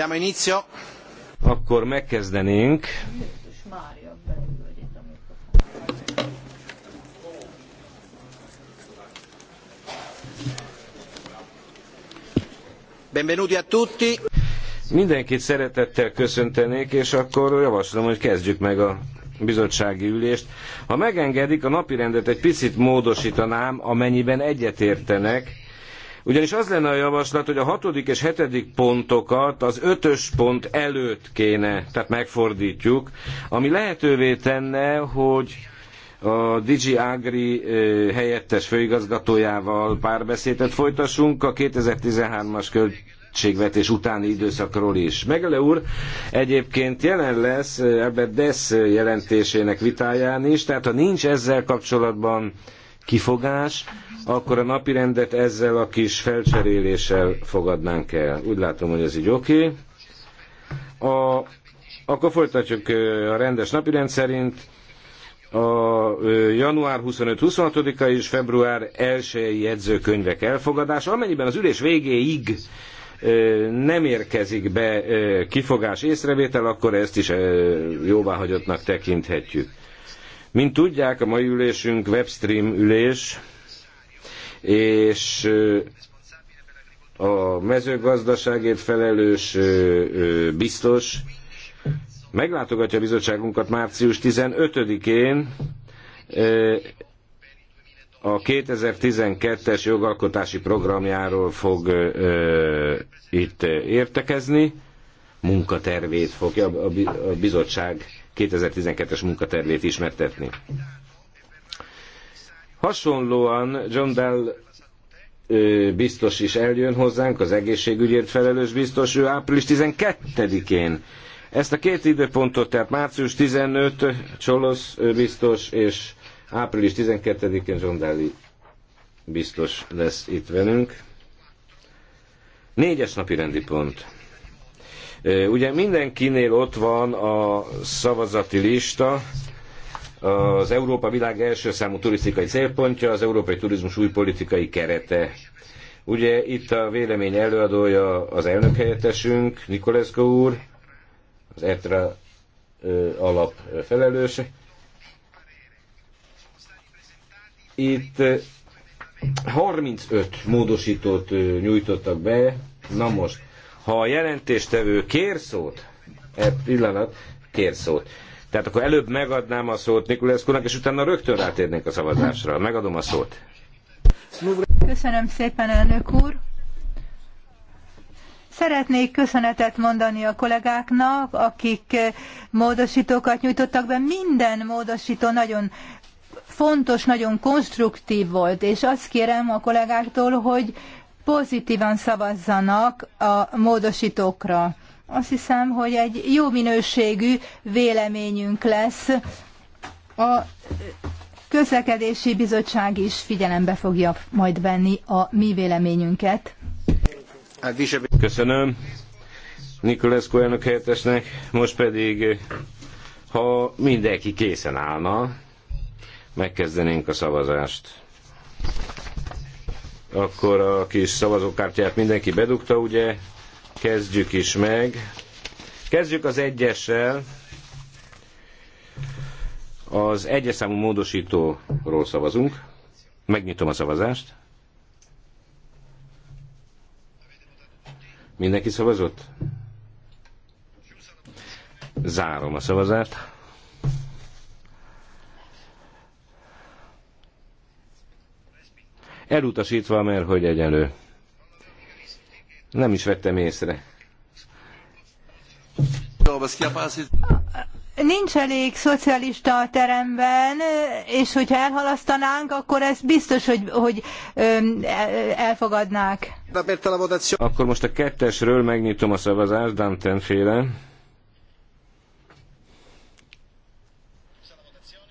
Diamo inizio. Akkor megkezdenénk. Benvenuti a tutti. Mindenkit szeretettel köszöntenék, és akkor javaslom, hogy kezdjük meg a bizottsági ülést. Ha megengedik, a napirendet egy picit módosítanám, amennyiben egyetértenek, ugyanis az lenne a javaslat, hogy a hatodik és hetedik pontokat az ötös pont előtt kéne, tehát megfordítjuk, ami lehetővé tenne, hogy a Digi Agri helyettes főigazgatójával párbeszédet folytassunk a 2013-as költségvetés utáni időszakról is. Megele úr egyébként jelen lesz Albert Dess jelentésének vitáján is, tehát ha nincs ezzel kapcsolatban kifogás, akkor a napirendet ezzel a kis felcseréléssel fogadnánk el. Úgy látom, hogy ez így oké. Okay. A, akkor folytatjuk a rendes napirend szerint a január 25-26-a és február 1-i jegyzőkönyvek elfogadása, amennyiben az ülés végéig nem érkezik be kifogás észrevétel, akkor ezt is jóváhagyottnak tekinthetjük. Mint tudják, a mai ülésünk webstream ülés, és a mezőgazdaságért felelős biztos meglátogatja a bizottságunkat március 15-én a 2012-es jogalkotási programjáról fog itt értekezni, munkatervét fogja a bizottság 2012-es munkatervét ismertetni. Hasonlóan John Bell biztos is eljön hozzánk, az egészségügyért felelős biztos, ő április 12-én. Ezt a két időpontot, tehát március 15 Csolosz biztos, és április 12-én John Daly biztos lesz itt velünk. Négyes napi rendi pont. Ugye mindenkinél ott van a szavazati lista, az Európa világ első számú turisztikai célpontja, az európai turizmus új politikai kerete. Ugye itt a vélemény előadója az elnök helyettesünk, úr, az ETRA alap felelőse. Itt 35 módosítót nyújtottak be. Na most, ha a jelentéstevő kér szót, e pillanat, kér szót. Tehát akkor előbb megadnám a szót nikulescu és utána rögtön rátérnénk a szavazásra. Megadom a szót. Köszönöm szépen, elnök úr. Szeretnék köszönetet mondani a kollégáknak, akik módosítókat nyújtottak be. Minden módosító nagyon fontos, nagyon konstruktív volt, és azt kérem a kollégáktól, hogy pozitívan szavazzanak a módosítókra. Azt hiszem, hogy egy jó minőségű véleményünk lesz. A közlekedési bizottság is figyelembe fogja majd venni a mi véleményünket. Köszönöm Nikolászko elnök helyettesnek, most pedig, ha mindenki készen állna, megkezdenénk a szavazást. Akkor a kis szavazókártyát mindenki bedugta, ugye? Kezdjük is meg. Kezdjük az egyessel. Az egyes számú módosítóról szavazunk. Megnyitom a szavazást. Mindenki szavazott? Zárom a szavazást. Elutasítva, mert hogy egyenlő. Nem is vettem észre. Nincs elég szocialista a teremben, és hogyha elhalasztanánk, akkor ezt biztos, hogy, hogy elfogadnák. Akkor most a kettesről megnyitom a szavazást, Danten féle.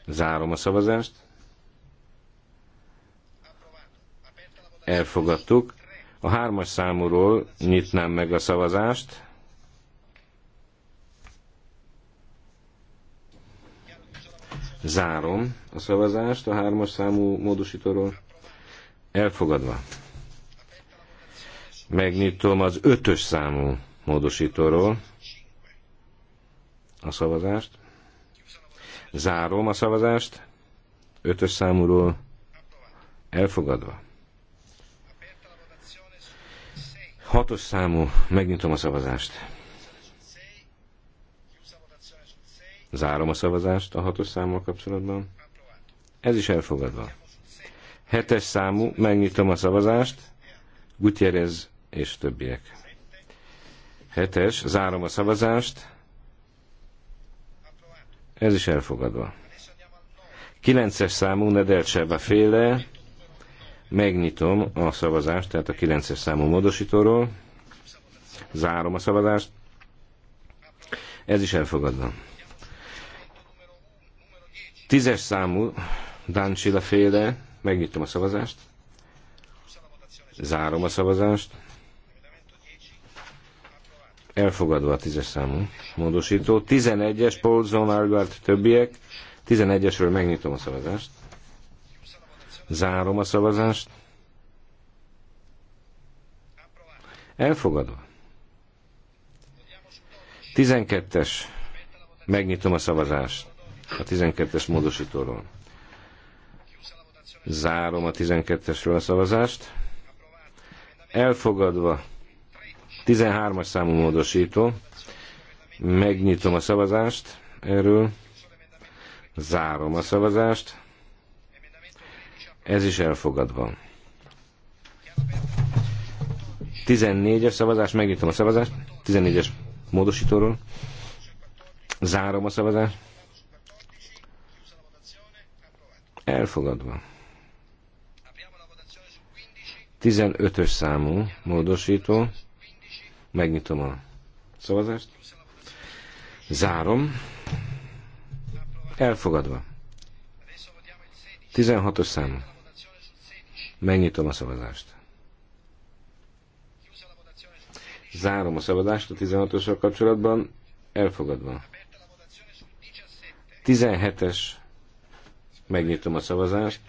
Zárom a szavazást. Elfogadtuk. A hármas számúról nyitnám meg a szavazást. Zárom a szavazást a hármas számú módosítóról. Elfogadva. Megnyitom az ötös számú módosítóról a szavazást. Zárom a szavazást. Ötös számúról elfogadva. Hatos számú, megnyitom a szavazást. Zárom a szavazást a hatos számmal kapcsolatban. Ez is elfogadva. Hetes számú, megnyitom a szavazást. Gutierrez és többiek. Hetes, zárom a szavazást. Ez is elfogadva. Kilences számú, Nedelcseba féle, Megnyitom a szavazást, tehát a 9-es számú módosítóról. Zárom a szavazást. Ez is elfogadva. Tízes számú Dáncsila féle. Megnyitom a szavazást. Zárom a szavazást. Elfogadva a tízes számú módosító. 11-es Paulson többiek. 11-esről megnyitom a szavazást. Zárom a szavazást. Elfogadva. 12-es. Megnyitom a szavazást a 12-es módosítóról. Zárom a 12-esről a szavazást. Elfogadva 13-as számú módosító. Megnyitom a szavazást erről. Zárom a szavazást. Ez is elfogadva. 14-es szavazás, megnyitom a szavazást. 14-es módosítóról. Zárom a szavazást. Elfogadva. 15-ös számú módosító. Megnyitom a szavazást. Zárom. Elfogadva. 16-os szám. Megnyitom a szavazást. Zárom a szavazást a 16 ossal kapcsolatban. Elfogadva. 17-es. Megnyitom a szavazást.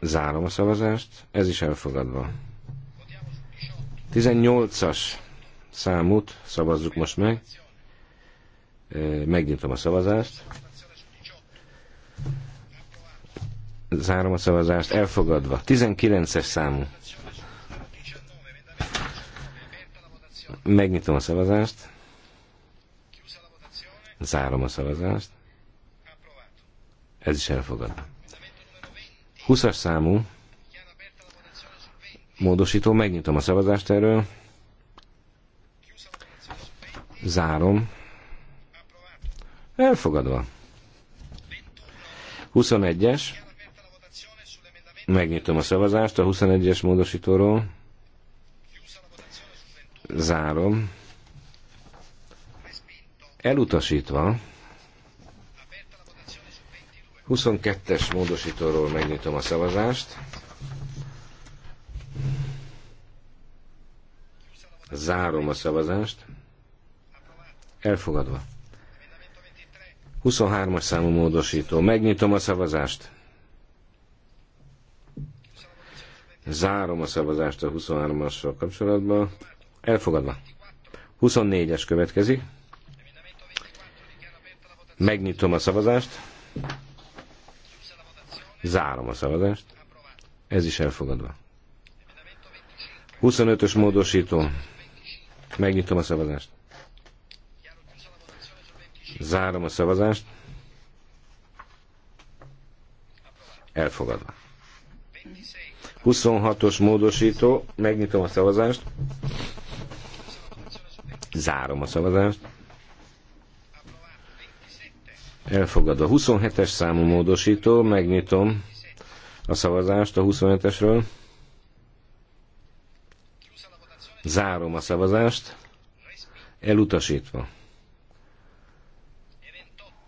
Zárom a szavazást. Ez is elfogadva. 18-as számút szavazzuk most meg. Megnyitom a szavazást. Zárom a szavazást, elfogadva. 19-es számú. Megnyitom a szavazást. Zárom a szavazást. Ez is elfogadva. 20-as számú módosító, megnyitom a szavazást erről. Zárom. Elfogadva. 21-es. Megnyitom a szavazást a 21-es módosítóról. Zárom. Elutasítva. 22-es módosítóról megnyitom a szavazást. Zárom a szavazást. Elfogadva. 23-as számú módosító. Megnyitom a szavazást. Zárom a szavazást a 23-assal kapcsolatban. Elfogadva. 24-es következik. Megnyitom a szavazást. Zárom a szavazást. Ez is elfogadva. 25-ös módosító. Megnyitom a szavazást. Zárom a szavazást. Elfogadva. 26-os módosító, megnyitom a szavazást, zárom a szavazást, elfogadva. 27-es számú módosító, megnyitom a szavazást a 27-esről, zárom a szavazást, elutasítva.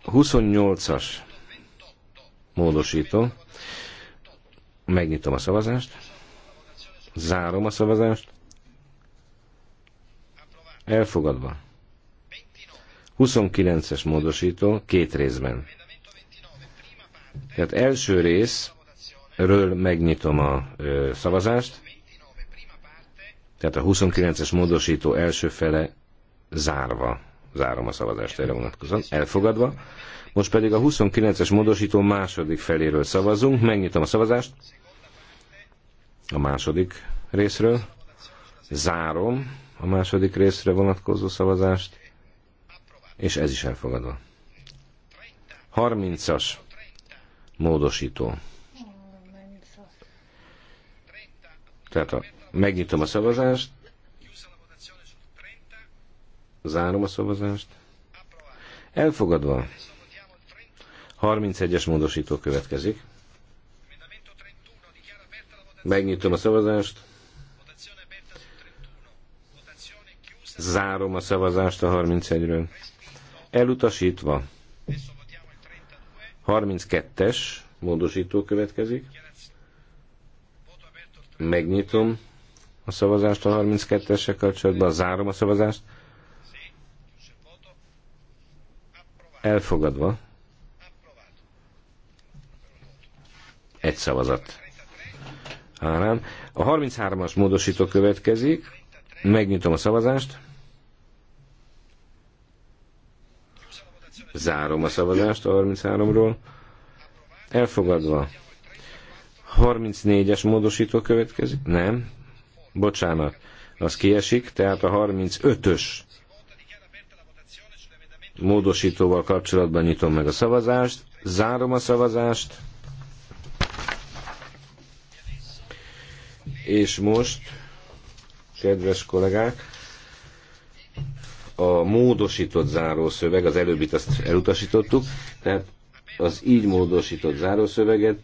28-as módosító, Megnyitom a szavazást. Zárom a szavazást. Elfogadva. 29-es módosító két részben. Tehát első részről megnyitom a ö, szavazást. Tehát a 29-es módosító első fele zárva. Zárom a szavazást erre vonatkozom, Elfogadva. Most pedig a 29-es módosító második feléről szavazunk. Megnyitom a szavazást. A második részről. Zárom a második részre vonatkozó szavazást. És ez is elfogadva. 30-as módosító. Tehát a, megnyitom a szavazást, zárom a szavazást, elfogadva 31-es módosító következik. Megnyitom a szavazást. Zárom a szavazást a 31-ről. Elutasítva. 32-es módosító következik. Megnyitom a szavazást a 32 esek kapcsolatban, zárom a szavazást. Elfogadva. egy szavazat árán. A 33-as módosító következik. Megnyitom a szavazást. Zárom a szavazást a 33-ról. Elfogadva. 34-es módosító következik? Nem. Bocsánat. Az kiesik, tehát a 35-ös módosítóval kapcsolatban nyitom meg a szavazást. Zárom a szavazást. És most, kedves kollégák, a módosított zárószöveg, az előbbit azt elutasítottuk, tehát az így módosított zárószöveget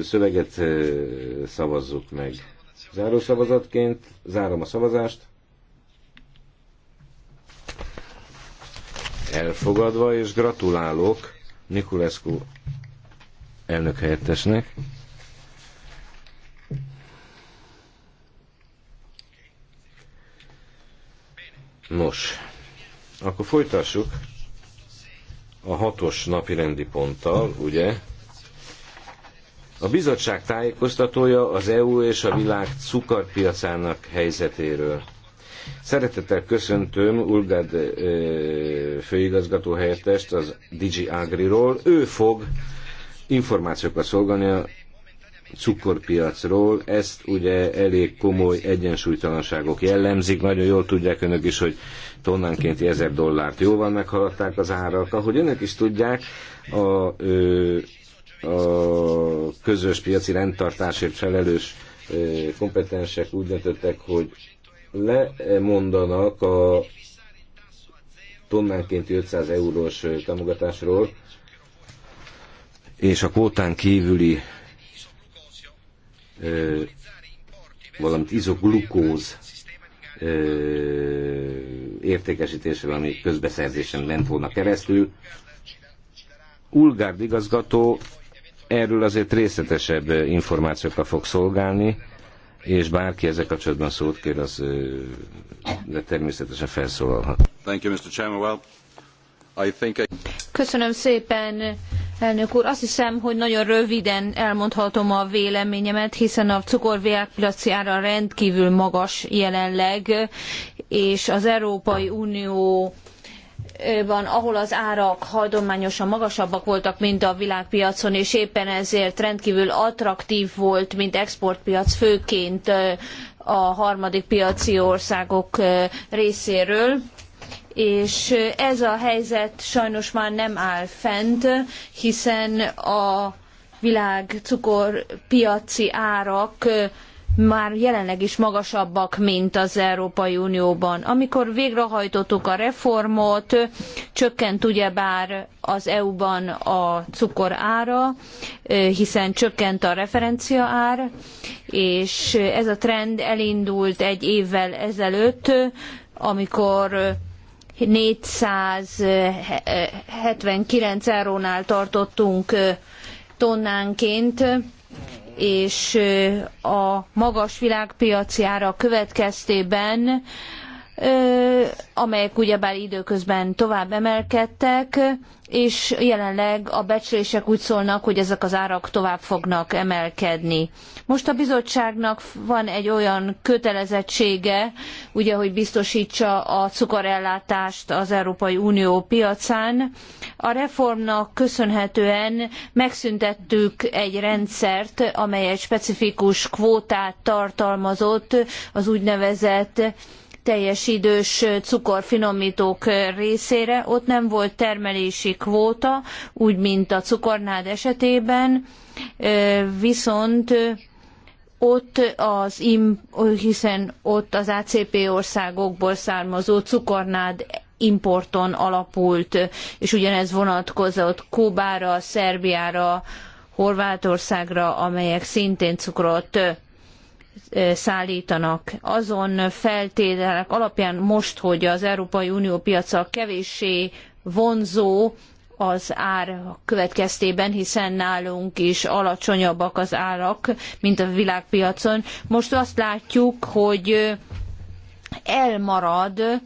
szöveget szavazzuk meg. Zárószavazatként zárom a szavazást. Elfogadva, és gratulálok Nikulescu elnök helyettesnek. Nos, akkor folytassuk a hatos napi rendi ponttal, ugye? A bizottság tájékoztatója az EU és a világ cukorpiacának helyzetéről. Szeretettel köszöntöm Ulgad eh, főigazgató helyettest az Digi Agri-ról. Ő fog információkat szolgálni a cukorpiacról. Ezt ugye elég komoly egyensúlytalanságok jellemzik. Nagyon jól tudják önök is, hogy tonnánkénti 1000 dollárt jóval meghaladták az árak. Ahogy önök is tudják, a, ö, a közös piaci rendtartásért felelős kompetensek úgy döntöttek, hogy lemondanak a tonnánkénti 500 eurós támogatásról, és a kvótán kívüli valamint izoglukóz értékesítésre, ami közbeszerzésen ment volna keresztül. Ulgárd igazgató erről azért részletesebb információkkal fog szolgálni, és bárki ezek kapcsolatban szót kér, az de természetesen felszólalhat. Thank you, Mr. Chairman. Well, Köszönöm szépen, elnök úr. Azt hiszem, hogy nagyon röviden elmondhatom a véleményemet, hiszen a cukorvilágpiaci ára rendkívül magas jelenleg, és az Európai Unió van, ahol az árak hagyományosan magasabbak voltak, mint a világpiacon, és éppen ezért rendkívül attraktív volt, mint exportpiac, főként a harmadik piaci országok részéről és ez a helyzet sajnos már nem áll fent, hiszen a világ cukorpiaci árak már jelenleg is magasabbak, mint az Európai Unióban. Amikor végrehajtottuk a reformot, csökkent ugyebár az EU-ban a cukor ára, hiszen csökkent a referencia ár, és ez a trend elindult egy évvel ezelőtt, amikor 479 eh, eh, eurónál tartottunk eh, tonnánként, és a magas világpiaci ára következtében amelyek ugyebár időközben tovább emelkedtek, és jelenleg a becslések úgy szólnak, hogy ezek az árak tovább fognak emelkedni. Most a bizottságnak van egy olyan kötelezettsége, ugye, hogy biztosítsa a cukorellátást az Európai Unió piacán. A reformnak köszönhetően megszüntettük egy rendszert, amely egy specifikus kvótát tartalmazott az úgynevezett teljes idős cukorfinomítók részére. Ott nem volt termelési kvóta, úgy mint a cukornád esetében, viszont ott az im, hiszen ott az ACP országokból származó cukornád importon alapult, és ugyanez vonatkozott Kubára, Szerbiára, Horvátországra, amelyek szintén cukrot szállítanak. Azon feltételek alapján most, hogy az Európai Unió piaca kevéssé vonzó az ár következtében, hiszen nálunk is alacsonyabbak az árak, mint a világpiacon. Most azt látjuk, hogy elmarad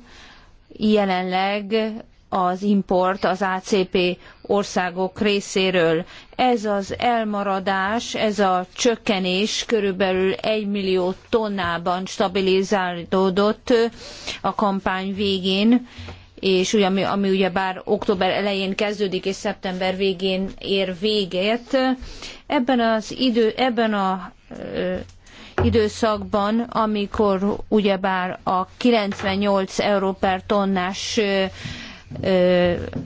jelenleg az import az ACP országok részéről. Ez az elmaradás, ez a csökkenés körülbelül 1 millió tonnában stabilizálódott a kampány végén, és ugye, ami, ami ugye bár október elején kezdődik és szeptember végén ér véget. Ebben az idő, ebben a időszakban, amikor ugyebár a 98 euró per tonnás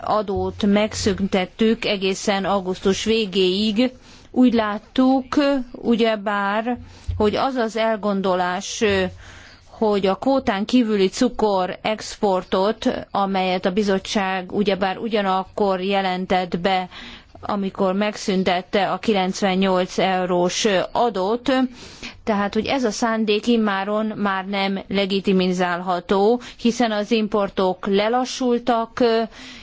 adót megszüntettük egészen augusztus végéig. Úgy láttuk, ugyebár, hogy az az elgondolás, hogy a kvótán kívüli cukor exportot, amelyet a bizottság ugyebár ugyanakkor jelentett be, amikor megszüntette a 98 eurós adót, tehát, hogy ez a szándék immáron már nem legitimizálható, hiszen az importok lelassultak,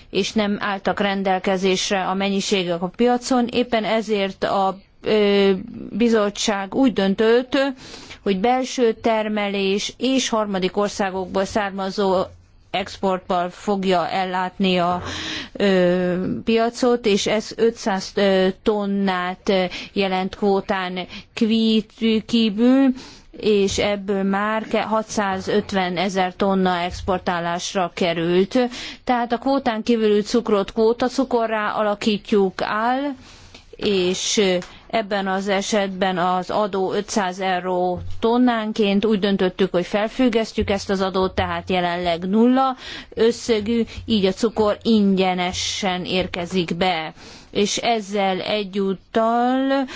és nem álltak rendelkezésre a mennyiségek a piacon. Éppen ezért a bizottság úgy döntött, hogy belső termelés és harmadik országokból származó exportban fogja ellátni a piacot, és ez 500 tonnát jelent kvótán kívül, és ebből már 650 ezer tonna exportálásra került. Tehát a kvótán kívüli cukrot kvótacukorrá alakítjuk áll, és ebben az esetben az adó 500 euró tonnánként. Úgy döntöttük, hogy felfüggesztjük ezt az adót, tehát jelenleg nulla összegű, így a cukor ingyenesen érkezik be és ezzel egyúttal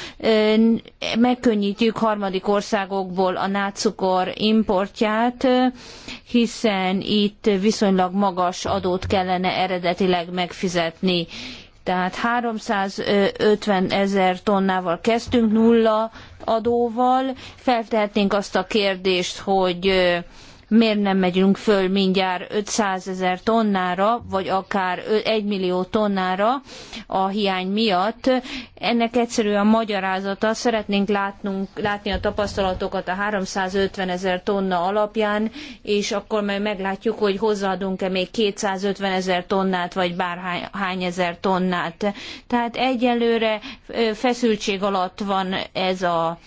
megkönnyítjük harmadik országokból a nátszukor importját, hiszen itt viszonylag magas adót kellene eredetileg megfizetni. Tehát 350 ezer tonnával kezdtünk nulla adóval. Feltehetnénk azt a kérdést, hogy miért nem megyünk föl mindjárt 500 ezer tonnára, vagy akár 1 millió tonnára a hiány miatt. Ennek egyszerű a magyarázata, szeretnénk látnunk, látni a tapasztalatokat a 350 ezer tonna alapján, és akkor majd meglátjuk, hogy hozzáadunk-e még 250 ezer tonnát, vagy bárhány ezer tonnát. Tehát egyelőre feszültség alatt van ez a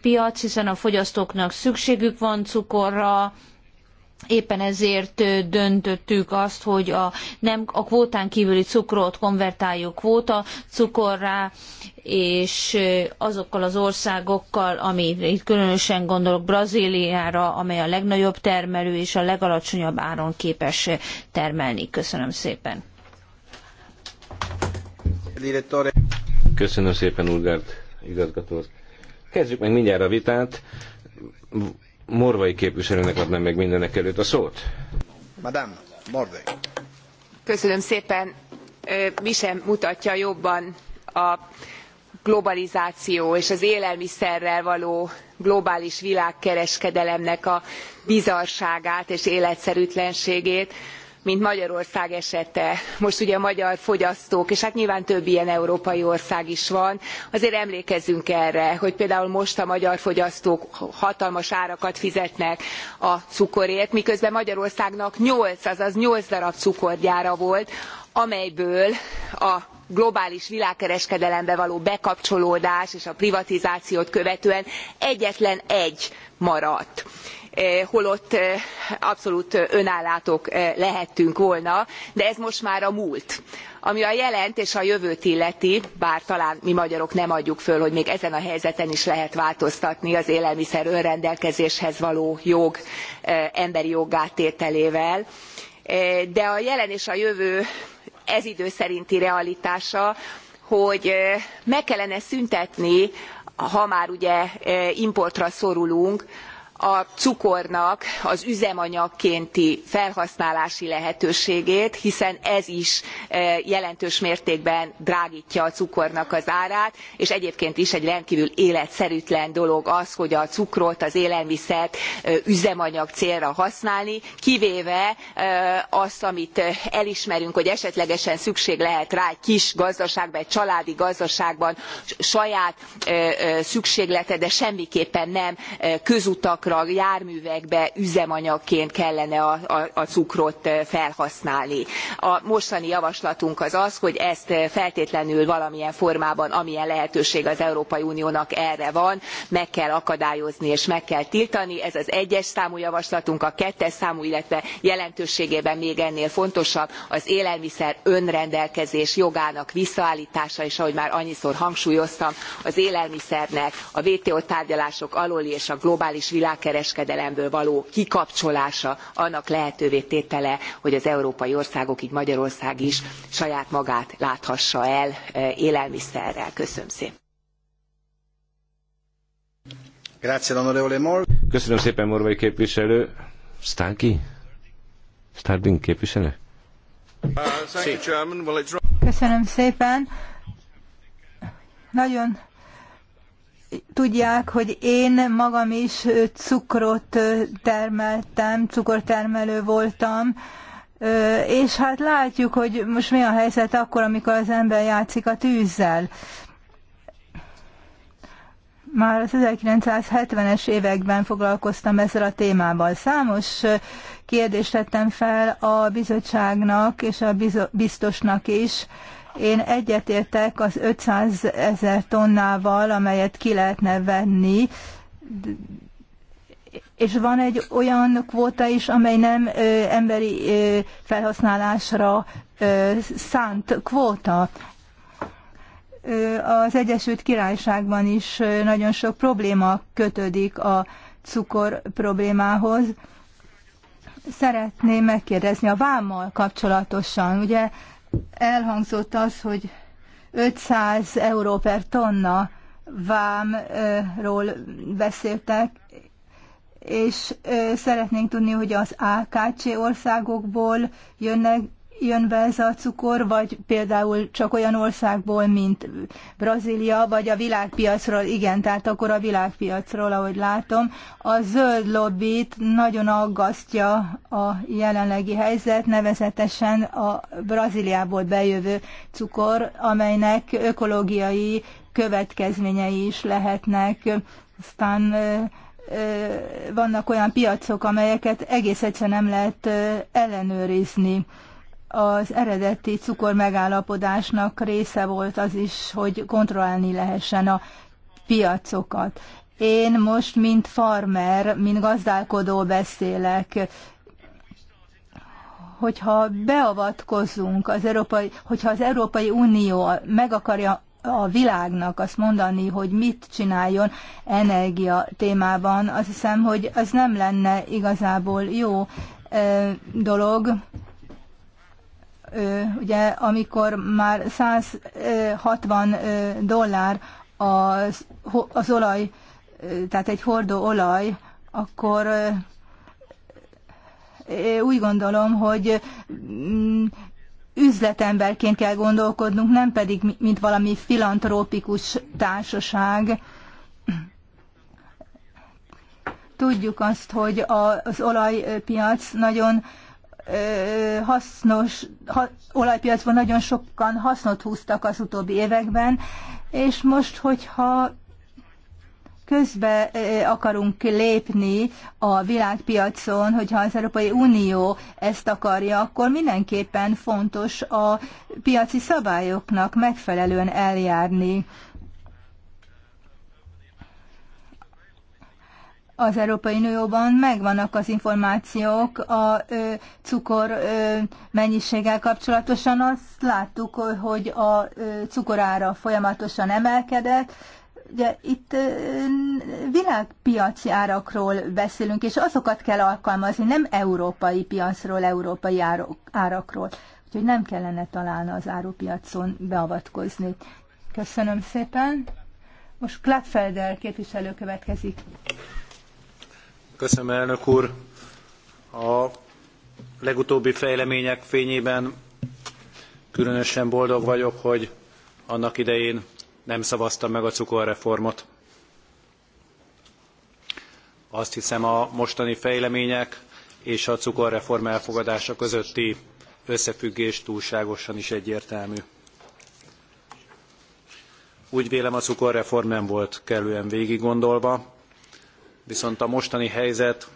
piac, hiszen a fogyasztóknak szükségük van cukorra, Éppen ezért döntöttük azt, hogy a, nem, a kvótán kívüli cukrot konvertáljuk kvóta cukorrá, és azokkal az országokkal, ami itt különösen gondolok Brazíliára, amely a legnagyobb termelő és a legalacsonyabb áron képes termelni. Köszönöm szépen. Köszönöm szépen, Ulgárd igazgató. Kezdjük meg mindjárt a vitát Morvai képviselőnek adnám meg mindenek előtt a szót. Madame, Morvai. Köszönöm szépen. Mi sem mutatja jobban a globalizáció és az élelmiszerrel való globális világkereskedelemnek a bizarságát és életszerűtlenségét, mint magyarország esete most ugye a magyar fogyasztók és hát nyilván több ilyen európai ország is van azért emlékezzünk erre hogy például most a magyar fogyasztók hatalmas árakat fizetnek a cukorért miközben magyarországnak nyolc azaz nyolc darab cukorgyára volt amelyből a globális világkereskedelembe való bekapcsolódás és a privatizációt követően egyetlen egy maradt. Eh, holott eh, abszolút eh, önállátók lehettünk volna de ez most már a múlt. ami a jelent és a jövőt illeti bár talán mi magyarok nem adjuk föl hogy még ezen a helyzeten is lehet változtatni az élelmiszer önrendelkezéshez való jog emberi joggá tételével de a jelen és a jövő ez idő szerinti realitása hogy meg kellene szüntetni ha már ugye importra szorulunk a cukornak az üzemanyagkénti felhasználási lehetőségét hiszen ez is e, jelentős mértékben drágtja a cukornak az árát és egyébként is egy rendkvül életszerűtlen dolog az hogy a cukrot az élelmiszert e, üzemanyag célra használni kivéve e, azt amit elismerünk hogy esetlegesen szükség lehet rá egy kis gazdaságban egy családi gazdaságban saját szükséglete de semmiképpen nem közutak gyakran járművekbe üzemanyagként kellene a, cukrot eh, felhasználni. a mostani javaslatunk az az hogy ezt eh, feltétlenül valamilyen formában amilyen lehetőség az európai uniónak erre van meg kell akadályozni és meg kell tiltani ez az egyes számú javaslatunk a kettes számú illetve jelentőségében még ennél fontosabb az élelmiszer önrendelkezés jogának visszaálltása és ahogy már annyiszor hangsúlyoztam az élelmiszernek a wto tárgyalások alóli és a globális világ világkereskedelemből való kikapcsolása annak lehetővé tétele hogy az európai országok gy magyarország is saját magát láthassa el e, élelmiszerrel. köszönöm szépen. Köszönöm szépen, Morvai képviselő. Stánki? Stárbin képviselő? Uh, köszönöm szépen. Nagyon tudják, hogy én magam is cukrot termeltem, cukortermelő voltam, és hát látjuk, hogy most mi a helyzet akkor, amikor az ember játszik a tűzzel. Már az 1970-es években foglalkoztam ezzel a témával. Számos kérdést tettem fel a bizottságnak és a biztosnak is, én egyetértek az 500 ezer tonnával, amelyet ki lehetne venni, és van egy olyan kvóta is, amely nem ö, emberi ö, felhasználásra ö, szánt kvóta. Ö, az Egyesült Királyságban is ö, nagyon sok probléma kötődik a cukor problémához. Szeretném megkérdezni a vámmal kapcsolatosan. Ugye elhangzott az, hogy 500 euró per tonna vámról beszéltek, és szeretnénk tudni, hogy az AKC országokból jönnek jön be ez a cukor, vagy például csak olyan országból, mint Brazília, vagy a világpiacról, igen, tehát akkor a világpiacról, ahogy látom. A zöld lobbit nagyon aggasztja a jelenlegi helyzet, nevezetesen a Brazíliából bejövő cukor, amelynek ökológiai következményei is lehetnek. Aztán vannak olyan piacok, amelyeket egész egyszerűen nem lehet ellenőrizni az eredeti cukor megállapodásnak része volt az is, hogy kontrollálni lehessen a piacokat. Én most, mint farmer, mint gazdálkodó beszélek, hogyha beavatkozunk, az Európai, hogyha az Európai Unió meg akarja a világnak azt mondani, hogy mit csináljon energia témában, azt hiszem, hogy az nem lenne igazából jó dolog ugye amikor már 160 dollár az, az olaj, tehát egy hordó olaj, akkor úgy gondolom, hogy mm, üzletemberként kell gondolkodnunk, nem pedig mint valami filantrópikus társaság. Tudjuk azt, hogy az olajpiac nagyon hasznos, ha, olajpiacban nagyon sokan hasznot húztak az utóbbi években, és most, hogyha közbe akarunk lépni a világpiacon, hogyha az Európai Unió ezt akarja, akkor mindenképpen fontos a piaci szabályoknak megfelelően eljárni. az Európai Unióban megvannak az információk a ö, cukor ö, mennyiséggel kapcsolatosan. Azt láttuk, hogy a ö, cukorára folyamatosan emelkedett. Ugye itt ö, világpiaci árakról beszélünk, és azokat kell alkalmazni, nem európai piacról, európai árok, árakról. Úgyhogy nem kellene talán az árupiacon beavatkozni. Köszönöm szépen. Most Klappfelder képviselő következik. Köszönöm, elnök úr. A legutóbbi fejlemények fényében különösen boldog vagyok, hogy annak idején nem szavaztam meg a cukorreformot. Azt hiszem a mostani fejlemények és a cukorreform elfogadása közötti összefüggés túlságosan is egyértelmű. Úgy vélem a cukorreform nem volt kellően végiggondolva, viszont a mostani helyzet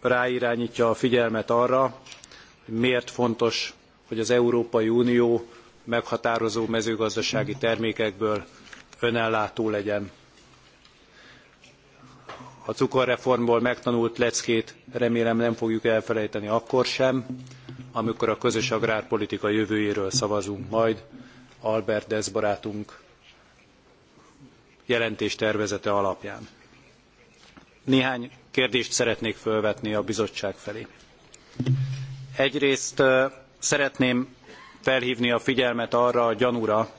ráirányítja a figyelmet arra, hogy miért fontos, hogy az Európai Unió meghatározó mezőgazdasági termékekből önellátó legyen. A cukorreformból megtanult leckét remélem nem fogjuk elfelejteni akkor sem, amikor a közös agrárpolitika jövőjéről szavazunk majd. Albert Dess barátunk jelentéstervezete alapján. Néhány kérdést szeretnék fölvetni a bizottság felé. Egyrészt szeretném felhívni a figyelmet arra a gyanúra,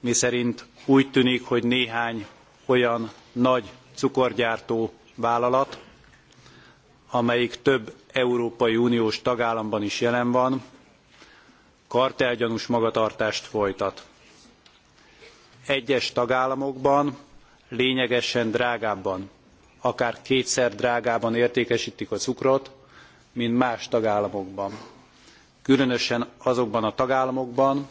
miszerint úgy tűnik, hogy néhány olyan nagy cukorgyártó vállalat, amelyik több Európai Uniós tagállamban is jelen van, kartelgyanús magatartást folytat. Egyes tagállamokban lényegesen drágábban, akár kétszer drágában értékesítik a cukrot, mint más tagállamokban. Különösen azokban a tagállamokban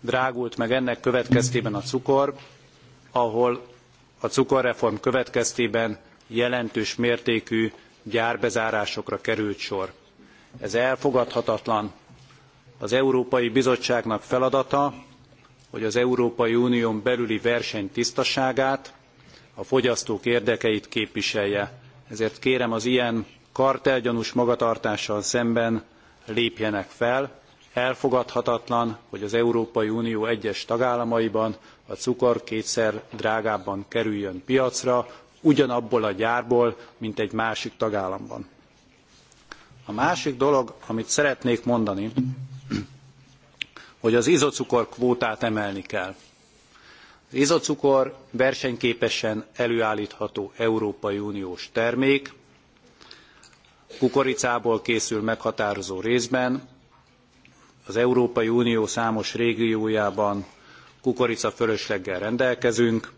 drágult meg ennek következtében a cukor, ahol a cukorreform következtében jelentős mértékű gyárbezárásokra került sor. Ez elfogadhatatlan. Az Európai Bizottságnak feladata, hogy az Európai Unión belüli verseny tisztaságát a fogyasztók érdekeit képviselje ezért kérem az ilyen kartelgyanús magatartással szemben lépjenek fel elfogadhatatlan hogy az európai unió egyes tagállamaiban a cukor kétszer drágábban kerüljön piacra ugyanabból a gyárból mint egy másik tagállamban. a másik dolog amit szeretnék mondani hogy az izocukor kvótát emelni kell. Az izacukor versenyképesen előállítható Európai Uniós termék, kukoricából készül meghatározó részben, az Európai Unió számos régiójában kukorica fölösleggel rendelkezünk,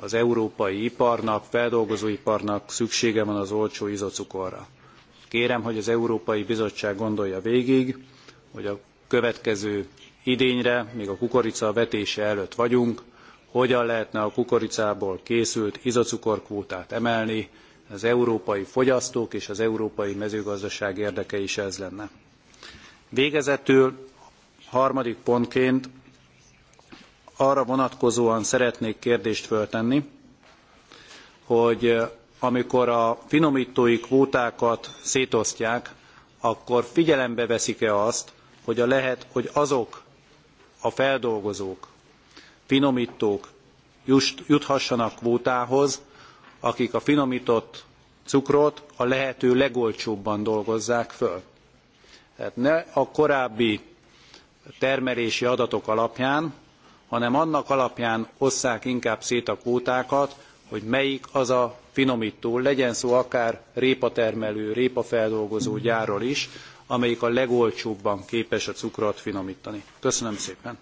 az európai iparnak, feldolgozóiparnak szüksége van az olcsó izocukorra. Kérem, hogy az Európai Bizottság gondolja végig, hogy a következő idényre, még a kukorica vetése előtt vagyunk, hogyan lehetne a kukoricából készült izocukorkvótát emelni, az európai fogyasztók és az európai mezőgazdaság érdeke is ez lenne. Végezetül harmadik pontként arra vonatkozóan szeretnék kérdést föltenni, hogy eh, amikor a finomítói kvótákat szétosztják, akkor figyelembe veszik-e azt, hogy, a lehet, hogy azok a feldolgozók, finomítók juthassanak kvótához, akik a finomított cukrot a lehető legolcsóbban dolgozzák föl. Tehát ne a korábbi termelési adatok alapján, hanem annak alapján osszák inkább szét a kvótákat, hogy melyik az a finomító, legyen szó akár répatermelő, répafeldolgozó gyárról is, amelyik a legolcsóbban képes a cukrot finomítani. Köszönöm szépen!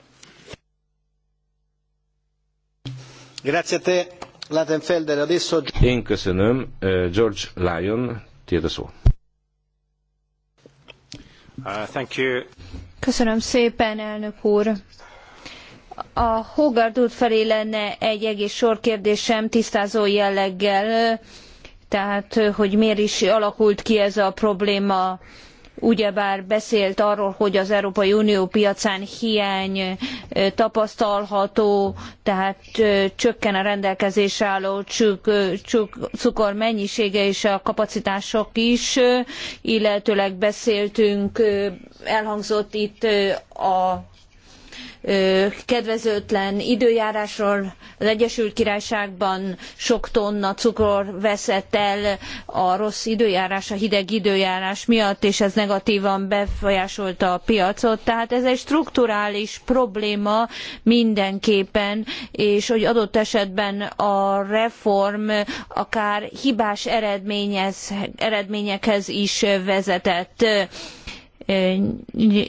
Én köszönöm. George Lyon, tiéd a szó. Uh, köszönöm szépen, elnök úr. A Hogard út felé lenne egy egész sor kérdésem tisztázó jelleggel, tehát hogy miért is alakult ki ez a probléma ugyebár beszélt arról, hogy az Európai Unió piacán hiány tapasztalható, tehát csökken a rendelkezésre álló cukor mennyisége és a kapacitások is, illetőleg beszéltünk, elhangzott itt a kedvezőtlen időjárásról. Az Egyesült Királyságban sok tonna cukor veszett el a rossz időjárás, a hideg időjárás miatt, és ez negatívan befolyásolta a piacot. Tehát ez egy strukturális probléma mindenképpen, és hogy adott esetben a reform akár hibás eredményekhez is vezetett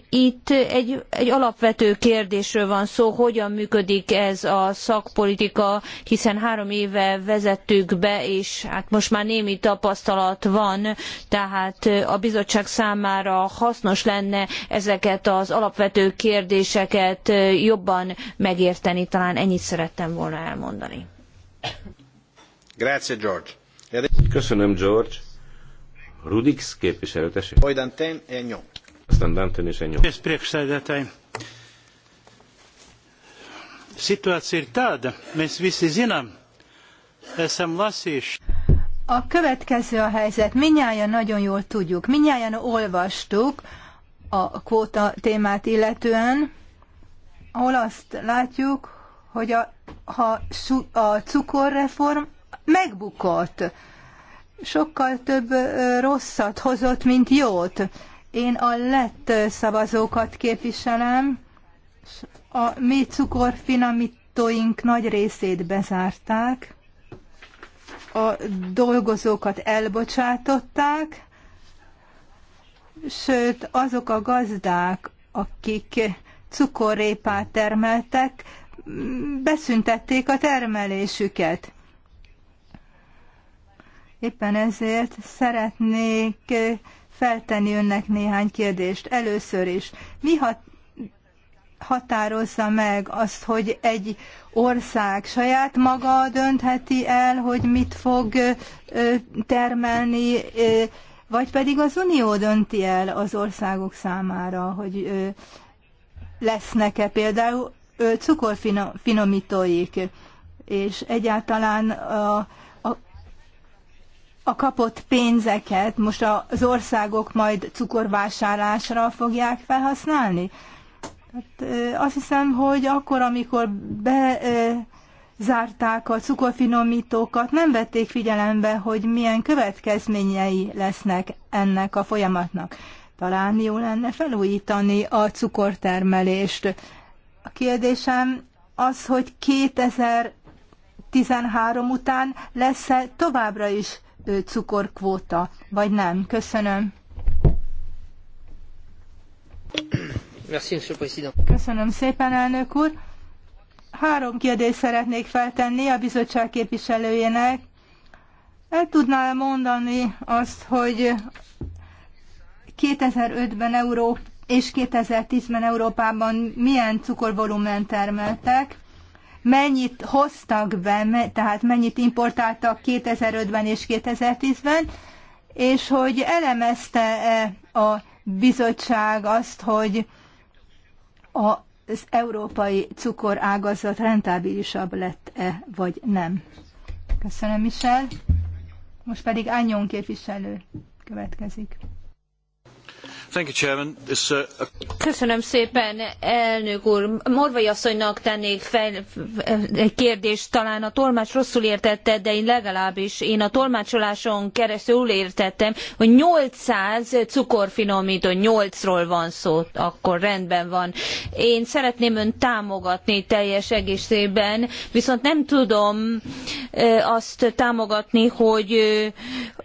itt egy, egy alapvető kérdésről van szó, hogyan működik ez a szakpolitika, hiszen három éve vezettük be, és hát most már némi tapasztalat van, tehát a bizottság számára hasznos lenne ezeket az alapvető kérdéseket jobban megérteni. Talán ennyit szerettem volna elmondani. Grazie, George. Köszönöm, George. Rudix képviselő, e nyom. Situācija ir tāda, mēs visi zinām, esam lasījuši. A következő a helyzet. Minnyáján nagyon jól tudjuk, minnyáján olvastuk a kvóta témát illetően, ahol azt látjuk, hogy a, ha a cukorreform megbukott, sokkal több rosszat hozott, mint jót. Én a lett szavazókat képviselem, a mi cukorfinamítóink nagy részét bezárták, a dolgozókat elbocsátották, sőt azok a gazdák, akik cukorrépát termeltek, beszüntették a termelésüket. Éppen ezért szeretnék feltenni önnek néhány kérdést. Először is, mi hat, határozza meg azt, hogy egy ország saját maga döntheti el, hogy mit fog termelni, vagy pedig az Unió dönti el az országok számára, hogy lesznek-e például cukorfinomítóik, és egyáltalán a a kapott pénzeket most az országok majd cukorvásárlásra fogják felhasználni? Hát, azt hiszem, hogy akkor, amikor bezárták a cukorfinomítókat, nem vették figyelembe, hogy milyen következményei lesznek ennek a folyamatnak. Talán jó lenne felújítani a cukortermelést. A kérdésem az, hogy 2013 után lesz-e továbbra is cukorkvóta, vagy nem? Köszönöm. Köszönöm szépen, elnök úr. Három kérdést szeretnék feltenni a bizottság képviselőjének. El tudná -e mondani azt, hogy 2005-ben és 2010-ben Európában milyen cukorvolumen termeltek, mennyit hoztak be, tehát mennyit importáltak 2005-ben és 2010-ben, és hogy elemezte -e a bizottság azt, hogy az európai cukorágazat rentábilisabb lett-e, vagy nem. Köszönöm, Michel. Most pedig Ányon képviselő következik. Uh, Köszönöm szépen, elnök úr. Morvai asszonynak tennék fel egy kérdést, talán a tolmács rosszul értette, de én legalábbis én a tolmácsoláson keresztül értettem, hogy 800 cukorfinomító, 8-ról van szó, akkor rendben van. Én szeretném önt támogatni teljes egészében, viszont nem tudom azt támogatni, hogy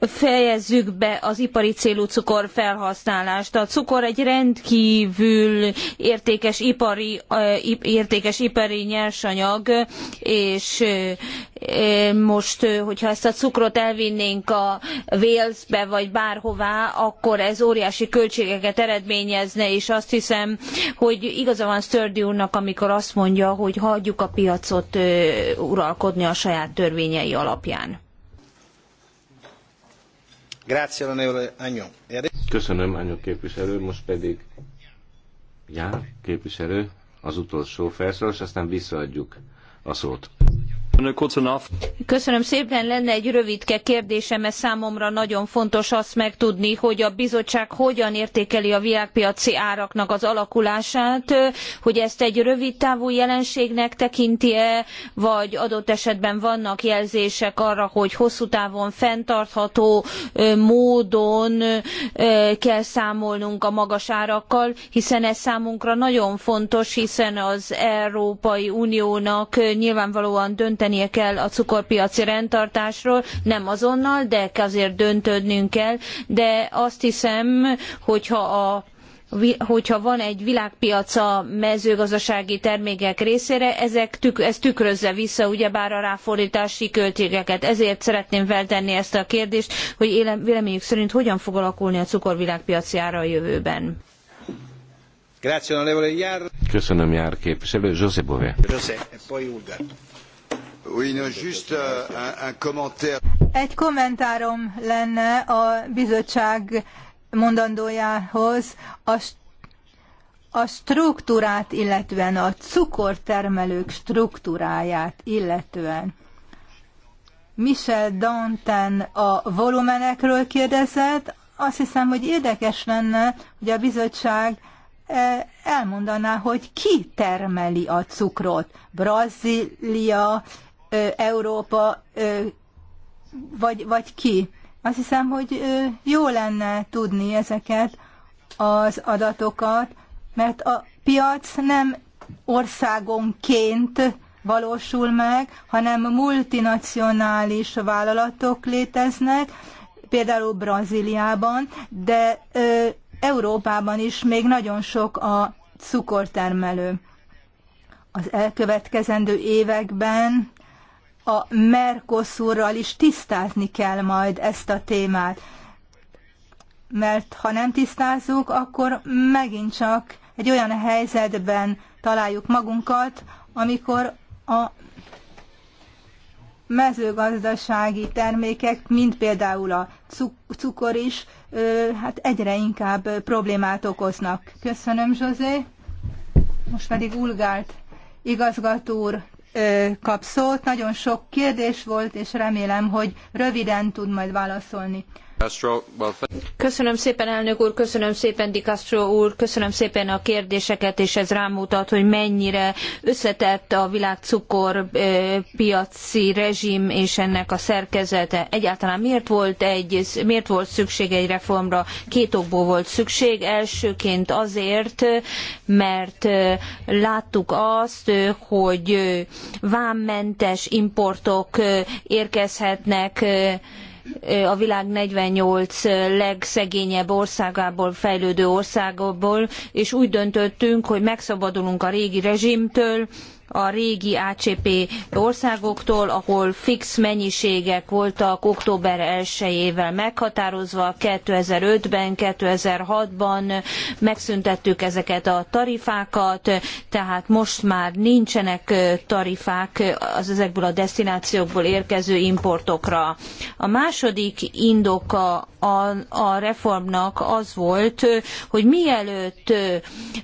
fejezzük be az ipari célú cukor felhasználást a cukor egy rendkívül értékes ipari, értékes ipari nyersanyag, és most, hogyha ezt a cukrot elvinnénk a Walesbe, vagy bárhová, akkor ez óriási költségeket eredményezne, és azt hiszem, hogy igaza van Sturdy úrnak, amikor azt mondja, hogy hagyjuk a piacot uralkodni a saját törvényei alapján. E Köszönöm, Anyó képviselő. Most pedig Jár képviselő, az utolsó felszólalás, aztán visszaadjuk a szót. Köszönöm szépen, lenne egy rövidke kérdésem, mert számomra nagyon fontos azt megtudni, hogy a bizottság hogyan értékeli a világpiaci áraknak az alakulását, hogy ezt egy rövid távú jelenségnek tekinti-e, vagy adott esetben vannak jelzések arra, hogy hosszú távon fenntartható módon kell számolnunk a magas árakkal, hiszen ez számunkra nagyon fontos, hiszen az Európai Uniónak nyilvánvalóan dönteni döntenie kell a cukorpiaci rendtartásról, nem azonnal, de azért döntődnünk kell, de azt hiszem, hogyha a hogyha van egy világpiaca mezőgazdasági termékek részére, ezek tük, ez tükrözze vissza ugyebár a ráfordítási költségeket. Ezért szeretném feltenni ezt a kérdést, hogy élem, véleményük szerint hogyan fog alakulni a ára a jövőben. Köszönöm, jár képviselő. José Bové. José, poi Euh, Egy kommentárom lenne a bizottság mondandójához a, a struktúrát illetően, a cukortermelők struktúráját illetően. Michel Danten a volumenekről kérdezett, azt hiszem, hogy érdekes lenne, hogy a bizottság e, elmondaná, hogy ki termeli a cukrot. Brazília, Európa vagy, vagy ki. Azt hiszem, hogy jó lenne tudni ezeket az adatokat, mert a piac nem országonként valósul meg, hanem multinacionális vállalatok léteznek, például Brazíliában, de ö, Európában is még nagyon sok a cukortermelő. Az elkövetkezendő években a Mercosurral is tisztázni kell majd ezt a témát. Mert ha nem tisztázzuk, akkor megint csak egy olyan helyzetben találjuk magunkat, amikor a mezőgazdasági termékek, mint például a cukor is, hát egyre inkább problémát okoznak. Köszönöm, José. Most pedig Ulgárt igazgató úr kap szót. Nagyon sok kérdés volt, és remélem, hogy röviden tud majd válaszolni. Köszönöm szépen, elnök úr, köszönöm szépen, Di Castro úr, köszönöm szépen a kérdéseket, és ez rámutat, hogy mennyire összetett a világ cukorpiaci rezsim és ennek a szerkezete. Egyáltalán miért volt, egy, miért volt szükség egy reformra? Két okból volt szükség. Elsőként azért, mert láttuk azt, hogy vámmentes importok érkezhetnek a világ 48 legszegényebb országából, fejlődő országából, és úgy döntöttünk, hogy megszabadulunk a régi rezsimtől, a régi ACP országoktól, ahol fix mennyiségek voltak október 1-ével meghatározva, 2005-ben, 2006-ban megszüntettük ezeket a tarifákat, tehát most már nincsenek tarifák az ezekből a destinációkból érkező importokra. A második indoka a, a reformnak az volt, hogy mielőtt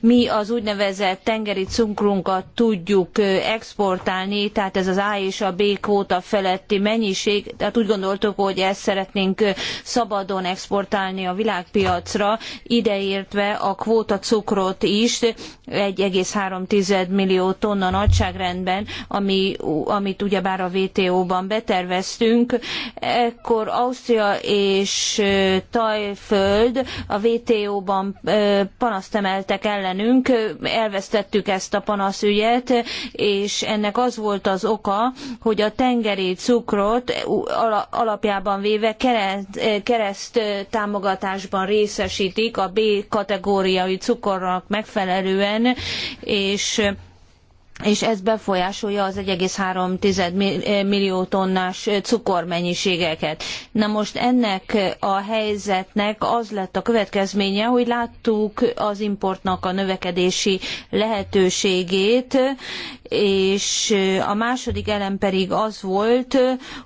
mi az úgynevezett tengeri cunkrunkat tudjuk tudunk exportálni, tehát ez az A és a B kvóta feletti mennyiség, tehát úgy gondoltuk, hogy ezt szeretnénk szabadon exportálni a világpiacra, ideértve a kvóta cukrot is 1,3 millió tonna nagyságrendben, ami, amit ugyebár a WTO-ban beterveztünk. Ekkor Ausztria és Tajföld a WTO-ban panaszt emeltek ellenünk, elvesztettük ezt a panaszügyet, és ennek az volt az oka, hogy a tengeri cukrot alapjában véve kereszt, kereszt támogatásban részesítik a B kategóriai cukornak megfelelően, és és ez befolyásolja az 1,3 eh, millió tonnás eh, cukormennyiségeket. Na most ennek eh, a helyzetnek az lett a következménye, hogy láttuk az importnak a növekedési lehetőségét, és a második elem pedig az volt,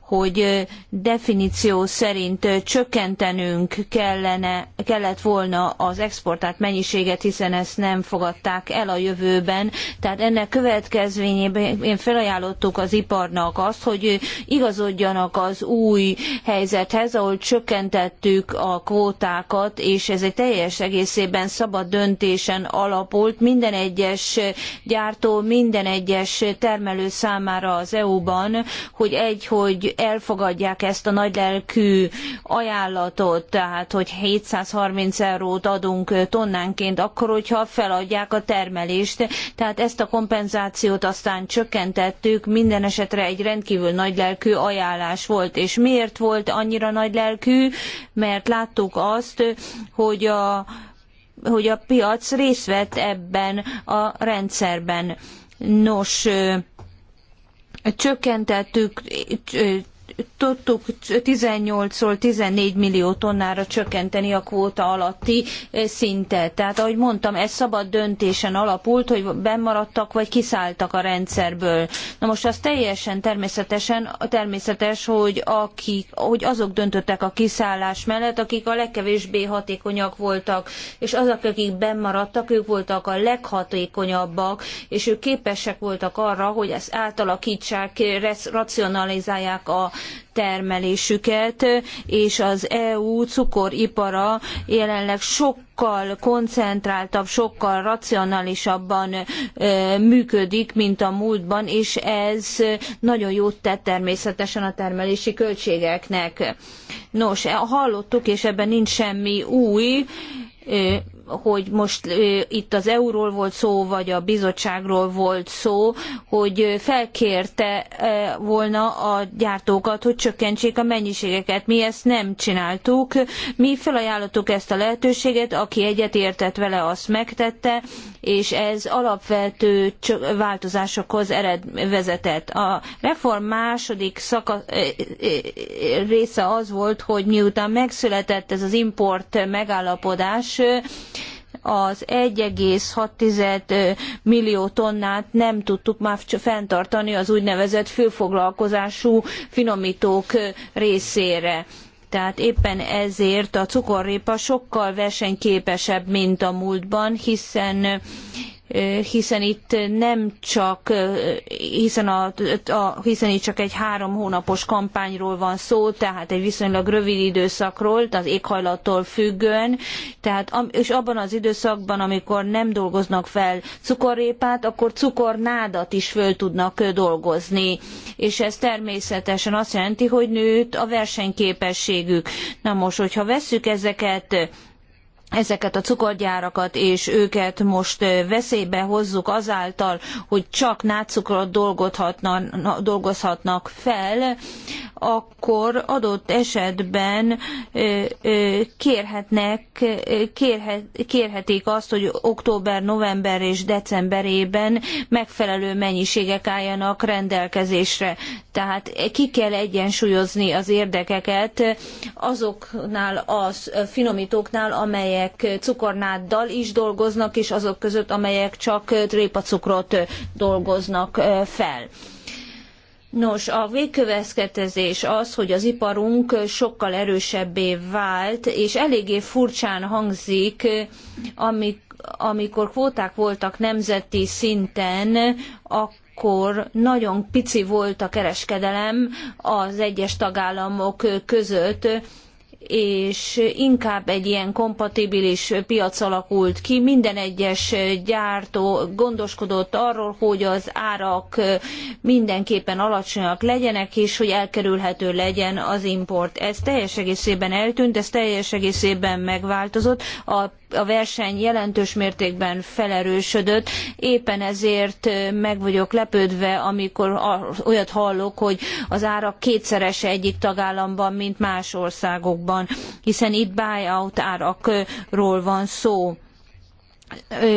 hogy definíció szerint csökkentenünk kellene, kellett volna az exportált mennyiséget, hiszen ezt nem fogadták el a jövőben. Tehát ennek követ következményében felajánlottuk az iparnak azt, hogy igazodjanak az új helyzethez, ahol csökkentettük a kvótákat, és ez egy teljes egészében szabad döntésen alapult. Minden egyes gyártó, minden egyes termelő számára az EU-ban, hogy egy, hogy elfogadják ezt a nagylelkű ajánlatot, tehát hogy 730 eurót adunk tonnánként, akkor hogyha feladják a termelést. Tehát ezt a kompenzációt inflációt aztán csökkentettük, minden esetre egy rendkívül nagylelkű ajánlás volt. És miért volt annyira nagylelkű? Mert láttuk azt, hogy a, hogy a piac részt vett ebben a rendszerben. Nos, csökkentettük, tudtuk 18-ról 14 millió tonnára csökkenteni a kvóta alatti eh, szintet. Tehát ahogy mondtam, ez szabad döntésen alapult, hogy bennmaradtak vagy kiszálltak a rendszerből. Na most az teljesen természetesen természetes, hogy, akik, hogy azok döntöttek a kiszállás mellett, akik a legkevésbé hatékonyak voltak, és azok, akik bennmaradtak, ők voltak a leghatékonyabbak, és ők képesek voltak arra, hogy ezt átalakítsák, racionalizálják a termelésüket, és az EU cukoripara jelenleg sokkal koncentráltabb, sokkal racionálisabban működik, mint a múltban, és ez nagyon jót tett természetesen a termelési költségeknek. Nos, hallottuk, és ebben nincs semmi új, hogy most itt az euról volt szó, vagy a bizottságról volt szó, hogy felkérte volna a gyártókat, hogy csökkentsék a mennyiségeket. Mi ezt nem csináltuk. Mi felajánlottuk ezt a lehetőséget, aki egyetértett vele, azt megtette, és ez alapvető változásokhoz ered, vezetett. A reform második szaka, része az volt, hogy miután megszületett ez az import megállapodás, az 1,6 millió tonnát nem tudtuk már fenntartani az úgynevezett főfoglalkozású finomítók részére. Tehát éppen ezért a cukorrépa sokkal versenyképesebb, mint a múltban, hiszen Eh, hiszen itt nem csak, eh, hiszen, a, a, hiszen itt csak egy három hónapos kampányról van szó, tehát egy viszonylag rövid időszakról, az éghajlattól függően, tehát, és abban az időszakban, amikor nem dolgoznak fel cukorrépát, akkor cukornádat is föl tudnak eh, dolgozni, és ez természetesen azt jelenti, hogy nőtt a versenyképességük. Na most, hogyha vesszük ezeket ezeket a cukorgyárakat, és őket most veszélybe hozzuk azáltal, hogy csak nátszukrot dolgozhatnak fel, akkor adott esetben kérhetnek, kérhet, kérhetik azt, hogy október, november és decemberében megfelelő mennyiségek álljanak rendelkezésre. Tehát ki kell egyensúlyozni az érdekeket azoknál a finomítóknál, amelyek amelyek cukornáddal is dolgoznak, és azok között, amelyek csak trépacukrot dolgoznak fel. Nos, a végkövetkeztetés az, hogy az iparunk sokkal erősebbé vált, és eléggé furcsán hangzik, amikor kvóták voltak nemzeti szinten, akkor akkor nagyon pici volt a kereskedelem az egyes tagállamok között, és inkább egy ilyen kompatibilis piac alakult ki. Minden egyes gyártó gondoskodott arról, hogy az árak mindenképpen alacsonyak legyenek, és hogy elkerülhető legyen az import. Ez teljes egészében eltűnt, ez teljes egészében megváltozott. A a verseny jelentős mértékben felerősödött. Éppen ezért meg vagyok lepődve, amikor olyat hallok, hogy az árak kétszerese egyik tagállamban, mint más országokban, hiszen itt buyout árakról van szó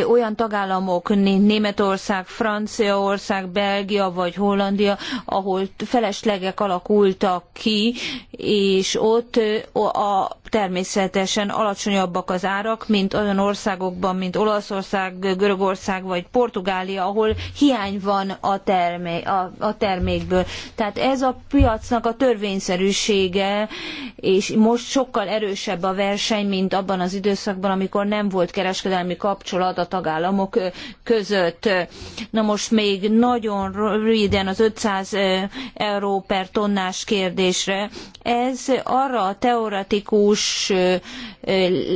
olyan tagállamok, mint Németország, Franciaország, Belgia vagy Hollandia, ahol feleslegek alakultak ki, és ott a természetesen alacsonyabbak az árak, mint olyan országokban, mint Olaszország, Görögország vagy Portugália, ahol hiány van a, termé- a, a termékből. Tehát ez a piacnak a törvényszerűsége, és most sokkal erősebb a verseny, mint abban az időszakban, amikor nem volt kereskedelmi kapcsolat a tagállamok között. Na most még nagyon röviden az 500 euró per tonnás kérdésre. Ez arra a teoretikus is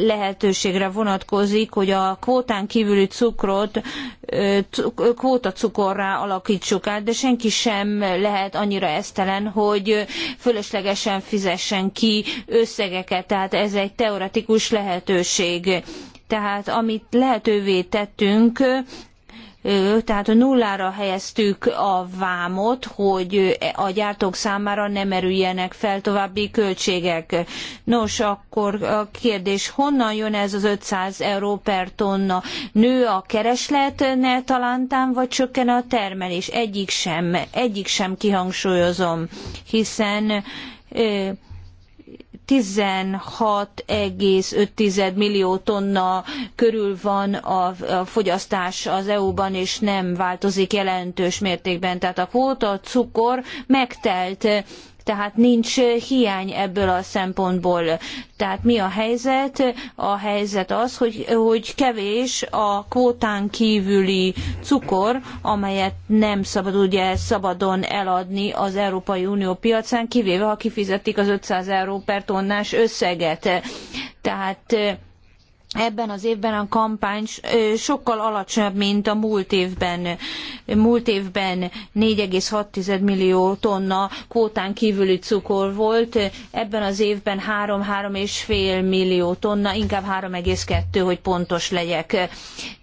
lehetőségre vonatkozik, hogy a kvótán kívüli cukrot kvótacukorrá alakítsuk át, de senki sem lehet annyira esztelen, hogy fölöslegesen fizessen ki összegeket, tehát ez egy teoretikus lehetőség. Tehát amit lehetővé tettünk, tehát nullára helyeztük a vámot, hogy a gyártók számára nem merüljenek fel további költségek. Nos, akkor a kérdés, honnan jön ez az 500 euró per tonna? Nő a kereslet ne talántán, vagy csökken a termelés? Egyik sem, egyik sem kihangsúlyozom, hiszen 16,5 millió tonna körül van a, fogyasztás az EU-ban, és nem változik jelentős mértékben. Tehát a kvóta cukor megtelt tehát nincs eh, hiány ebből a szempontból. Tehát mi a helyzet? A helyzet az, hogy, hogy kevés a kvótán kívüli cukor, amelyet nem szabad ugye szabadon eladni az Európai Unió piacán, kivéve ha kifizetik az 500 euró per tonnás összeget. Tehát eh, Ebben az évben a kampány sokkal alacsonyabb, mint a múlt évben. Múlt évben 4,6 millió tonna kvótán kívüli cukor volt, ebben az évben 3-3,5 millió tonna, inkább 3,2, hogy pontos legyek.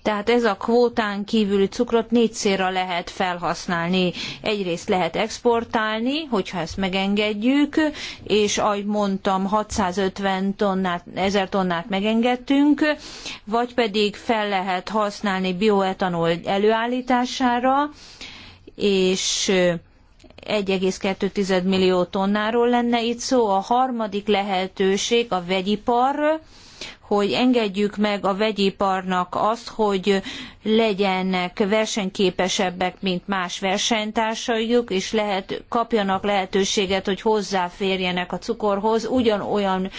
Tehát ez a kvótán kívüli cukrot célra lehet felhasználni. Egyrészt lehet exportálni, hogyha ezt megengedjük, és ahogy mondtam, 650 tonnát, 1000 tonnát megengedtünk, vagy pedig fel lehet használni bioetanol előállítására, és 1,2 millió tonnáról lenne itt szó. A harmadik lehetőség a vegyipar, hogy engedjük meg a vegyiparnak azt, hogy legyenek versenyképesebbek, mint más versenytársaik, és lehet, kapjanak lehetőséget, hogy hozzáférjenek a cukorhoz ugyanolyan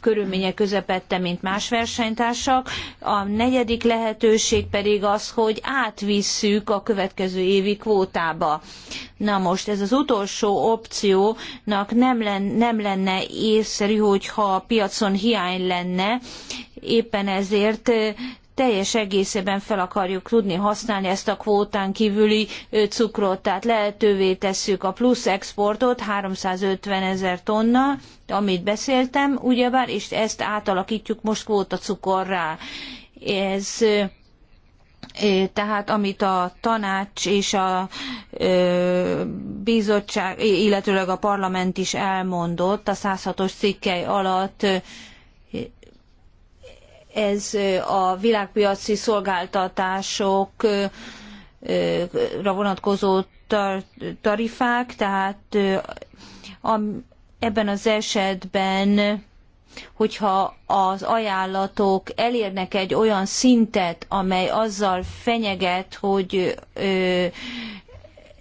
körülmények közepette, mint más versenytársak. A negyedik lehetőség pedig az, hogy átvisszük a következő évi kvótába. Na most ez az utolsó opciónak nem, len, nem lenne észszerű, hogyha a piacon hiány lenne, Éppen ezért teljes egészében fel akarjuk tudni használni ezt a kvótán kívüli cukrot, tehát lehetővé tesszük a plusz exportot 350 ezer tonna, amit beszéltem, ugyebár, és ezt átalakítjuk most kvóta cukorrá. Ez tehát amit a tanács és a bizottság, illetőleg a parlament is elmondott a 106-os cikkely alatt ez a világpiaci szolgáltatásokra vonatkozó tarifák, tehát ebben az esetben hogyha az ajánlatok elérnek egy olyan szintet, amely azzal fenyeget, hogy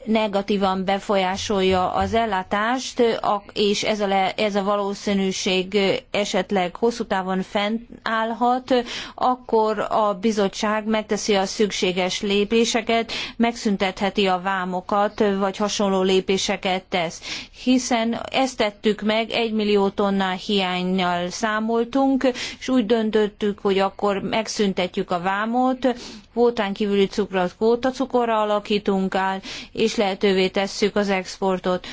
negatívan befolyásolja az ellátást, és ez a, le, ez a valószínűség esetleg hosszú távon fennállhat, akkor a bizottság megteszi a szükséges lépéseket, megszüntetheti a vámokat, vagy hasonló lépéseket tesz. Hiszen ezt tettük meg, egy millió tonna hiányjal számoltunk, és úgy döntöttük, hogy akkor megszüntetjük a vámot, kvótán kívüli cukrot kvótacukorra alakítunk át, és lehetővé tesszük az exportot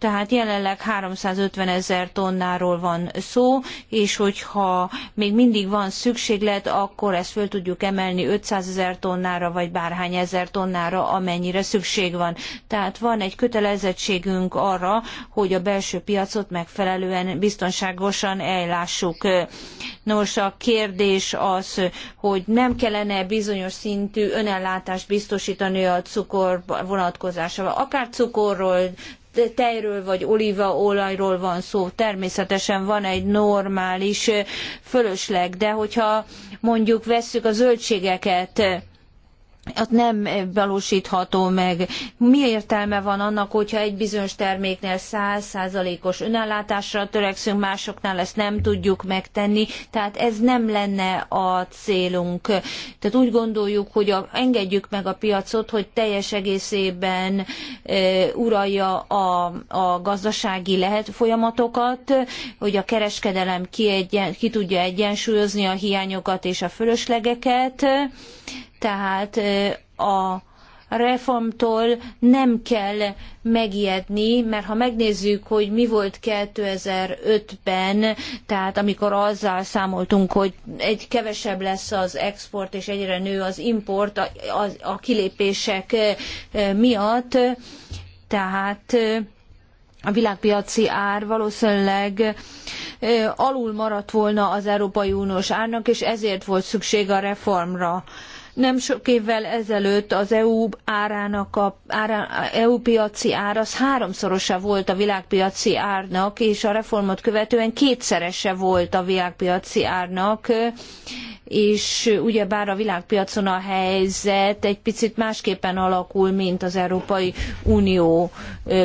tehát jelenleg 350 ezer tonnáról van szó, és hogyha még mindig van szükséglet, akkor ezt föl tudjuk emelni 500 ezer tonnára, vagy bárhány ezer tonnára, amennyire szükség van. Tehát van egy kötelezettségünk arra, hogy a belső piacot megfelelően biztonságosan ellássuk. Nos, a kérdés az, hogy nem kellene bizonyos szintű önellátást biztosítani a cukor vonatkozásával, akár cukorról, tejről vagy olívaolajról van szó, természetesen van egy normális fölösleg, de hogyha mondjuk vesszük a zöldségeket, ott nem valósítható meg. Mi értelme van annak, hogyha egy bizonyos terméknél száz százalékos önellátásra törekszünk, másoknál ezt nem tudjuk megtenni, tehát ez nem lenne a célunk. Tehát úgy gondoljuk, hogy a, engedjük meg a piacot, hogy teljes egészében e, uralja a, a gazdasági lehet folyamatokat, hogy a kereskedelem ki, egyen, ki tudja egyensúlyozni a hiányokat és a fölöslegeket, tehát a reformtól nem kell megijedni, mert ha megnézzük, hogy mi volt 2005-ben, tehát amikor azzal számoltunk, hogy egy kevesebb lesz az export és egyre nő az import a, a, a kilépések miatt, tehát a világpiaci ár valószínűleg alul maradt volna az Európai Uniós árnak, és ezért volt szükség a reformra nem sok évvel ezelőtt az EU árának a ára, EU piaci ár az háromszorosa volt a világpiaci árnak, és a reformot követően kétszerese volt a világpiaci árnak és ugyebár a világpiacon a helyzet egy picit másképpen alakul, mint az Európai Unió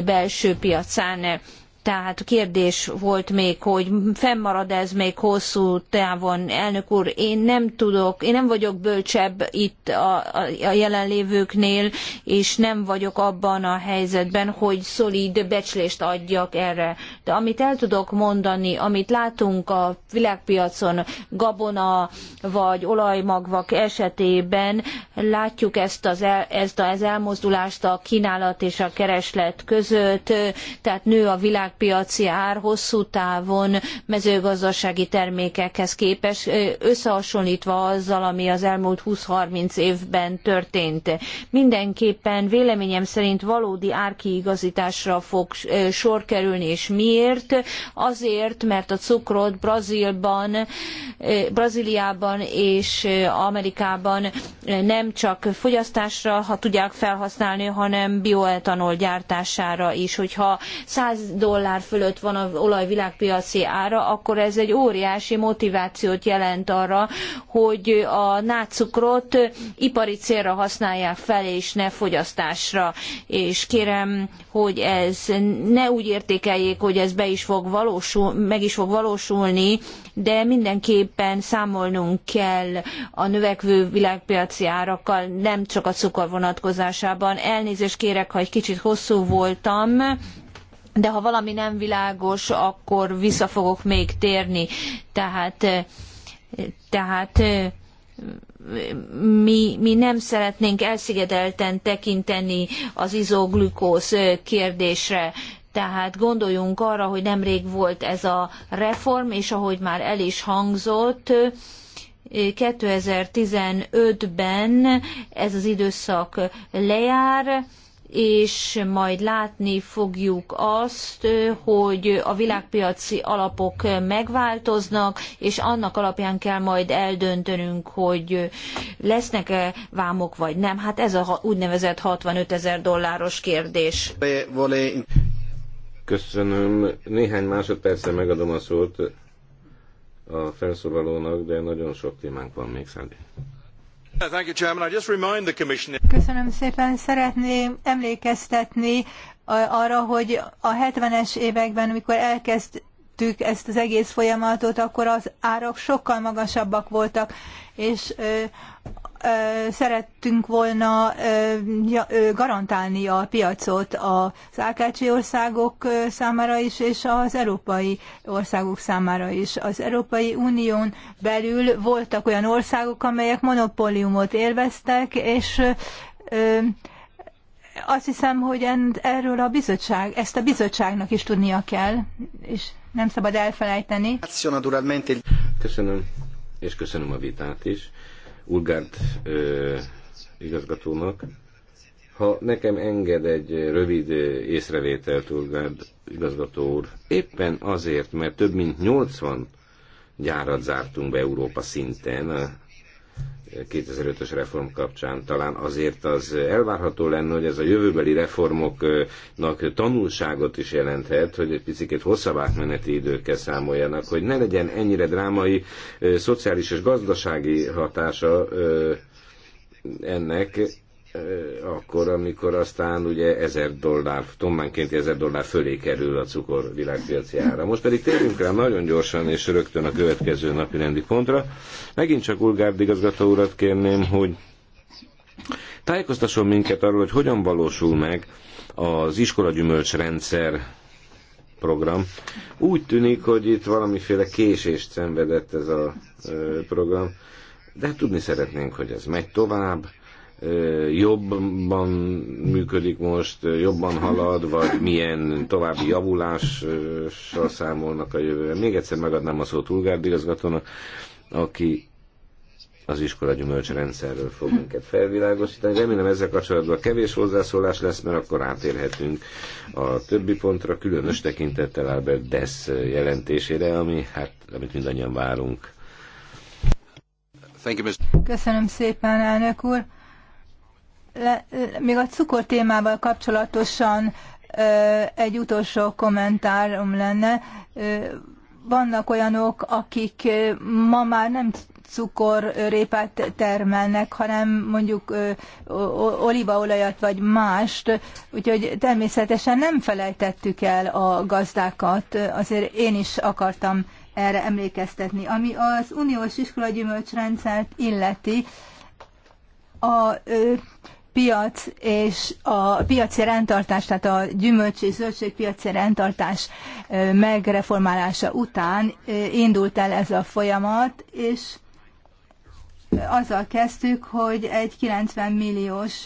belső piacán tehát kérdés volt még, hogy fennmarad ez még hosszú távon. Elnök úr, én nem tudok, én nem vagyok bölcsebb itt a, a jelenlévőknél, és nem vagyok abban a helyzetben, hogy szolid becslést adjak erre. De amit el tudok mondani, amit látunk a világpiacon, gabona vagy olajmagvak esetében, látjuk ezt az, el, ezt az elmozdulást a kínálat és a kereslet között, tehát nő a világ világpiaci ár hosszú távon mezőgazdasági termékekhez képest, összehasonlítva azzal, ami az elmúlt 20-30 évben történt. Mindenképpen véleményem szerint valódi árkiigazításra fog sor kerülni, és miért? Azért, mert a cukrot Brazílban, Brazíliában és Amerikában nem csak fogyasztásra, ha tudják felhasználni, hanem bioetanol gyártására is. Hogyha 100 dollár dollár fölött van az olaj világpiaci ára, akkor ez egy óriási motivációt jelent arra, hogy a nácukrot ipari célra használják fel, és ne fogyasztásra. És kérem, hogy ez ne úgy értékeljék, hogy ez be is fog valósul, meg is fog valósulni, de mindenképpen számolnunk kell a növekvő világpiaci árakkal, nem csak a cukor vonatkozásában. Elnézést kérek, ha egy kicsit hosszú voltam, de ha valami nem világos, akkor vissza fogok még térni. Tehát, tehát mi, mi nem szeretnénk elszigetelten tekinteni az izoglükóz kérdésre. Tehát gondoljunk arra, hogy nemrég volt ez a reform, és ahogy már el is hangzott, 2015-ben ez az időszak lejár, és majd látni fogjuk azt, hogy a világpiaci alapok megváltoznak, és annak alapján kell majd eldöntenünk, hogy lesznek-e vámok vagy nem. Hát ez a úgynevezett 65 ezer dolláros kérdés. Köszönöm. Néhány másodpercre megadom a szót a felszólalónak, de nagyon sok témánk van még szándék. Köszönöm szépen. Szeretném emlékeztetni arra, hogy a 70-es években, amikor elkezdtük ezt az egész folyamatot, akkor az árak sokkal magasabbak voltak, és szerettünk volna garantálni a piacot az AKC országok számára is, és az európai országok számára is. Az Európai Unión belül voltak olyan országok, amelyek monopóliumot élveztek, és azt hiszem, hogy erről a bizottság, ezt a bizottságnak is tudnia kell, és nem szabad elfelejteni. Köszönöm, és köszönöm a vitát is. Urgánt ö, igazgatónak. Ha nekem enged egy rövid észrevételt, Urgánt igazgató úr, éppen azért, mert több mint 80 gyárat zártunk be Európa szinten 2005-ös reform kapcsán talán azért az elvárható lenne, hogy ez a jövőbeli reformoknak tanulságot is jelenthet, hogy egy picit hosszabb átmeneti időkkel számoljanak, hogy ne legyen ennyire drámai szociális és gazdasági hatása ennek, akkor, amikor aztán ugye ezer dollár, tombánként ezer dollár fölé kerül a cukor világpiaci ára. Most pedig térjünk rá nagyon gyorsan és rögtön a következő napi rendi pontra. Megint csak Ulgárd igazgató urat kérném, hogy tájékoztasson minket arról, hogy hogyan valósul meg az gyümölcs rendszer program. Úgy tűnik, hogy itt valamiféle késést szenvedett ez a program, de hát tudni szeretnénk, hogy ez megy tovább, jobban működik most, jobban halad, vagy milyen további javulással számolnak a jövőre. Még egyszer megadnám a szót Ulgárd igazgatónak, aki az iskola gyümölcsrendszerről fog minket felvilágosítani. Remélem ezzel kapcsolatban kevés hozzászólás lesz, mert akkor átérhetünk a többi pontra, különös tekintettel Albert Dess jelentésére, ami, hát, amit mindannyian várunk. Köszönöm szépen, elnök úr! le, még a cukor témával kapcsolatosan egy utolsó kommentárom lenne. Vannak olyanok, akik ma már nem cukorrépát termelnek, hanem mondjuk olívaolajat vagy mást, úgyhogy természetesen nem felejtettük el a gazdákat, azért én is akartam erre emlékeztetni. Ami az uniós iskolagyümölcsrendszert illeti, a piac és a piaci rendtartás, tehát a gyümölcs és zöldségpiaci rendtartás megreformálása után indult el ez a folyamat, és azzal kezdtük, hogy egy 90 milliós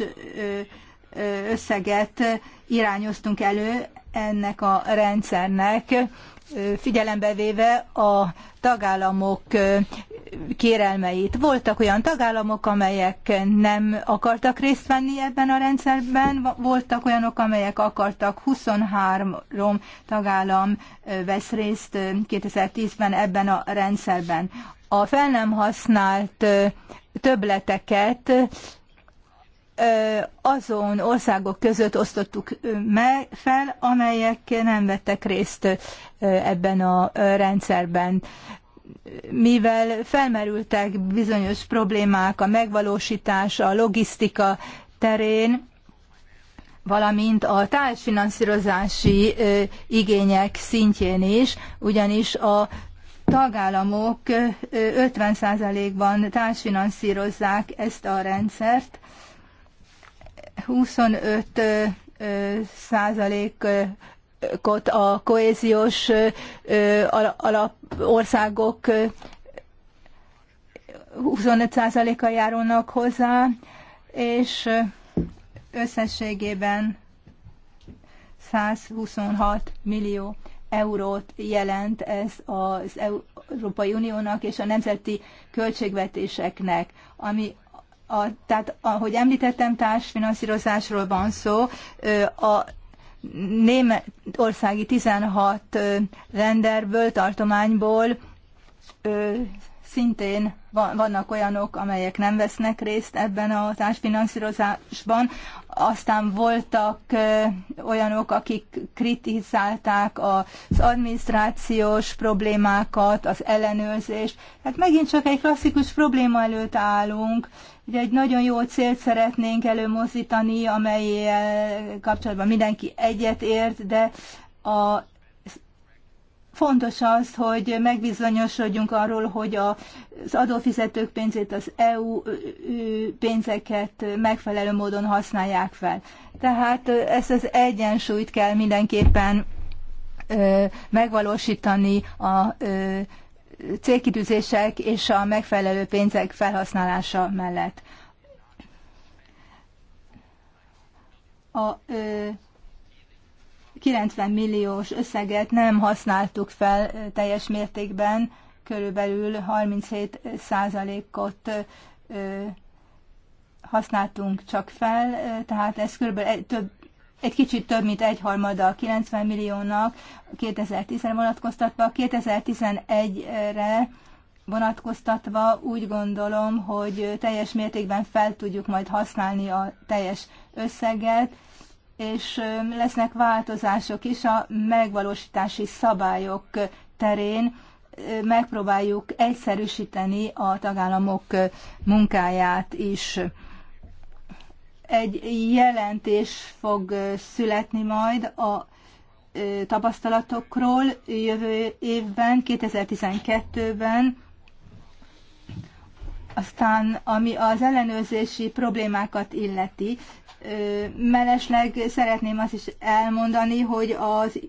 összeget irányoztunk elő ennek a rendszernek, figyelembe véve a tagállamok kérelmeit. Voltak olyan tagállamok, amelyek nem akartak részt venni ebben a rendszerben, voltak olyanok, amelyek akartak, 23 tagállam vesz részt 2010-ben ebben a rendszerben. A fel nem használt töbleteket azon országok között osztottuk meg fel, amelyek nem vettek részt ebben a rendszerben mivel felmerültek bizonyos problémák a megvalósítása, a logisztika terén, valamint a társfinanszírozási igények szintjén is, ugyanis a tagállamok 50%-ban társfinanszírozzák ezt a rendszert, 25 százalék a kohéziós alap országok 25%-a járulnak hozzá, és összességében 126 millió eurót jelent ez az Európai Uniónak és a nemzeti költségvetéseknek, ami a, tehát ahogy említettem, társfinanszírozásról van szó, a németországi 16 renderből, tartományból szintén vannak olyanok, amelyek nem vesznek részt ebben a társfinanszírozásban. Aztán voltak olyanok, akik kritizálták az adminisztrációs problémákat, az ellenőrzést. Hát megint csak egy klasszikus probléma előtt állunk, Ugye egy nagyon jó célt szeretnénk előmozdítani, amelyel kapcsolatban mindenki egyet ért, de a fontos az, hogy megbizonyosodjunk arról, hogy az adófizetők pénzét, az EU pénzeket megfelelő módon használják fel. Tehát ezt az egyensúlyt kell mindenképpen megvalósítani a célkitűzések és a megfelelő pénzek felhasználása mellett. A ö, 90 milliós összeget nem használtuk fel teljes mértékben, körülbelül 37 százalékot használtunk csak fel, tehát ez körülbelül több, egy kicsit több mint egyharmada 90 milliónak 2010-re vonatkoztatva, 2011-re vonatkoztatva úgy gondolom, hogy teljes mértékben fel tudjuk majd használni a teljes összeget, és lesznek változások is a megvalósítási szabályok terén. Megpróbáljuk egyszerűsíteni a tagállamok munkáját is egy jelentés fog születni majd a tapasztalatokról jövő évben, 2012-ben, aztán ami az ellenőrzési problémákat illeti. mellesleg szeretném azt is elmondani, hogy az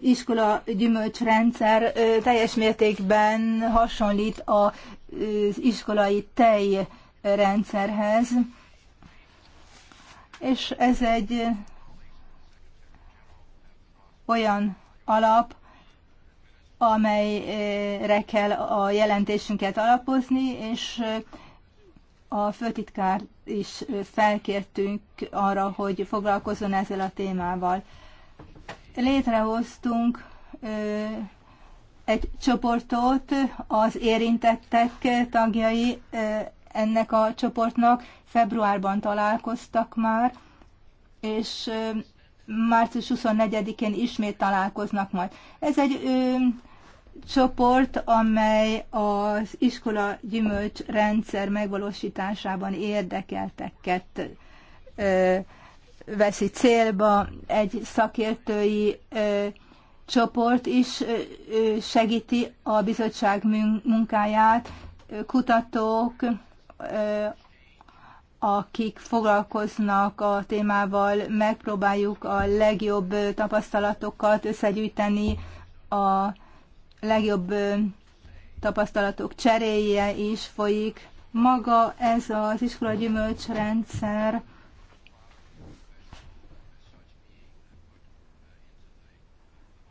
iskola gyümölcsrendszer teljes mértékben hasonlít az iskolai tej rendszerhez és ez egy olyan alap, amelyre kell a jelentésünket alapozni, és a főtitkár is felkértünk arra, hogy foglalkozzon ezzel a témával. Létrehoztunk egy csoportot, az érintettek tagjai ennek a csoportnak. Februárban találkoztak már, és március 24-én ismét találkoznak majd. Ez egy ö, csoport, amely az iskola gyümölcs rendszer megvalósításában érdekelteket ö, veszi célba. Egy szakértői ö, csoport is ö, ö, segíti a bizottság munkáját, kutatók, akik foglalkoznak a témával, megpróbáljuk a legjobb tapasztalatokat összegyűjteni, a legjobb tapasztalatok cseréje is folyik. Maga ez az iskola gyümölcsrendszer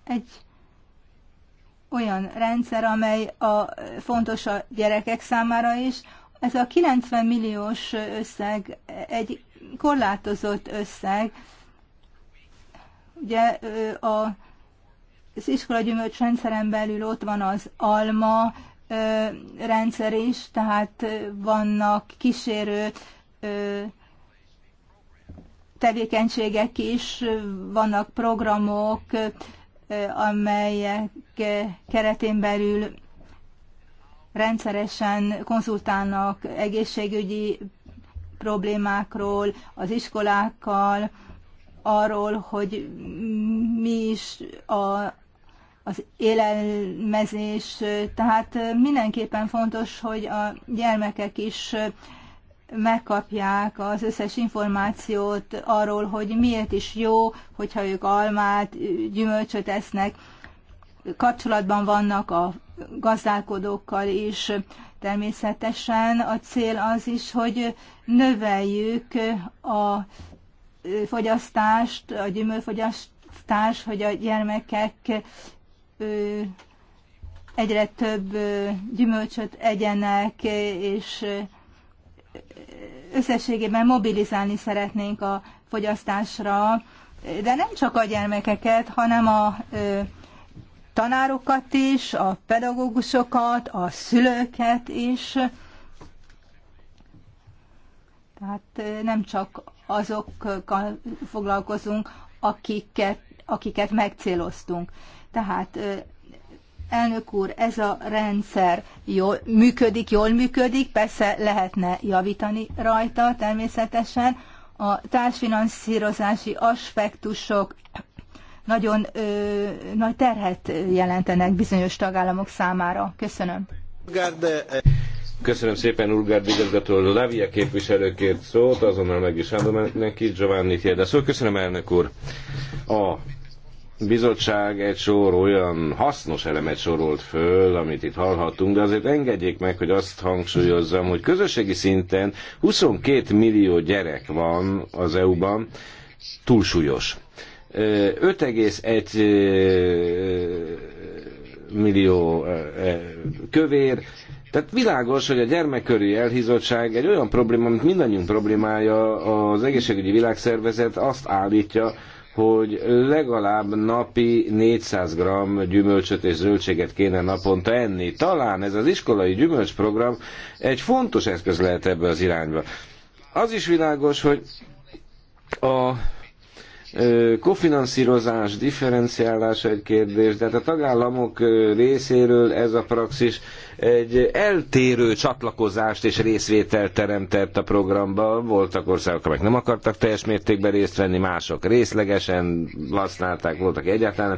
egy olyan rendszer, amely a, fontos a gyerekek számára is, ez a 90 milliós összeg egy korlátozott összeg. Ugye a, az iskola rendszeren belül ott van az alma rendszer is, tehát vannak kísérő tevékenységek is, vannak programok, amelyek keretén belül rendszeresen konzultálnak egészségügyi problémákról, az iskolákkal, arról, hogy mi is a, az élelmezés. Tehát mindenképpen fontos, hogy a gyermekek is megkapják az összes információt arról, hogy miért is jó, hogyha ők almát, gyümölcsöt esznek kapcsolatban vannak a gazdálkodókkal is. Természetesen a cél az is, hogy növeljük a fogyasztást, a gyümölfogyasztás, hogy a gyermekek egyre több gyümölcsöt egyenek, és összességében mobilizálni szeretnénk a fogyasztásra, de nem csak a gyermekeket, hanem a tanárokat is, a pedagógusokat, a szülőket is. Tehát nem csak azokkal foglalkozunk, akiket, akiket megcéloztunk. Tehát elnök úr, ez a rendszer jól, működik, jól működik, persze lehetne javítani rajta természetesen. A társfinanszírozási aspektusok nagyon ö, nagy terhet jelentenek bizonyos tagállamok számára. Köszönöm. Köszönöm szépen Urgárd igazgató Lavia képviselőkért szólt, azonnal meg is adom neki, Giovanni Tiede. Szóval köszönöm elnök úr. A bizottság egy sor olyan hasznos elemet sorolt föl, amit itt hallhatunk, de azért engedjék meg, hogy azt hangsúlyozzam, hogy közösségi szinten 22 millió gyerek van az EU-ban, túlsúlyos. 5,1 millió kövér, tehát világos, hogy a gyermekkörű elhízottság egy olyan probléma, amit mindannyiunk problémája, az egészségügyi világszervezet azt állítja, hogy legalább napi 400 g gyümölcsöt és zöldséget kéne naponta enni. Talán ez az iskolai gyümölcsprogram egy fontos eszköz lehet ebbe az irányba. Az is világos, hogy a Kofinanszírozás differenciálása egy kérdés, de hát a tagállamok részéről ez a praxis egy eltérő csatlakozást és részvételt teremtett a programba. Voltak országok, amelyek nem akartak teljes mértékben részt venni, mások részlegesen használták, voltak egyáltalán nem.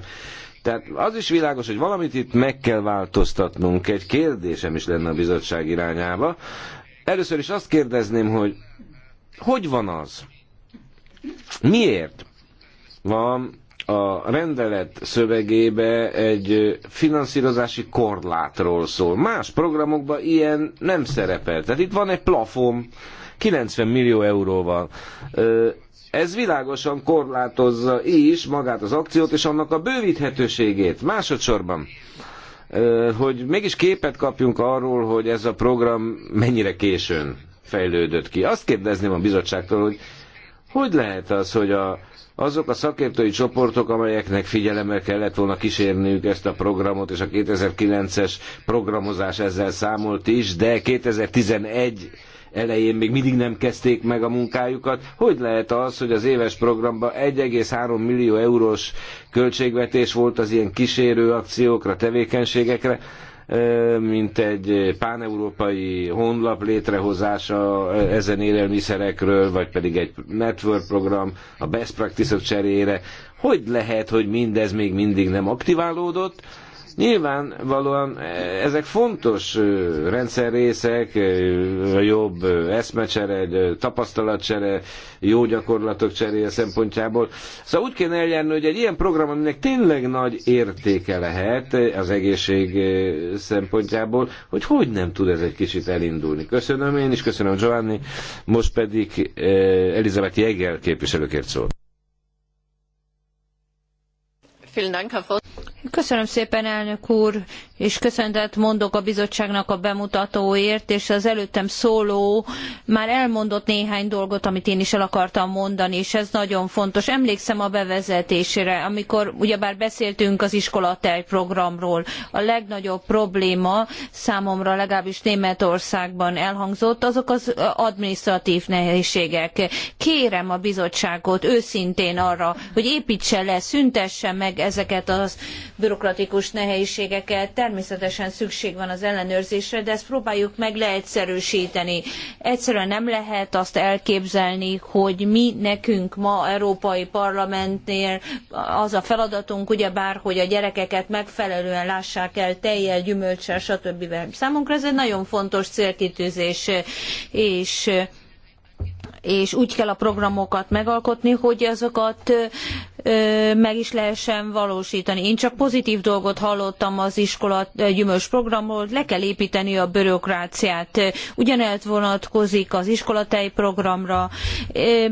Tehát az is világos, hogy valamit itt meg kell változtatnunk. Egy kérdésem is lenne a bizottság irányába. Először is azt kérdezném, hogy hogy van az? Miért? van, a rendelet szövegébe egy finanszírozási korlátról szól. Más programokban ilyen nem szerepel. Tehát itt van egy plafon, 90 millió euróval. Ez világosan korlátozza is magát az akciót és annak a bővíthetőségét. Másodszorban, hogy mégis képet kapjunk arról, hogy ez a program mennyire későn fejlődött ki. Azt kérdezném a bizottságtól, hogy hogy lehet az, hogy a azok a szakértői csoportok, amelyeknek figyelemmel kellett volna kísérniük ezt a programot, és a 2009-es programozás ezzel számolt is, de 2011 elején még mindig nem kezdték meg a munkájukat. Hogy lehet az, hogy az éves programban 1,3 millió eurós költségvetés volt az ilyen kísérő akciókra, tevékenységekre, mint egy páneurópai honlap létrehozása ezen élelmiszerekről, vagy pedig egy network program a best practices cserére. Hogy lehet, hogy mindez még mindig nem aktiválódott? Nyilvánvalóan eh, ezek fontos eh, rendszerrészek, eh, jobb eszmecsere, tapasztalatcsere, jó gyakorlatok cseréje szempontjából. Szóval úgy kéne eljárni, hogy egy ilyen program, aminek tényleg nagy értéke lehet az egészség szempontjából, hogy hogy nem tud ez egy kicsit elindulni. Köszönöm én is, köszönöm Giovanni, most pedig Elizabeth Jegel képviselőkért szól. Köszönöm szépen, elnök úr, és köszöntet mondok a bizottságnak a bemutatóért, és az előttem szóló már elmondott néhány dolgot, amit én is el akartam mondani, és ez nagyon fontos. Emlékszem a bevezetésére, amikor ugyebár beszéltünk az iskolatej programról. A legnagyobb probléma számomra legalábbis Németországban elhangzott, azok az administratív nehézségek. Kérem a bizottságot őszintén arra, hogy építse le, szüntesse meg ezeket az bürokratikus nehézségekkel. Természetesen szükség van az ellenőrzésre, de ezt próbáljuk meg leegyszerűsíteni. Egyszerűen nem lehet azt elképzelni, hogy mi nekünk ma Európai Parlamentnél az a feladatunk, ugyebár, hogy a gyerekeket megfelelően lássák el tejjel, gyümölcsel, stb. Számunkra ez egy nagyon fontos célkitűzés, és és úgy kell a programokat megalkotni, hogy azokat meg is lehessen valósítani. Én csak pozitív dolgot hallottam az iskola gyümölcs programról, le kell építeni a bürokráciát. Ugyanelt vonatkozik az iskolatej programra,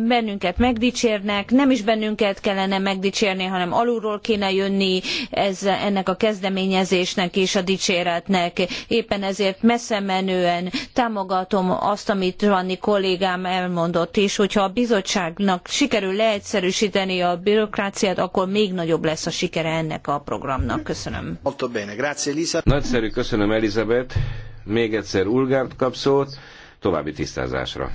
bennünket megdicsérnek, nem is bennünket kellene megdicsérni, hanem alulról kéne jönni ez, ennek a kezdeményezésnek és a dicséretnek. Éppen ezért messze menően támogatom azt, amit Ranni kollégám elmondott mondott is, hogyha a bizottságnak sikerül leegyszerűsíteni a bürokráciát, akkor még nagyobb lesz a sikere ennek a programnak. Köszönöm. Molto bene. Elisa. Nagyszerű, köszönöm Elizabeth. Még egyszer Ulgárt kap szót további tisztázásra.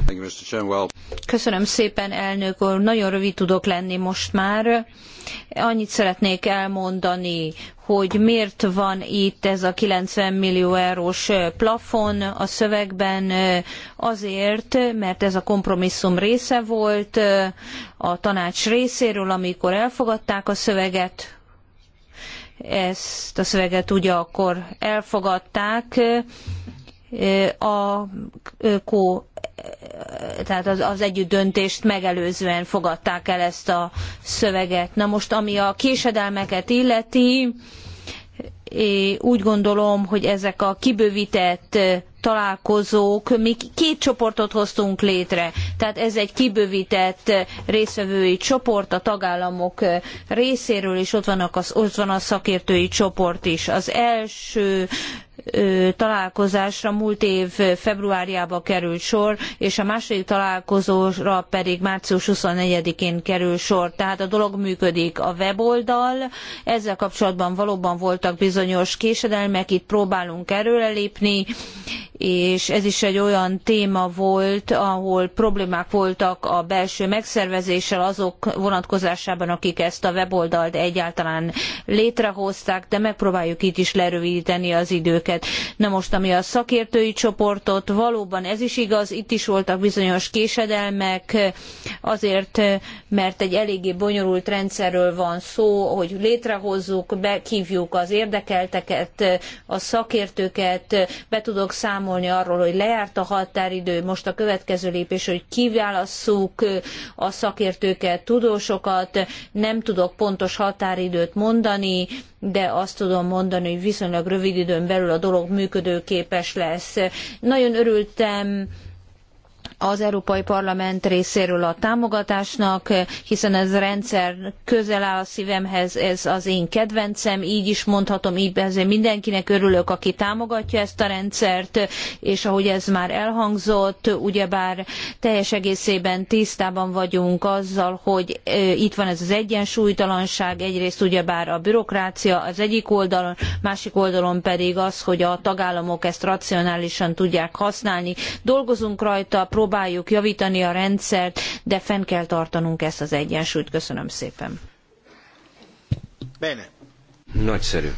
Köszönöm szépen, elnök úr. Nagyon rövid tudok lenni most már. Annyit szeretnék elmondani, hogy miért van itt ez a 90 millió eurós plafon a szövegben, azért, mert ez a kompromisszum része volt a tanács részéről, amikor elfogadták a szöveget, ezt a szöveget ugye akkor elfogadták, a kó, tehát az, az együtt döntést megelőzően fogadták el ezt a szöveget. Na most, ami a késedelmeket illeti, úgy gondolom, hogy ezek a kibővített találkozók, mi két csoportot hoztunk létre, tehát ez egy kibővített részvevői csoport a tagállamok részéről, és ott, vannak az, ott van a szakértői csoport is. Az első találkozásra múlt év februárjában került sor, és a második találkozóra pedig március 24-én kerül sor. Tehát a dolog működik. A weboldal, ezzel kapcsolatban valóban voltak bizonyos késedelmek, itt próbálunk előrelépni, és ez is egy olyan téma volt, ahol problémák voltak a belső megszervezéssel azok vonatkozásában, akik ezt a weboldalt egyáltalán létrehozták, de megpróbáljuk itt is lerövidíteni az időket. Na most, ami a szakértői csoportot, valóban ez is igaz, itt is voltak bizonyos késedelmek, azért, mert egy eléggé bonyolult rendszerről van szó, hogy létrehozzuk, meghívjuk az érdekelteket, a szakértőket, be tudok számolni, számolni arról, hogy lejárt a határidő, most a következő lépés, hogy kiválasszuk a szakértőket, tudósokat, nem tudok pontos határidőt mondani, de azt tudom mondani, hogy viszonylag rövid időn belül a dolog működőképes lesz. Nagyon örültem, az Európai Parlament részéről a támogatásnak, hiszen ez rendszer közel áll a szívemhez, ez az én kedvencem, így is mondhatom, így ezért mindenkinek örülök, aki támogatja ezt a rendszert, és ahogy ez már elhangzott, ugyebár teljes egészében tisztában vagyunk azzal, hogy itt van ez az egyensúlytalanság, egyrészt ugyebár a bürokrácia az egyik oldalon, másik oldalon pedig az, hogy a tagállamok ezt racionálisan tudják használni. Dolgozunk rajta, próbáljuk javítani a rendszert, de fenn kell tartanunk ezt az egyensúlyt. Köszönöm szépen. Bene. Nagyszerű.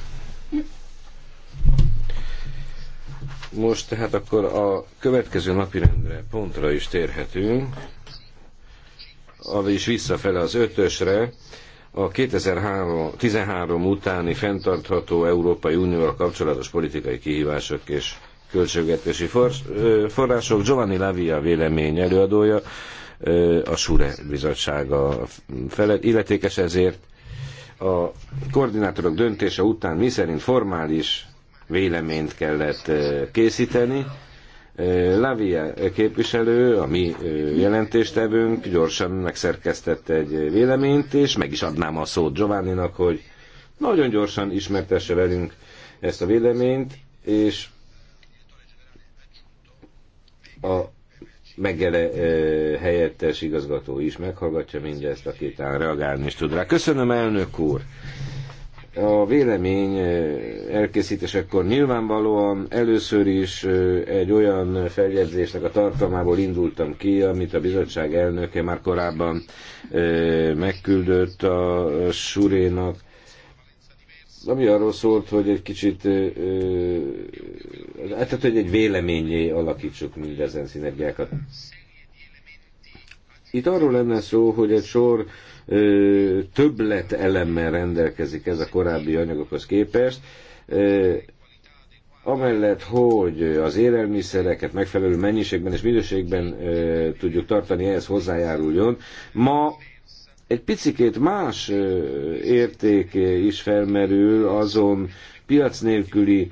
Most tehát akkor a következő napirendre, pontra is térhetünk, vagyis visszafele az ötösre, a 2013 utáni fenntartható Európai Unióval kapcsolatos politikai kihívások és költségvetési források. Giovanni Lavia vélemény előadója, a SURE bizottsága felett, illetékes ezért a koordinátorok döntése után miszerint formális véleményt kellett készíteni. Lavia képviselő, a mi jelentéstevőnk gyorsan megszerkesztette egy véleményt, és meg is adnám a szót Giovanninak, hogy nagyon gyorsan ismertesse velünk ezt a véleményt, és a meggele helyettes igazgató is meghallgatja mindezt, aki talán reagálni is tud rá. Köszönöm, elnök úr! A vélemény elkészítésekor nyilvánvalóan először is egy olyan feljegyzésnek a tartalmából indultam ki, amit a bizottság elnöke már korábban megküldött a Surénak, ami arról szólt, hogy egy kicsit, tehát hogy egy véleményé alakítsuk mindezen szinergiákat. Itt arról lenne szó, hogy egy sor ö, többlet elemmel rendelkezik ez a korábbi anyagokhoz képest, ö, amellett, hogy az élelmiszereket megfelelő mennyiségben és minőségben ö, tudjuk tartani, ehhez hozzájáruljon. Ma egy picikét más érték is felmerül azon piac nélküli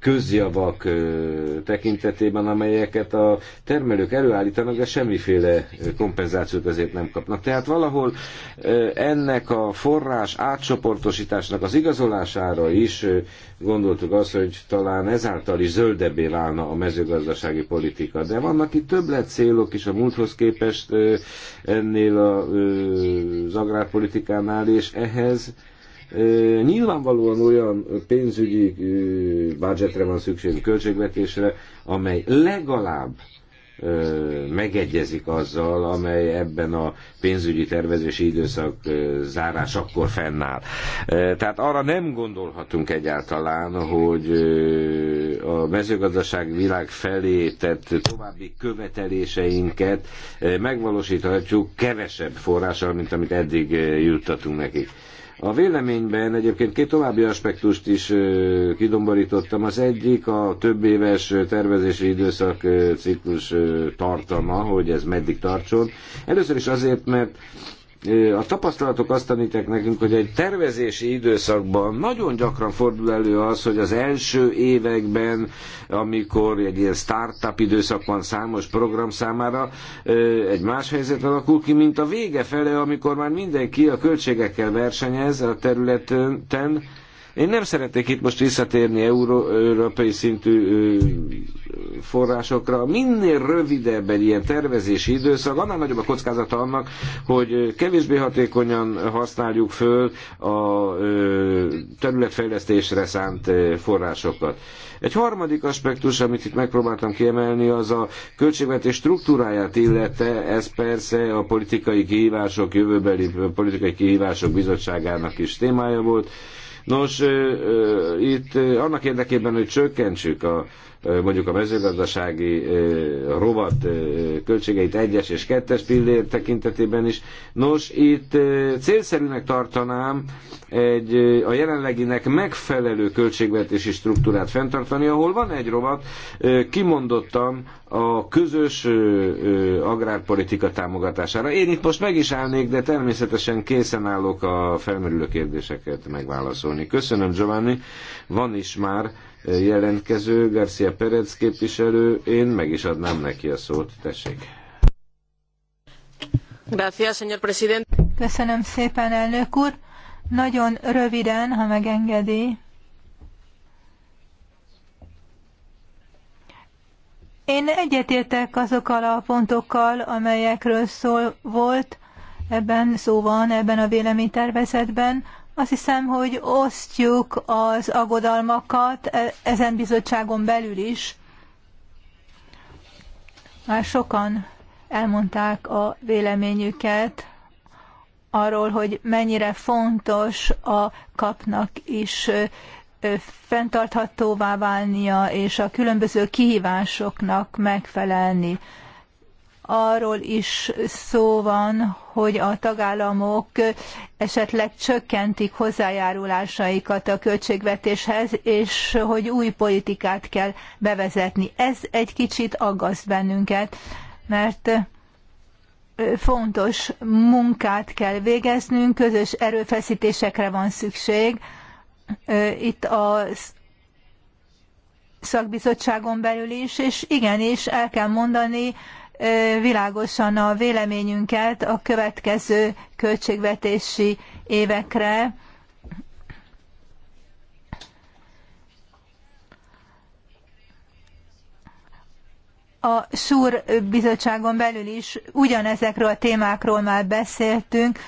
közjavak tekintetében, amelyeket a termelők előállítanak, de semmiféle kompenzációt ezért nem kapnak. Tehát valahol ennek a forrás átcsoportosításnak az igazolására is gondoltuk azt, hogy talán ezáltal is zöldebbé válna a mezőgazdasági politika. De vannak itt többlet célok is a múlthoz képest ennél az agrárpolitikánál, és ehhez Nyilvánvalóan olyan pénzügyi budgetre van szükség, költségvetésre, amely legalább megegyezik azzal, amely ebben a pénzügyi tervezési időszak zárásakor fennáll. Tehát arra nem gondolhatunk egyáltalán, hogy a mezőgazdaság világ felé tett további követeléseinket megvalósíthatjuk kevesebb forrással, mint amit eddig juttatunk nekik. A véleményben egyébként két további aspektust is kidomborítottam. Az egyik a több éves tervezési időszak ciklus tartalma, hogy ez meddig tartson. Először is azért, mert a tapasztalatok azt tanítják nekünk, hogy egy tervezési időszakban nagyon gyakran fordul elő az, hogy az első években, amikor egy ilyen startup időszak van számos program számára, egy más helyzet alakul ki, mint a vége fele, amikor már mindenki a költségekkel versenyez a területen, én nem szeretnék itt most visszatérni euró, európai szintű forrásokra. Minél rövidebb egy ilyen tervezési időszak, annál nagyobb a kockázata annak, hogy kevésbé hatékonyan használjuk föl a területfejlesztésre szánt forrásokat. Egy harmadik aspektus, amit itt megpróbáltam kiemelni, az a költségvetés struktúráját illete, ez persze a politikai kihívások, jövőbeli politikai kihívások bizottságának is témája volt. Nos, itt annak érdekében, hogy csökkentsük a mondjuk a mezőgazdasági rovat költségeit egyes és kettes pillér tekintetében is. Nos, itt célszerűnek tartanám egy a jelenleginek megfelelő költségvetési struktúrát fenntartani, ahol van egy rovat, kimondottan a közös agrárpolitika támogatására. Én itt most meg is állnék, de természetesen készen állok a felmerülő kérdéseket megválaszolni. Köszönöm, Giovanni. Van is már jelentkező, Garcia Perez képviselő, én meg is adnám neki a szót, tessék. Gracias, señor presidente. Köszönöm szépen, elnök úr. Nagyon röviden, ha megengedi. Én egyetértek azokkal a pontokkal, amelyekről szó volt, ebben szó van, ebben a véleménytervezetben. Azt hiszem, hogy osztjuk az aggodalmakat e-, ezen bizottságon belül is. Már sokan elmondták a véleményüket arról, hogy mennyire fontos a kapnak is fenntarthatóvá válnia és a különböző kihívásoknak megfelelni arról is szó van, hogy a tagállamok esetleg csökkentik hozzájárulásaikat a költségvetéshez, és hogy új politikát kell bevezetni. Ez egy kicsit aggaszt bennünket, mert fontos munkát kell végeznünk, közös erőfeszítésekre van szükség. Itt a szakbizottságon belül is, és igenis el kell mondani, világosan a véleményünket a következő költségvetési évekre. a SUR bizottságon belül is ugyanezekről a témákról már beszéltünk.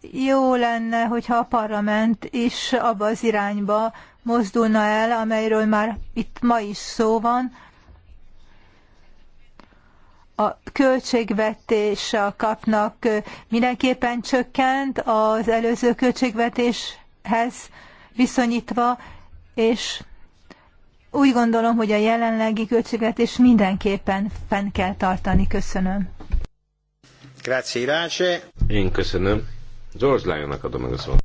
Jó lenne, hogyha a parlament is abba az irányba mozdulna el, amelyről már itt ma is szó van, a költségvetéssel kapnak mindenképpen csökkent az előző költségvetéshez viszonyítva, és úgy gondolom, hogy a jelenlegi költségvetés mindenképpen fenn kell tartani. Köszönöm. Grazie, Én köszönöm. George Lyonnak adom meg a szót.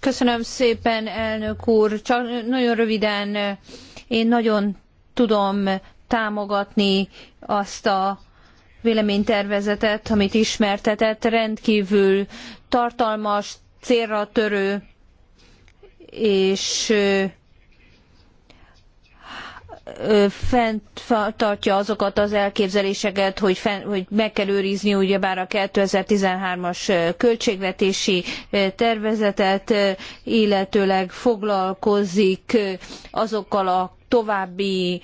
Köszönöm szépen, elnök úr. Csak nagyon röviden, én nagyon tudom támogatni azt a véleménytervezetet, amit ismertetett, rendkívül tartalmas, célra törő és fenntartja azokat az elképzeléseket, hogy, fenn, hogy meg kell őrizni ugyebár a 2013-as költségvetési tervezetet, illetőleg foglalkozik azokkal a további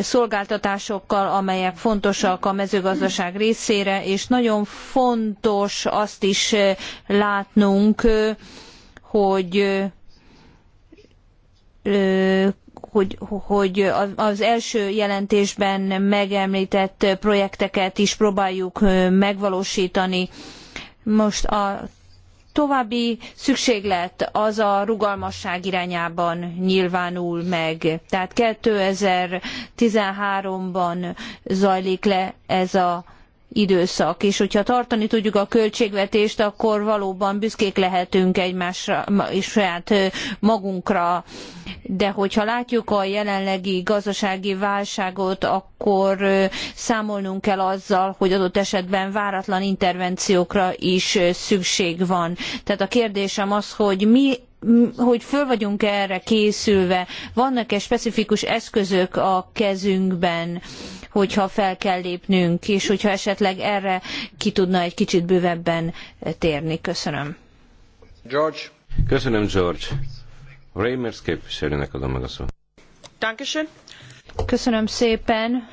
szolgáltatásokkal, amelyek fontosak a mezőgazdaság részére, és nagyon fontos azt is látnunk, hogy hogy, hogy az első jelentésben megemlített projekteket is próbáljuk megvalósítani. Most a további szükséglet az a rugalmasság irányában nyilvánul meg. Tehát 2013-ban zajlik le ez a időszak, és hogyha tartani tudjuk a költségvetést, akkor valóban büszkék lehetünk egymásra és saját magunkra. De hogyha látjuk a jelenlegi gazdasági válságot, akkor számolnunk kell azzal, hogy adott esetben váratlan intervenciókra is szükség van. Tehát a kérdésem az, hogy mi hogy föl vagyunk -e erre készülve, vannak-e specifikus eszközök a kezünkben, hogyha fel kell lépnünk, és hogyha esetleg erre ki tudna egy kicsit bővebben térni. Köszönöm. George. Köszönöm, George. Reimers képviselőnek adom meg a szót. Köszönöm szépen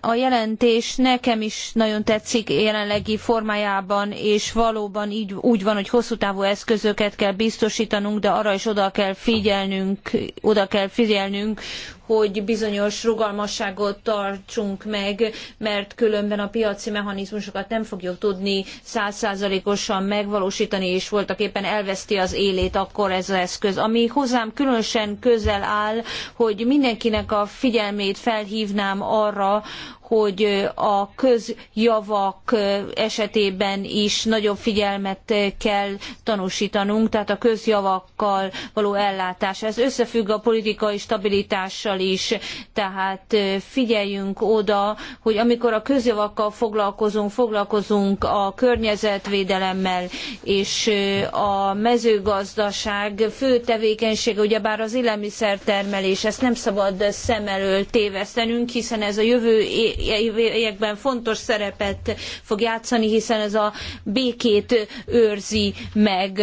a jelentés nekem is nagyon tetszik jelenlegi formájában, és valóban így úgy van, hogy hosszú távú eszközöket kell biztosítanunk, de arra is oda kell figyelnünk, oda kell figyelnünk, hogy bizonyos rugalmasságot tartsunk meg, mert különben a piaci mechanizmusokat nem fogjuk tudni százszázalékosan megvalósítani, és voltak éppen elveszti az élét akkor ez az eszköz. Ami hozzám különösen közel áll, hogy mindenkinek a figyelmét felhívnám arra, hogy a közjavak esetében is nagyobb figyelmet kell tanúsítanunk, tehát a közjavakkal való ellátás. Ez összefügg a politikai stabilitással is, tehát figyeljünk oda, hogy amikor a közjavakkal foglalkozunk, foglalkozunk a környezetvédelemmel és a mezőgazdaság fő tevékenysége, ugyebár az élelmiszertermelés, ezt nem szabad szem elől tévesztenünk, hiszen ez a jövő években fontos szerepet fog játszani, hiszen ez a békét őrzi meg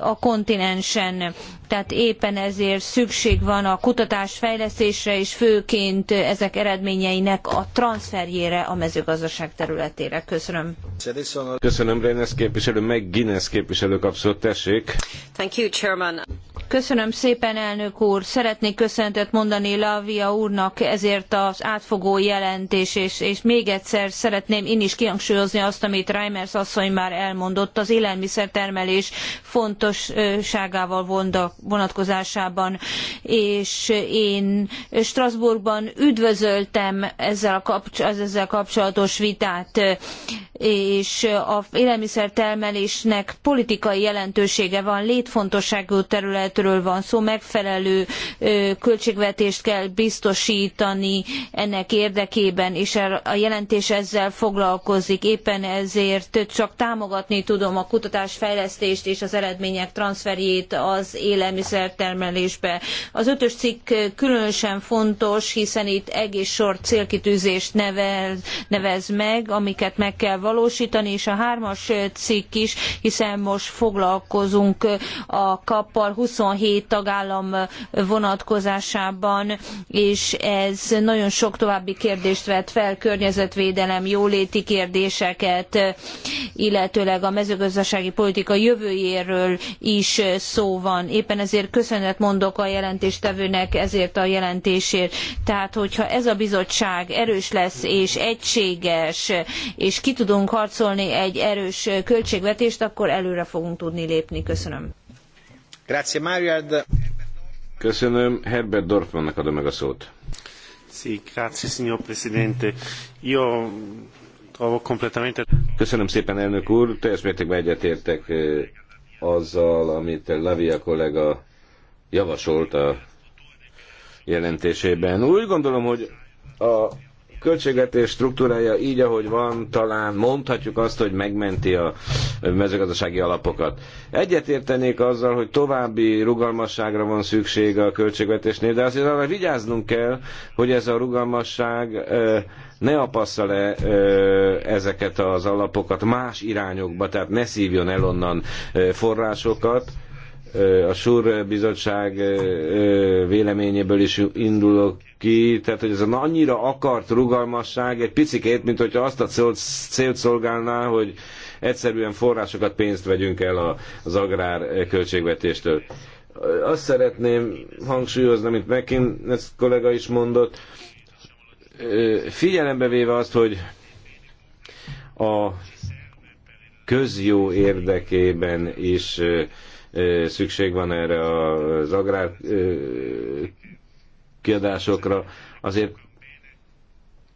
a kontinensen tehát éppen ezért szükség van a kutatás fejlesztésre és főként ezek eredményeinek a transferjére a mezőgazdaság területére. Köszönöm. Köszönöm, Reines képviselő, meg Guinness képviselő kapszott, tessék. Thank you, Chairman. Köszönöm szépen, elnök úr! Szeretnék köszönetet mondani Lavia úrnak ezért az átfogó jelentés, és, és még egyszer szeretném én is kihangsúlyozni azt, amit Reimers asszony már elmondott, az élelmiszertermelés fontosságával vonatkozásában, és én Strasbourgban üdvözöltem ezzel, kapcs ezzel kapcsolatos vitát, és az élelmiszertermelésnek politikai jelentősége van, létfontosságú terület területről van szó, megfelelő költségvetést kell biztosítani ennek érdekében, és er, a jelentés ezzel foglalkozik. Éppen ezért csak támogatni tudom a kutatásfejlesztést és az eredmények transferjét az élelmiszertermelésbe. Az ötös cikk különösen fontos, hiszen itt egész sor célkitűzést nevez, nevez meg, amiket meg kell valósítani, és a hármas cikk is, hiszen most foglalkozunk a kappal 20 seven tagállam vonatkozásában, és ez nagyon sok további kérdést vet fel, környezetvédelem, jóléti kérdéseket, illetőleg a mezőgazdasági politika jövőjéről is szó van. Éppen ezért köszönet mondok a jelentéstevőnek ezért a jelentésért. Tehát, hogyha ez a bizottság erős lesz és egységes, és ki tudunk harcolni egy erős költségvetést, akkor előre fogunk tudni lépni. Köszönöm. Köszönöm. Herbert Dorfmannak adom meg a szót. Sí, Köszönöm szépen, elnök úr. Teljes mértékben egyetértek eh, azzal, amit Lavia kollega javasolt a jelentésében. Úgy gondolom, hogy a költségvetés struktúrája így, ahogy van, talán mondhatjuk azt, hogy megmenti a mezőgazdasági alapokat. Egyetértenék azzal, hogy további rugalmasságra van szükség a költségvetésnél, de azért arra vigyáznunk kell, hogy ez a rugalmasság ne apassza le ezeket az alapokat más irányokba, tehát ne szívjon el onnan forrásokat, a SUR bizottság véleményéből is indulok ki, tehát hogy ez annyira akart rugalmasság egy picikét, mint hogyha azt a célt, szolgálná, hogy egyszerűen forrásokat, pénzt vegyünk el az agrár költségvetéstől. Azt szeretném hangsúlyozni, amit Mekin ezt kollega is mondott, figyelembe véve azt, hogy a közjó érdekében is szükség van erre az agrár kiadásokra. Azért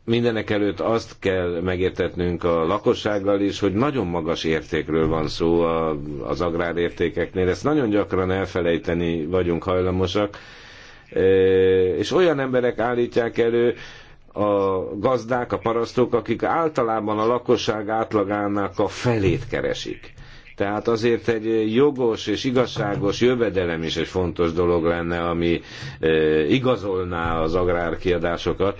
mindenek előtt azt kell megértetnünk a lakossággal is, hogy nagyon magas értékről van szó az agrárértékeknél. Ezt nagyon gyakran elfelejteni vagyunk hajlamosak. És olyan emberek állítják elő, a gazdák, a parasztok, akik általában a lakosság átlagának a felét keresik. Tehát azért egy jogos és igazságos jövedelem is egy fontos dolog lenne, ami e, igazolná az agrárkiadásokat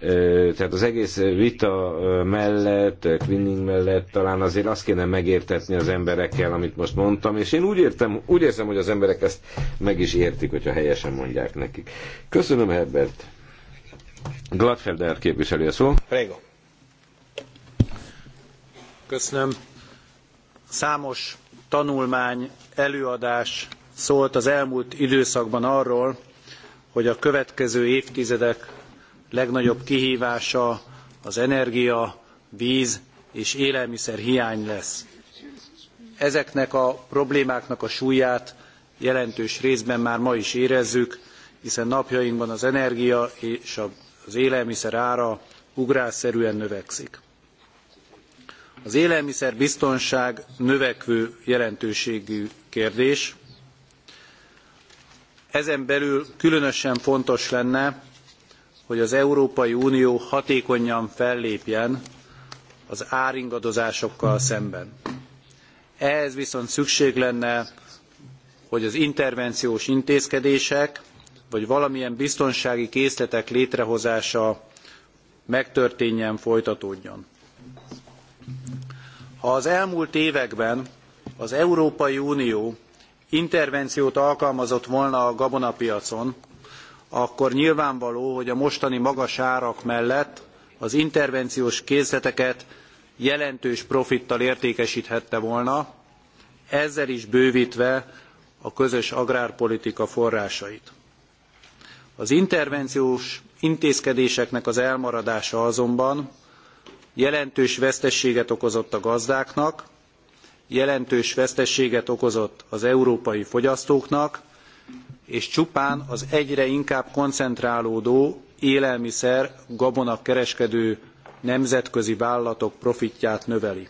e, tehát az egész vita e, mellett, Quinning mellett talán azért azt kéne megértetni az emberekkel, amit most mondtam, és én úgy, értem, úgy érzem, hogy az emberek ezt meg is értik, hogyha helyesen mondják nekik. Köszönöm, Herbert. Gladfelder képviselő a szó. Prego. Köszönöm. Számos tanulmány, előadás szólt az elmúlt időszakban arról, hogy a következő évtizedek legnagyobb kihívása az energia, víz és élelmiszer hiány lesz. Ezeknek a problémáknak a súlyát jelentős részben már ma is érezzük, hiszen napjainkban az energia és az élelmiszer ára ugrásszerűen növekszik. Az élelmiszer biztonság növekvő jelentőségű kérdés. Ezen belül különösen fontos lenne, hogy az Európai Unió hatékonyan fellépjen az áringadozásokkal szemben. Ehhez viszont szükség lenne, hogy az intervenciós intézkedések, vagy valamilyen biztonsági készletek létrehozása megtörténjen, folytatódjon. Ha az elmúlt években az Európai Unió intervenciót alkalmazott volna a gabonapiacon, akkor nyilvánvaló, hogy a mostani magas árak mellett az intervenciós készleteket jelentős profittal értékesthette volna, ezzel is bővítve a közös agrárpolitika forrásait. Az intervenciós intézkedéseknek az elmaradása azonban jelentős veszteséget okozott a gazdáknak, jelentős veszteséget okozott az európai fogyasztóknak, és csupán az egyre inkább koncentrálódó élelmiszer gabona kereskedő nemzetközi vállalatok profitját növeli.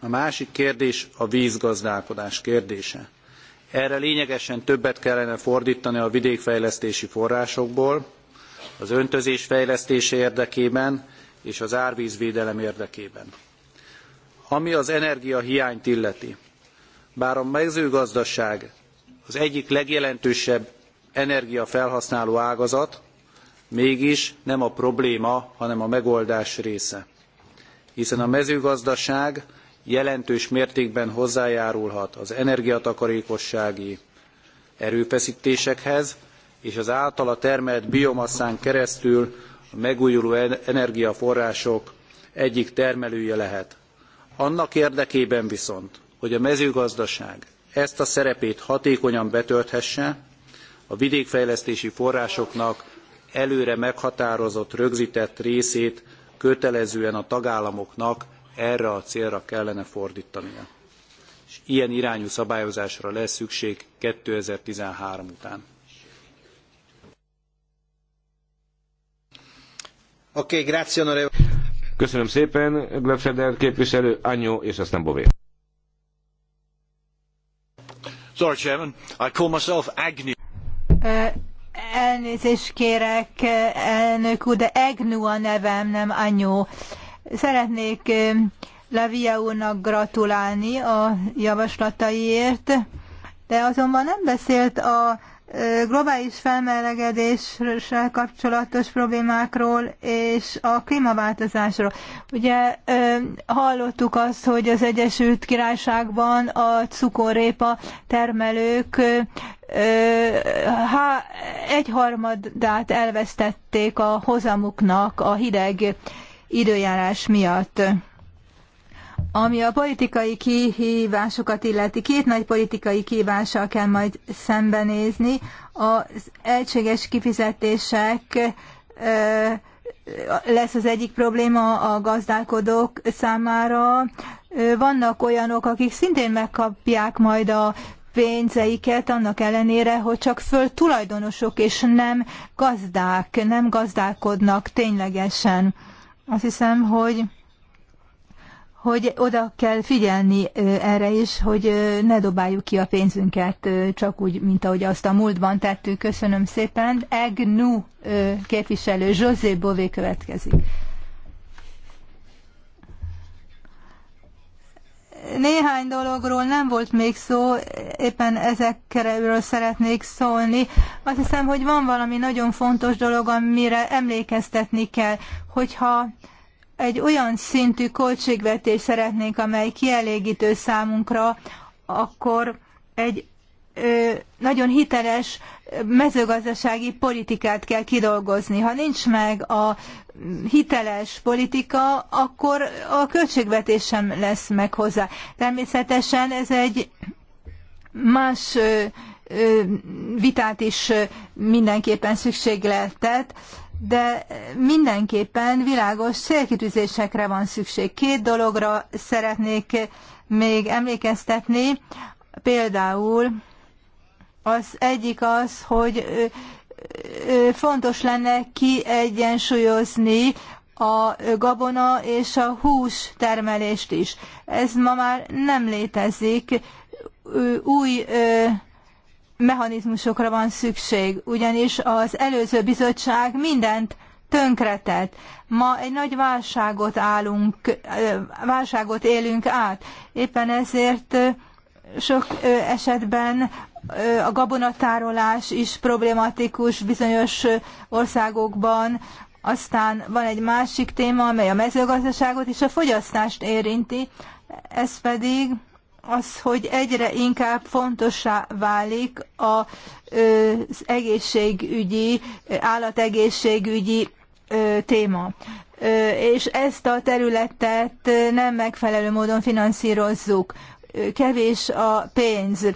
A másik kérdés a vízgazdálkodás kérdése. Erre lényegesen többet kellene fordítani a vidékfejlesztési forrásokból, az öntözés fejlesztése érdekében, és az árvízvédelem érdekében. Ami az energiahiányt illeti, bár a mezőgazdaság az egyik legjelentősebb energiafelhasználó ágazat, mégis nem a probléma, hanem a megoldás része. Hiszen a mezőgazdaság jelentős mértékben hozzájárulhat az energiatakarékossági erőfeszítésekhez, és az általa termelt biomasszán keresztül megújuló energiaforrások egyik termelője lehet. Annak érdekében viszont, hogy a mezőgazdaság ezt a szerepét hatékonyan betölthesse, a vidékfejlesztési forrásoknak előre meghatározott, rögzített részét kötelezően a tagállamoknak erre a célra kellene fordítania. És ilyen irányú szabályozásra lesz szükség 2013 után. Oké, okay, grazie onorevole. Köszönöm szépen, Glöbfeder képviselő, Anyó, és aztán Bové. Sorry, Chairman. I call myself Agnew. Uh, elnézést kérek, elnök úr, de Egnu a nevem, nem Anyó. Szeretnék uh, úrnak gratulálni a javaslataiért, de azonban nem beszélt a globális felmelegedéssel kapcsolatos problémákról és a klímaváltozásról. Ugye hallottuk azt, hogy az Egyesült Királyságban a cukorrépa termelők egyharmadát elvesztették a hozamuknak a hideg időjárás miatt. Ami a politikai kihívásokat illeti, két nagy politikai kihívással kell majd szembenézni. Az egységes kifizetések lesz az egyik probléma a gazdálkodók számára. Vannak olyanok, akik szintén megkapják majd a pénzeiket, annak ellenére, hogy csak föl tulajdonosok és nem gazdák, nem gazdálkodnak ténylegesen. Azt hiszem, hogy hogy oda kell figyelni erre is, hogy ne dobáljuk ki a pénzünket csak úgy, mint ahogy azt a múltban tettük. Köszönöm szépen. Egnu képviselő José Bové következik. Néhány dologról nem volt még szó, éppen ezekről szeretnék szólni. Azt hiszem, hogy van valami nagyon fontos dolog, amire emlékeztetni kell, hogyha egy olyan szintű költségvetést szeretnénk, amely kielégítő számunkra, akkor egy ö, nagyon hiteles mezőgazdasági politikát kell kidolgozni. Ha nincs meg a hiteles politika, akkor a költségvetés sem lesz meg hozzá. Természetesen ez egy más ö, vitát is mindenképpen szükségletet, de mindenképpen világos célkitűzésekre van szükség. Két dologra szeretnék még emlékeztetni, például az egyik az, hogy fontos lenne kiegyensúlyozni a gabona és a hús termelést is. Ez ma már nem létezik. Új mechanizmusokra van szükség, ugyanis az előző bizottság mindent tönkretett. Ma egy nagy válságot állunk, válságot élünk át. Éppen ezért sok esetben a gabonatárolás is problematikus bizonyos országokban, aztán van egy másik téma, amely a mezőgazdaságot és a fogyasztást érinti, ez pedig az, hogy egyre inkább fontosá válik az egészségügyi, állategészségügyi téma. És ezt a területet nem megfelelő módon finanszírozzuk. Kevés a pénz.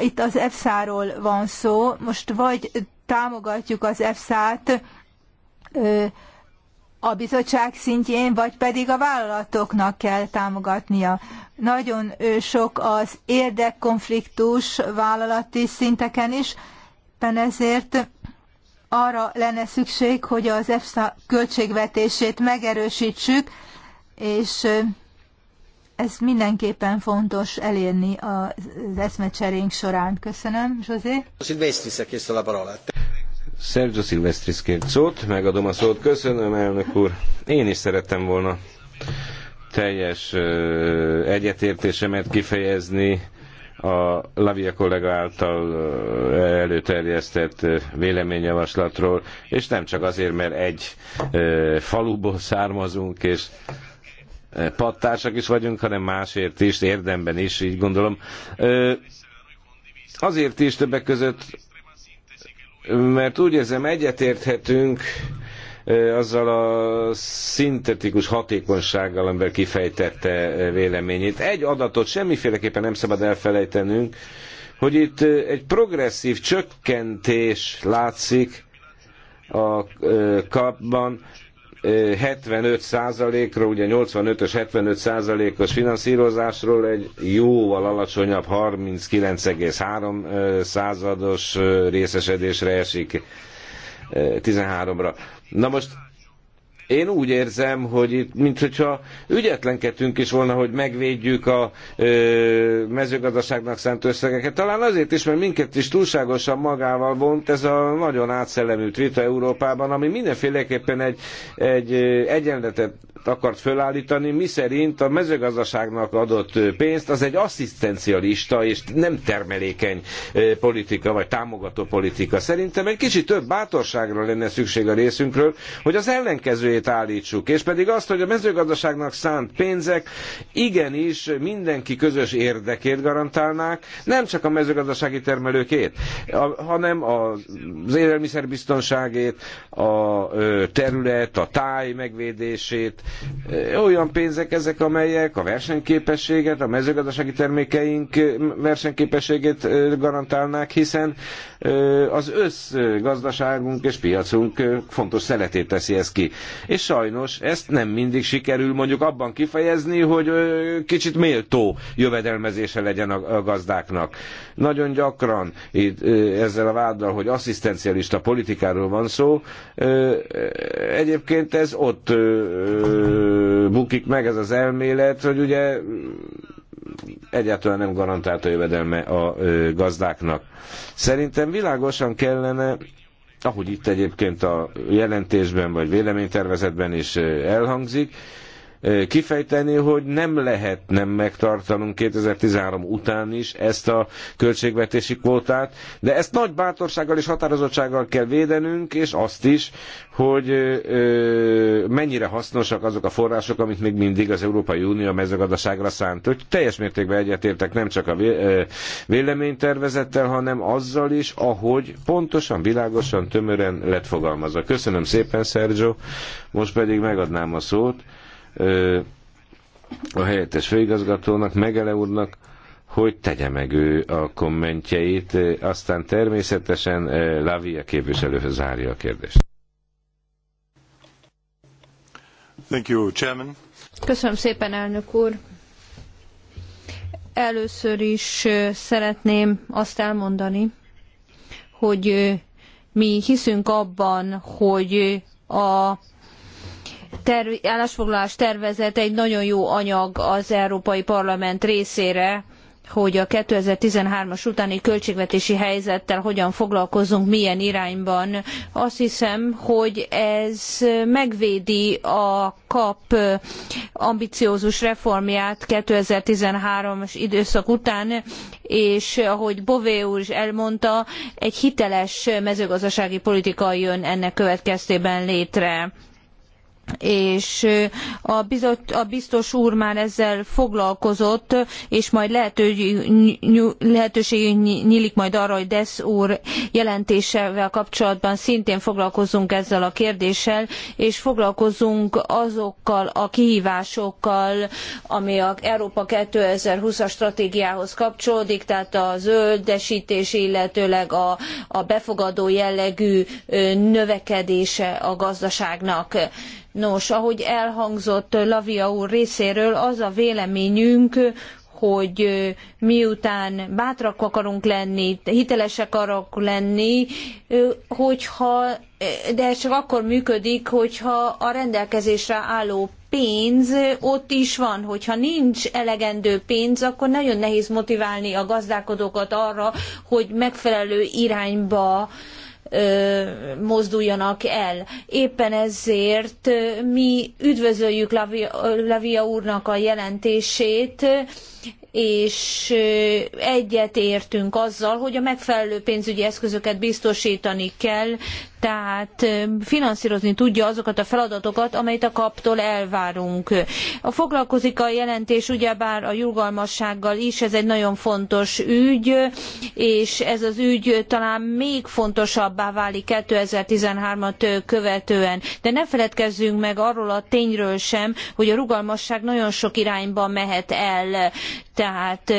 Itt az EFSA-ról van szó. Most vagy támogatjuk az EFSA-t, a bizottság szintjén, vagy pedig a vállalatoknak kell támogatnia. Nagyon sok az érdekkonfliktus vállalati szinteken is, éppen ezért arra lenne szükség, hogy az EFSA költségvetését megerősítsük, és ez mindenképpen fontos elérni az eszmecserénk során. Köszönöm, José. parola. Sergio Silvestris kért szót, megadom a szót. Köszönöm, elnök úr. Én is szerettem volna teljes egyetértésemet kifejezni a Lavia kollega által előterjesztett véleményjavaslatról, és nem csak azért, mert egy faluból származunk, és pattársak is vagyunk, hanem másért is, érdemben is, így gondolom. Azért is többek között, mert úgy érzem egyetérthetünk azzal a szintetikus hatékonysággal, amivel kifejtette véleményét. Egy adatot semmiféleképpen nem szabad elfelejtenünk, hogy itt egy progresszív csökkentés látszik a kapban 75%-ra, ugye 85-ös 75%-os finanszírozásról egy jóval alacsonyabb 39,3 százados részesedésre esik 13-ra. Na most én úgy érzem, hogy itt, mint hogyha ügyetlenkedtünk is volna, hogy megvédjük a ö, mezőgazdaságnak szánt összegeket. Talán azért is, mert minket is túlságosan magával vont ez a nagyon átszellemült vita Európában, ami mindenféleképpen egy, egy egyenletet, akart fölállítani, miszerint a mezőgazdaságnak adott pénzt az egy asszisztencialista és nem termelékeny politika vagy támogató politika. Szerintem egy kicsit több bátorságra lenne szükség a részünkről, hogy az ellenkezőjét állítsuk, és pedig azt, hogy a mezőgazdaságnak szánt pénzek igenis mindenki közös érdekét garantálnák, nem csak a mezőgazdasági termelőkét, hanem az élelmiszerbiztonságét, a terület, a táj megvédését, olyan pénzek ezek, amelyek a versenyképességet, a mezőgazdasági termékeink versenyképességét garantálnák, hiszen az összgazdaságunk és piacunk fontos szeletét teszi ez ki. És sajnos ezt nem mindig sikerül mondjuk abban kifejezni, hogy kicsit méltó jövedelmezése legyen a gazdáknak. Nagyon gyakran itt, ezzel a váddal, hogy asszisztencialista politikáról van szó, egyébként ez ott bukik meg ez az elmélet, hogy ugye egyáltalán nem garantált a jövedelme a gazdáknak. Szerintem világosan kellene, ahogy itt egyébként a jelentésben vagy véleménytervezetben is elhangzik, kifejteni, hogy nem lehet, nem megtartanunk 2013 után is ezt a költségvetési kvótát, de ezt nagy bátorsággal és határozottsággal kell védenünk, és azt is, hogy mennyire hasznosak azok a források, amit még mindig az Európai Unió mezőgazdaságra szánt. Hogy teljes mértékben egyetértek nem csak a véleménytervezettel, hanem azzal is, ahogy pontosan, világosan, tömören lett fogalmazva. Köszönöm szépen, Sergio. Most pedig megadnám a szót a helyettes főigazgatónak, Megele úrnak, hogy tegye meg ő a kommentjeit, aztán természetesen Lavia képviselőhöz zárja a kérdést. Thank you, Chairman. Köszönöm szépen, elnök úr. Először is szeretném azt elmondani, hogy mi hiszünk abban, hogy a terv, állásfoglalás tervezet egy nagyon jó anyag az Európai Parlament részére, hogy a 2013-as utáni költségvetési helyzettel hogyan foglalkozunk, milyen irányban. Azt hiszem, hogy ez megvédi a kap ambiciózus reformját 2013-as időszak után, és ahogy Bové úr is elmondta, egy hiteles mezőgazdasági politika jön ennek következtében létre és a, bizot, a biztos úr már ezzel foglalkozott, és majd lehető, lehetőség nyílik majd arra, hogy Desz úr jelentésevel kapcsolatban szintén foglalkozunk ezzel a kérdéssel, és foglalkozunk azokkal a kihívásokkal, ami az Európa 2020-as stratégiához kapcsolódik, tehát a zöldesítés, illetőleg a, a befogadó jellegű növekedése a gazdaságnak Nos, ahogy elhangzott Lavia úr részéről, az a véleményünk, hogy miután bátrak akarunk lenni, hitelesek akarok lenni, hogyha, de csak akkor működik, hogyha a rendelkezésre álló pénz ott is van, hogyha nincs elegendő pénz, akkor nagyon nehéz motiválni a gazdálkodókat arra, hogy megfelelő irányba mozduljanak el. Éppen ezért mi üdvözöljük Lavia, Lavia úrnak a jelentését, és egyetértünk azzal, hogy a megfelelő pénzügyi eszközöket biztosítani kell, tehát finanszírozni tudja azokat a feladatokat, amelyet a kaptól elvárunk. A foglalkozik a jelentés ugyebár a jugalmassággal is, ez egy nagyon fontos ügy, és ez az ügy talán még fontosabbá válik 2013-at követően. De ne feledkezzünk meg arról a tényről sem, hogy a rugalmasság nagyon sok irányba mehet el. Tehát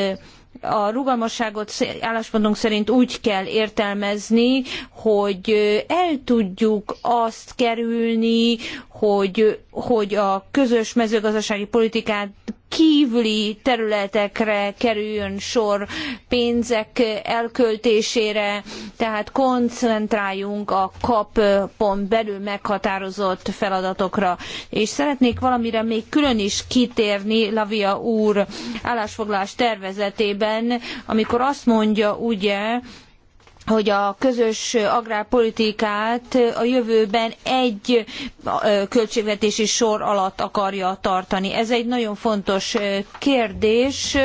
a rugalmasságot álláspontunk szerint úgy kell értelmezni, hogy el tudjuk azt kerülni, hogy, hogy a közös mezőgazdasági politikát kívüli területekre kerüljön sor, pénzek elköltésére, tehát koncentráljunk a kappon belül meghatározott feladatokra. És szeretnék valamire még külön is kitérni Lavia úr állásfoglalás tervezetében, amikor azt mondja ugye, hogy a közös agrárpolitikát a jövőben egy költségvetési sor alatt akarja tartani. Ez egy nagyon fontos kérdés,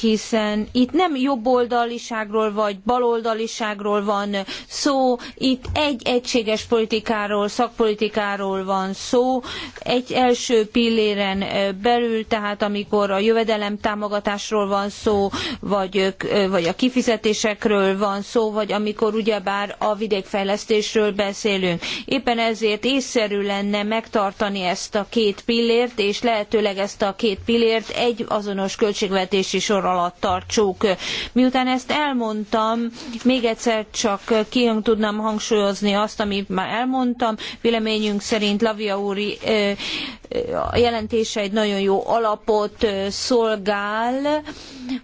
hiszen itt nem jobboldaliságról vagy baloldaliságról van szó, itt egy egységes politikáról, szakpolitikáról van szó, egy első pilléren belül, tehát amikor a jövedelem támogatásról van szó, vagy, vagy a kifizetésekről van szó, vagy amikor ugyebár a vidékfejlesztésről beszélünk. Éppen ezért észszerű lenne megtartani ezt a két pillért, és lehetőleg ezt a két pillért egy azonos költségvetési sor alatt tartsuk. Miután ezt elmondtam, még egyszer csak ki tudnám hangsúlyozni azt, amit már elmondtam. Véleményünk szerint Lavia úri eh, eh, jelentése egy nagyon jó alapot eh, szolgál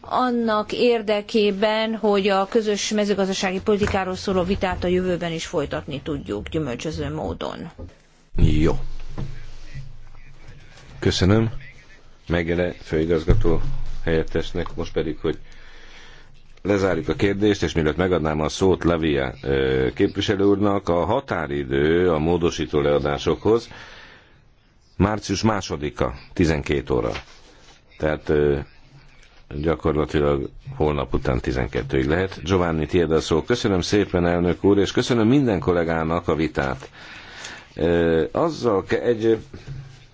annak érdekében, hogy a közös mezőgazdasági politikáról szóló vitát a jövőben is folytatni tudjuk gyümölcsöző módon. Jó. Köszönöm. Megele főigazgató helyettesnek, most pedig, hogy lezárjuk a kérdést, és mielőtt megadnám a szót Lavia képviselő úrnak, a határidő a módosító leadásokhoz március másodika, 12 óra. Tehát gyakorlatilag holnap után 12-ig lehet. Giovanni, tiéd a szó. Köszönöm szépen, elnök úr, és köszönöm minden kollégának a vitát. Azzal egy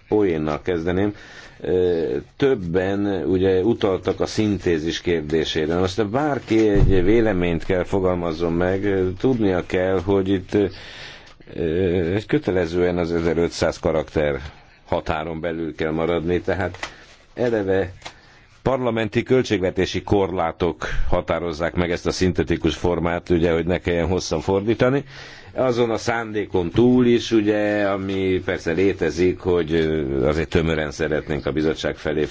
poénnal kezdeném, többen ugye utaltak a szintézis kérdésére. Most ha bárki egy véleményt kell fogalmazzon meg, tudnia kell, hogy itt egy kötelezően az 1500 karakter határon belül kell maradni, tehát eleve parlamenti költségvetési korlátok határozzák meg ezt a szintetikus formát, ugye, hogy ne kelljen hosszan fordítani, azon a szándékon túl is, ugye, ami persze létezik, hogy azért tömören szeretnénk a bizottság felé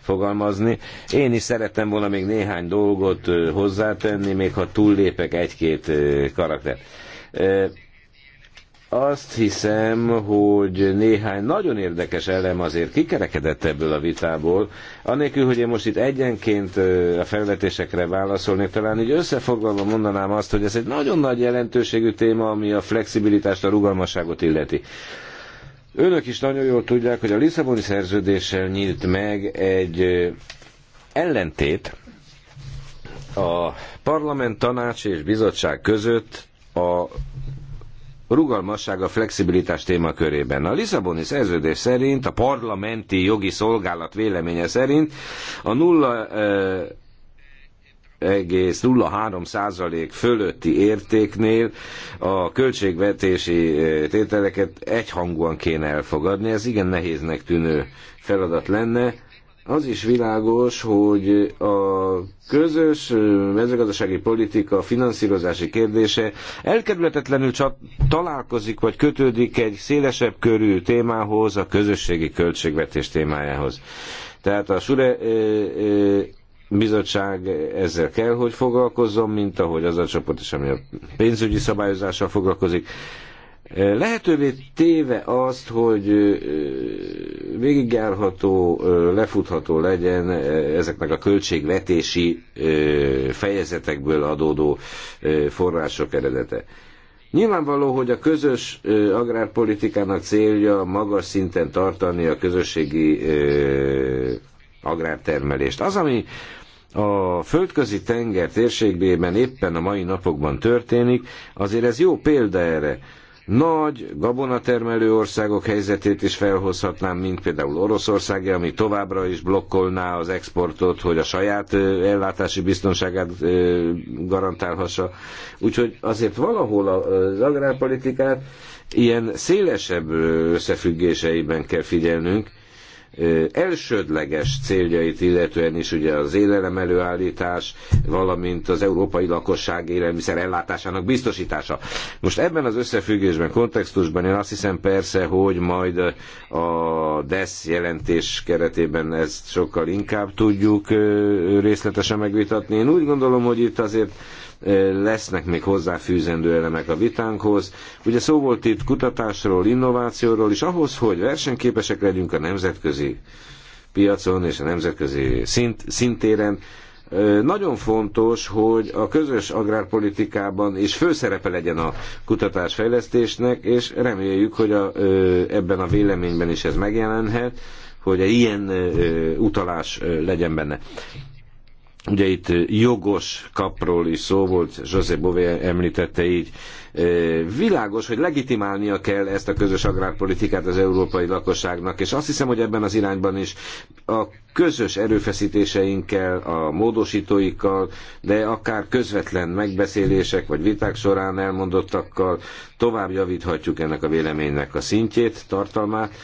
fogalmazni. Én is szerettem volna még néhány dolgot hozzátenni, még ha túllépek egy-két karaktert azt hiszem, hogy néhány nagyon érdekes elem azért kikerekedett ebből a vitából. Anélkül, hogy én most itt egyenként a felvetésekre válaszolnék, talán így összefoglalva mondanám azt, hogy ez egy nagyon nagy jelentőségű téma, ami a flexibilitást, a rugalmasságot illeti. Önök is nagyon jól tudják, hogy a Lisszaboni szerződéssel nyílt meg egy ellentét a parlament, tanács és bizottság között a rugalmasság a flexibilitás témakörében. A Lisszaboni szerződés szerint, a parlamenti jogi szolgálat véleménye szerint a nulla 0,03% eh, fölötti értéknél a költségvetési eh, tételeket egyhangúan kéne elfogadni. Ez igen nehéznek tűnő feladat lenne, az is világos, hogy a közös mezőgazdasági politika finanszírozási kérdése elkerülhetetlenül csak találkozik vagy kötődik egy szélesebb körű témához, a közösségi költségvetés témájához. Tehát a SURE bizottság ezzel kell, hogy foglalkozzon, mint ahogy az a csoport is, ami a pénzügyi szabályozással foglalkozik. Lehetővé téve azt, hogy végigjárható, lefutható legyen ezeknek a költségvetési fejezetekből adódó források eredete. Nyilvánvaló, hogy a közös agrárpolitikának célja magas szinten tartani a közösségi agrártermelést. Az, ami a földközi tenger térségében éppen a mai napokban történik, azért ez jó példa erre nagy gabonatermelő országok helyzetét is felhozhatnám, mint például Oroszország, ami továbbra is blokkolná az exportot, hogy a saját ellátási biztonságát garantálhassa. Úgyhogy azért valahol az agrárpolitikát ilyen szélesebb összefüggéseiben kell figyelnünk, elsődleges céljait illetően is ugye az élelem előállítás, valamint az európai lakosság élelmiszer ellátásának biztosítása. Most ebben az összefüggésben, kontextusban én azt hiszem persze, hogy majd a DESZ jelentés keretében ezt sokkal inkább tudjuk részletesen megvitatni. Én úgy gondolom, hogy itt azért lesznek még hozzáfűzendő elemek a vitánkhoz. Ugye szó volt itt kutatásról, innovációról, és ahhoz, hogy versenyképesek legyünk a nemzetközi piacon és a nemzetközi szint, szintéren, nagyon fontos, hogy a közös agrárpolitikában is főszerepe legyen a kutatásfejlesztésnek, és reméljük, hogy a, ebben a véleményben is ez megjelenhet, hogy egy ilyen utalás legyen benne. Ugye itt eh, jogos kapról is szó volt, José Bové említette így. Eh, világos, hogy legitimálnia kell ezt a közös agrárpolitikát az európai lakosságnak, és azt hiszem, hogy ebben az irányban is a közös erőfeszítéseinkkel, a módosítóikkal, de akár közvetlen megbeszélések vagy viták során elmondottakkal tovább javíthatjuk ennek a véleménynek a szintjét, tartalmát.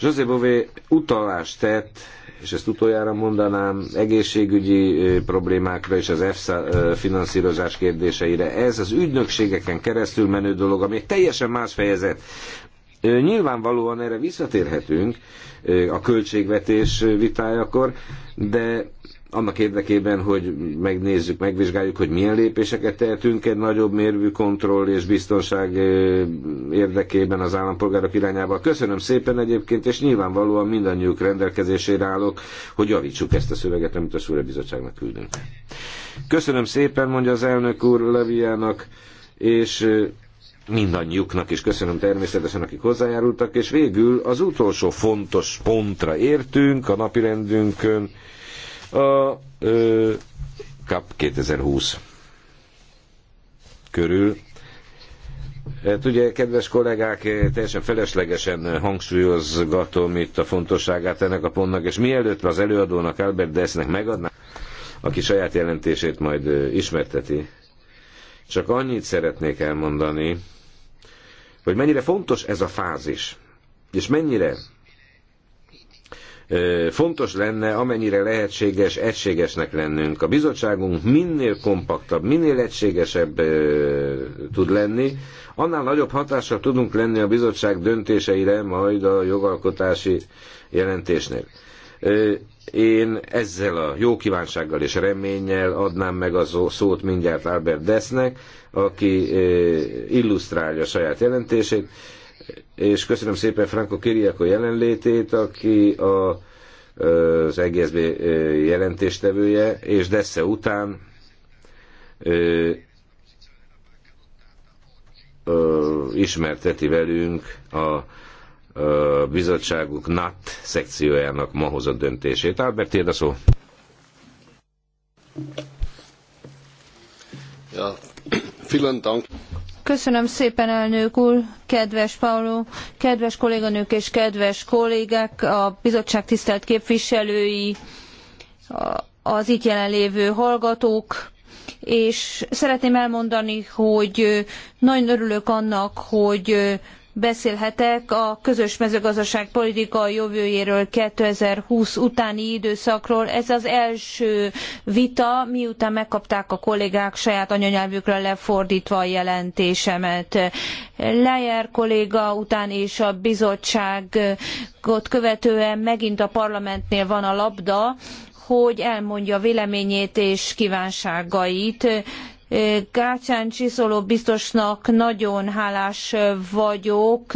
José Bové utalást tett és ezt utoljára mondanám, egészségügyi problémákra és az EFSA finanszírozás kérdéseire. Ez az ügynökségeken keresztül menő dolog, ami egy teljesen más fejezet. Nyilvánvalóan erre visszatérhetünk a költségvetés vitájakor, de annak érdekében, hogy megnézzük, megvizsgáljuk, hogy milyen lépéseket tehetünk egy nagyobb mérvű kontroll és biztonság érdekében az állampolgárok irányába. Köszönöm szépen egyébként, és nyilvánvalóan mindannyiuk rendelkezésére állok, hogy javítsuk ezt a szöveget, amit a Súra Bizottságnak küldünk. Köszönöm szépen, mondja az elnök úr Leviának, és mindannyiuknak is köszönöm természetesen, akik hozzájárultak, és végül az utolsó fontos pontra értünk a napirendünkön, a ö, CAP 2020 körül. Hát ugye, kedves kollégák, e, teljesen feleslegesen hangsúlyozgatom itt a fontosságát ennek a pontnak, és mielőtt az előadónak, Albert Dessnek megadná, aki saját jelentését majd ismerteti, csak annyit szeretnék elmondani, hogy mennyire fontos ez a fázis, és mennyire fontos lenne, amennyire lehetséges, egységesnek lennünk. A bizottságunk minél kompaktabb, minél egységesebb tud lenni, annál nagyobb hatással tudunk lenni a bizottság döntéseire, majd a jogalkotási jelentésnél. Én ezzel a jó kívánsággal és reménnyel adnám meg a szót mindjárt Albert Desznek, aki illusztrálja saját jelentését és köszönöm szépen Franco Kiriako jelenlétét, aki a, az EGSB jelentéstevője, és Desse után ö, ö, ismerteti velünk a ö, bizottságuk NAT szekciójának ma hozott döntését. Albert, tiéd a szó. Ja, vielen Dank. Köszönöm szépen, elnök úr, kedves Paulo, kedves kolléganők és kedves kollégák, a bizottság tisztelt képviselői, az itt jelenlévő hallgatók, és szeretném elmondani, hogy nagyon örülök annak, hogy beszélhetek a közös mezőgazdaság politika jövőjéről 2020 utáni időszakról. Ez az első vita, miután megkapták a kollégák saját anyanyelvükre lefordítva a jelentésemet. Lejer kolléga után és a bizottságot követően megint a parlamentnél van a labda, hogy elmondja véleményét és kívánságait Gácsán Csiszoló biztosnak nagyon hálás vagyok,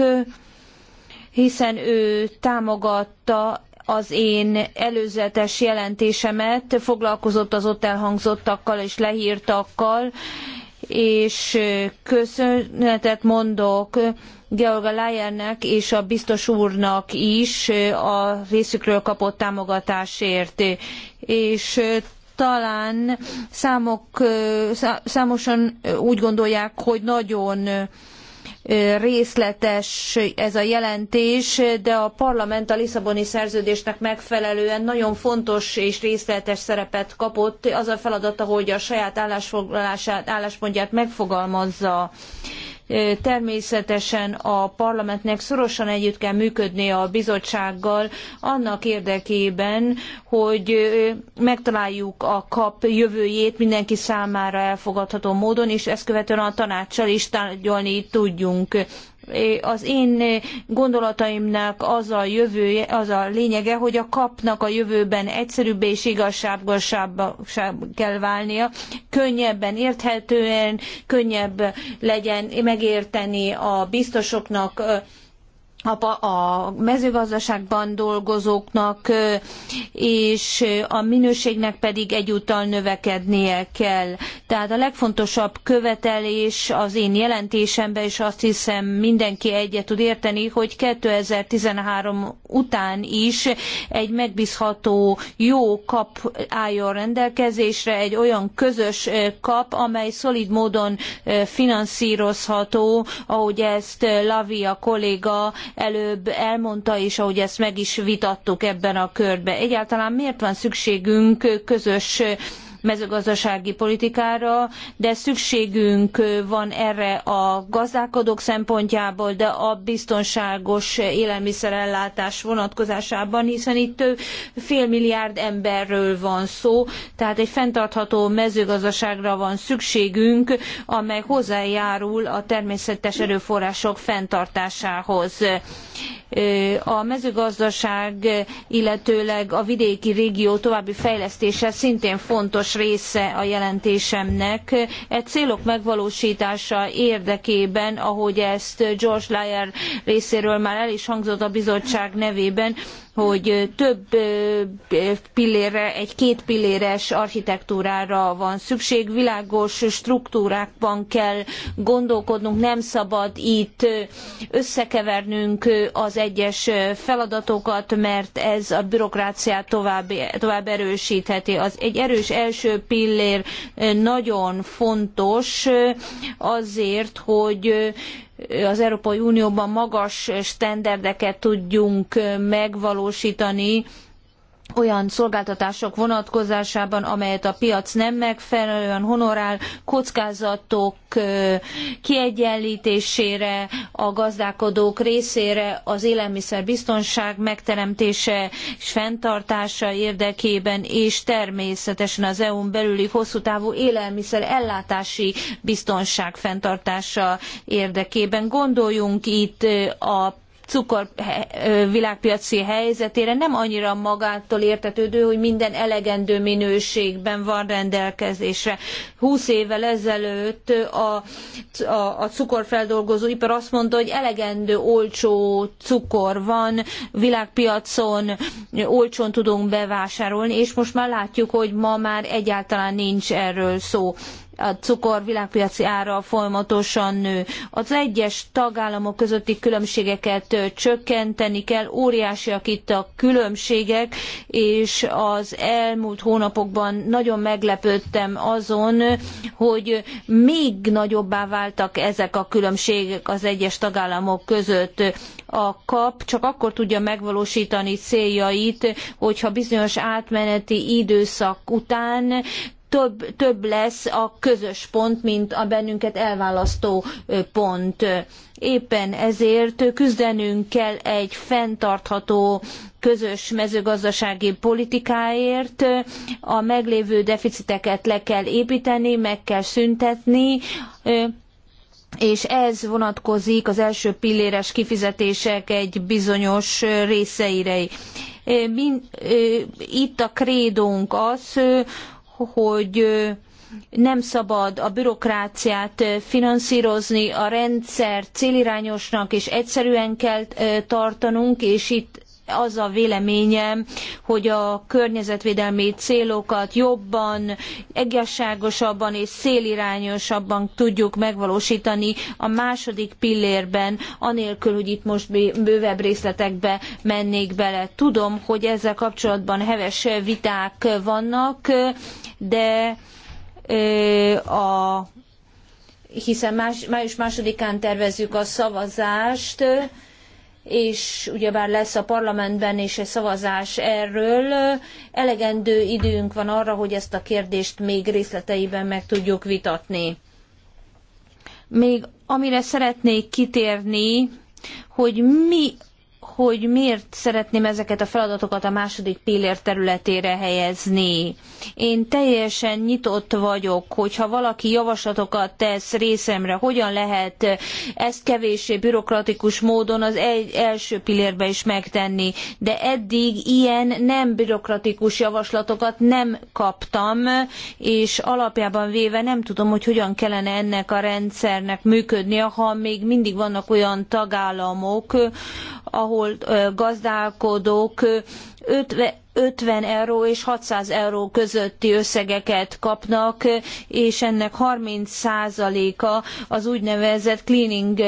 hiszen ő támogatta az én előzetes jelentésemet, foglalkozott az ott elhangzottakkal és lehírtakkal, és köszönetet mondok Georga Lájernek és a biztos úrnak is a részükről kapott támogatásért. És talán számok, számosan úgy gondolják, hogy nagyon részletes ez a jelentés, de a parlament a Lisszaboni szerződésnek megfelelően nagyon fontos és részletes szerepet kapott. Az a feladata, hogy a saját állásfoglalását, álláspontját megfogalmazza Természetesen a parlamentnek szorosan együtt kell működnie a bizottsággal annak érdekében, hogy megtaláljuk a kap jövőjét mindenki számára elfogadható módon, és ezt követően a tanácssal is tárgyalni tudjunk az én gondolataimnak az a jövője, az a lényege, hogy a kapnak a jövőben egyszerűbbé és igazságosabb kell válnia, könnyebben érthetően, könnyebb legyen megérteni a biztosoknak, a mezőgazdaságban dolgozóknak és a minőségnek pedig egyúttal növekednie kell. Tehát a legfontosabb követelés az én jelentésemben, és azt hiszem mindenki egyet tud érteni, hogy 2013 után is egy megbízható jó kap álljon rendelkezésre, egy olyan közös kap, amely szolid módon finanszírozható, ahogy ezt Lavia kolléga előbb elmondta is, ahogy ezt meg is vitattuk ebben a körben. Egyáltalán miért van szükségünk közös mezőgazdasági politikára, de szükségünk van erre a gazdálkodók szempontjából, de a biztonságos élelmiszerellátás vonatkozásában, hiszen itt fél milliárd emberről van szó, tehát egy fenntartható mezőgazdaságra van szükségünk, amely hozzájárul a természetes erőforrások fenntartásához. A mezőgazdaság, illetőleg a vidéki régió további fejlesztése szintén fontos fontos része a jelentésemnek. E célok megvalósítása érdekében, ahogy ezt George Lyon részéről már el is hangzott a bizottság nevében, hogy több pillére, egy két pilléres architektúrára van szükség, világos struktúrákban kell gondolkodnunk, nem szabad itt összekevernünk az egyes feladatokat, mert ez a bürokráciát tovább, tovább erősítheti. Az egy erős első pillér nagyon fontos azért, hogy az Európai Unióban magas standardeket tudjunk megvalósítani olyan szolgáltatások vonatkozásában, amelyet a piac nem megfelelően honorál, kockázatok kiegyenlítésére, a gazdálkodók részére, az élelmiszerbiztonság megteremtése és fenntartása érdekében, és természetesen az EU-n belüli hosszú távú élelmiszer ellátási biztonság fenntartása érdekében. Gondoljunk itt a cukor világpiaci helyzetére nem annyira magától értetődő, hogy minden elegendő minőségben van rendelkezésre. Húsz évvel ezelőtt a, a, a cukorfeldolgozóipar azt mondta, hogy elegendő olcsó cukor van, világpiacon olcsón tudunk bevásárolni, és most már látjuk, hogy ma már egyáltalán nincs erről szó a cukor világpiaci ára folyamatosan nő. Az egyes tagállamok közötti különbségeket csökkenteni kell, óriásiak itt a különbségek, és az elmúlt hónapokban nagyon meglepődtem azon, hogy még nagyobbá váltak ezek a különbségek az egyes tagállamok között. A kap csak akkor tudja megvalósítani céljait, hogyha bizonyos átmeneti időszak után több, több lesz a közös pont, mint a bennünket elválasztó pont. Éppen ezért küzdenünk kell egy fenntartható közös mezőgazdasági politikáért, a meglévő deficiteket le kell építeni, meg kell szüntetni, és ez vonatkozik az első pilléres kifizetések egy bizonyos részeire. Itt a krédónk az, hogy nem szabad a bürokráciát finanszírozni, a rendszer célirányosnak és egyszerűen kell tartanunk, és itt az a véleményem, hogy a környezetvédelmi célokat jobban, egyaságosabban és szélirányosabban tudjuk megvalósítani a második pillérben, anélkül, hogy itt most bővebb részletekbe mennék bele. Tudom, hogy ezzel kapcsolatban heves viták vannak, de a hiszen más, május másodikán tervezzük a szavazást, és ugyebár lesz a parlamentben is egy szavazás erről, elegendő időnk van arra, hogy ezt a kérdést még részleteiben meg tudjuk vitatni. Még amire szeretnék kitérni, hogy mi hogy miért szeretném ezeket a feladatokat a második pillér területére helyezni. Én teljesen nyitott vagyok, hogyha valaki javaslatokat tesz részemre, hogyan lehet ezt kevéssé bürokratikus módon az egy, első pillérbe is megtenni. De eddig ilyen nem bürokratikus javaslatokat nem kaptam, és alapjában véve nem tudom, hogy hogyan kellene ennek a rendszernek működnie, ha még mindig vannak olyan tagállamok, ahol volt gazdálkodók 50 euró és 600 euró közötti összegeket kapnak, és ennek 30%-a az úgynevezett cleaning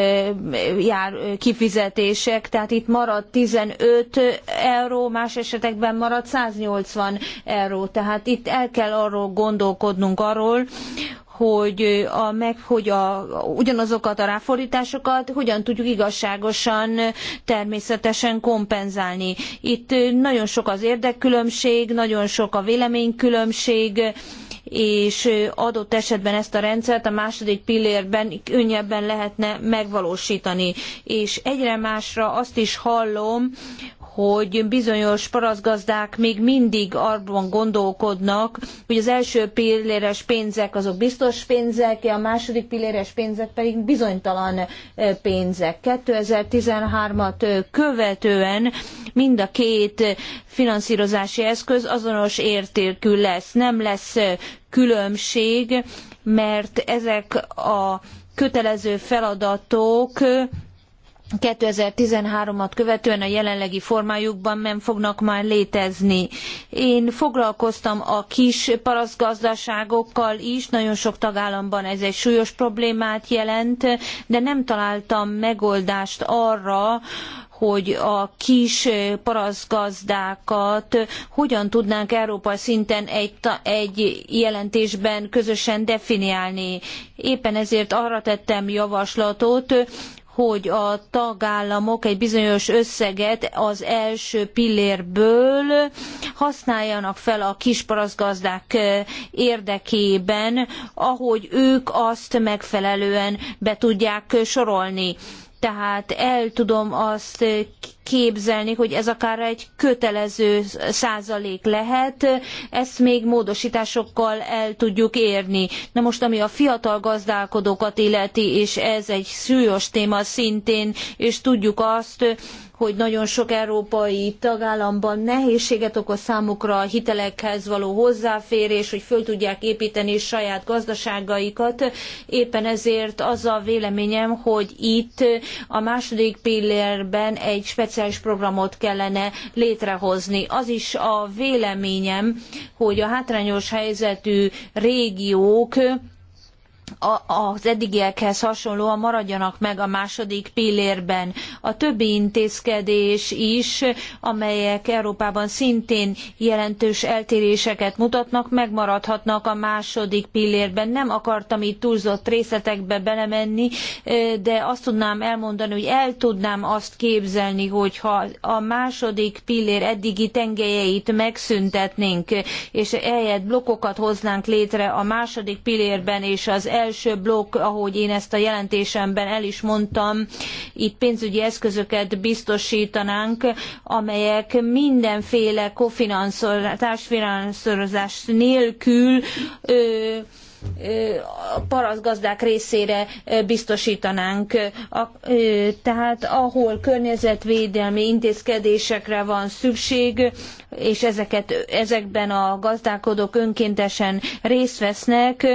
jár kifizetések, tehát itt marad 15 euró, más esetekben marad 180 euró. Tehát itt el kell arról gondolkodnunk arról, hogy, a, meg, hogy a, ugyanazokat a ráfordításokat hogyan tudjuk igazságosan, természetesen kompenzálni. Itt nagyon sok az érdekkülönbség, nagyon sok a véleménykülönbség, és adott esetben ezt a rendszert a második pillérben könnyebben lehetne megvalósítani. És egyre másra azt is hallom, hogy bizonyos paraszgazdák még mindig arban gondolkodnak, hogy az első pilléres pénzek azok biztos pénzek, a második pilléres pénzek pedig bizonytalan eh, pénzek. 2013-at eh, követően mind a két finanszírozási eszköz azonos értékű lesz. Nem lesz eh, különbség, mert ezek a kötelező feladatok 2013-at követően a jelenlegi formájukban nem fognak már létezni. Én foglalkoztam a kis parasztgazdaságokkal is, nagyon sok tagállamban ez egy súlyos problémát jelent, de nem találtam megoldást arra, hogy a kis parasztgazdákat hogyan tudnánk Európa szinten egy, egy jelentésben közösen definiálni. Éppen ezért arra tettem javaslatot, hogy a tagállamok egy bizonyos összeget az első pillérből használjanak fel a kisparaszgazdák eh, érdekében, ahogy ők azt megfelelően be tudják eh, sorolni. Tehát el tudom azt eh, képzelni, hogy ez akár egy kötelező százalék lehet, ezt még módosításokkal el tudjuk érni. Na most, ami a fiatal gazdálkodókat illeti, és ez egy súlyos téma szintén, és tudjuk azt, hogy nagyon sok európai tagállamban nehézséget okoz számukra a hitelekhez való hozzáférés, hogy föl tudják építeni saját gazdaságaikat. Éppen ezért az a véleményem, hogy itt a második pillérben egy speciális speciális programot kellene létrehozni. Az is a véleményem, hogy a hátrányos helyzetű régiók az eddigiekhez hasonlóan maradjanak meg a második pillérben. A többi intézkedés is, amelyek Európában szintén jelentős eltéréseket mutatnak, megmaradhatnak a második pillérben. Nem akartam itt túlzott részletekbe belemenni, de azt tudnám elmondani, hogy el tudnám azt képzelni, hogyha a második pillér eddigi tengelyeit megszüntetnénk, és ehelyett blokkokat hoznánk létre a második pillérben és az első blokk, ahogy én ezt a jelentésemben el is mondtam, itt pénzügyi eszközöket biztosítanánk, amelyek mindenféle társfinanszírozás nélkül ö, a paraszgazdák részére biztosítanánk. tehát ahol környezetvédelmi intézkedésekre van szükség, és ezeket, ezekben a gazdálkodók önkéntesen részt vesznek,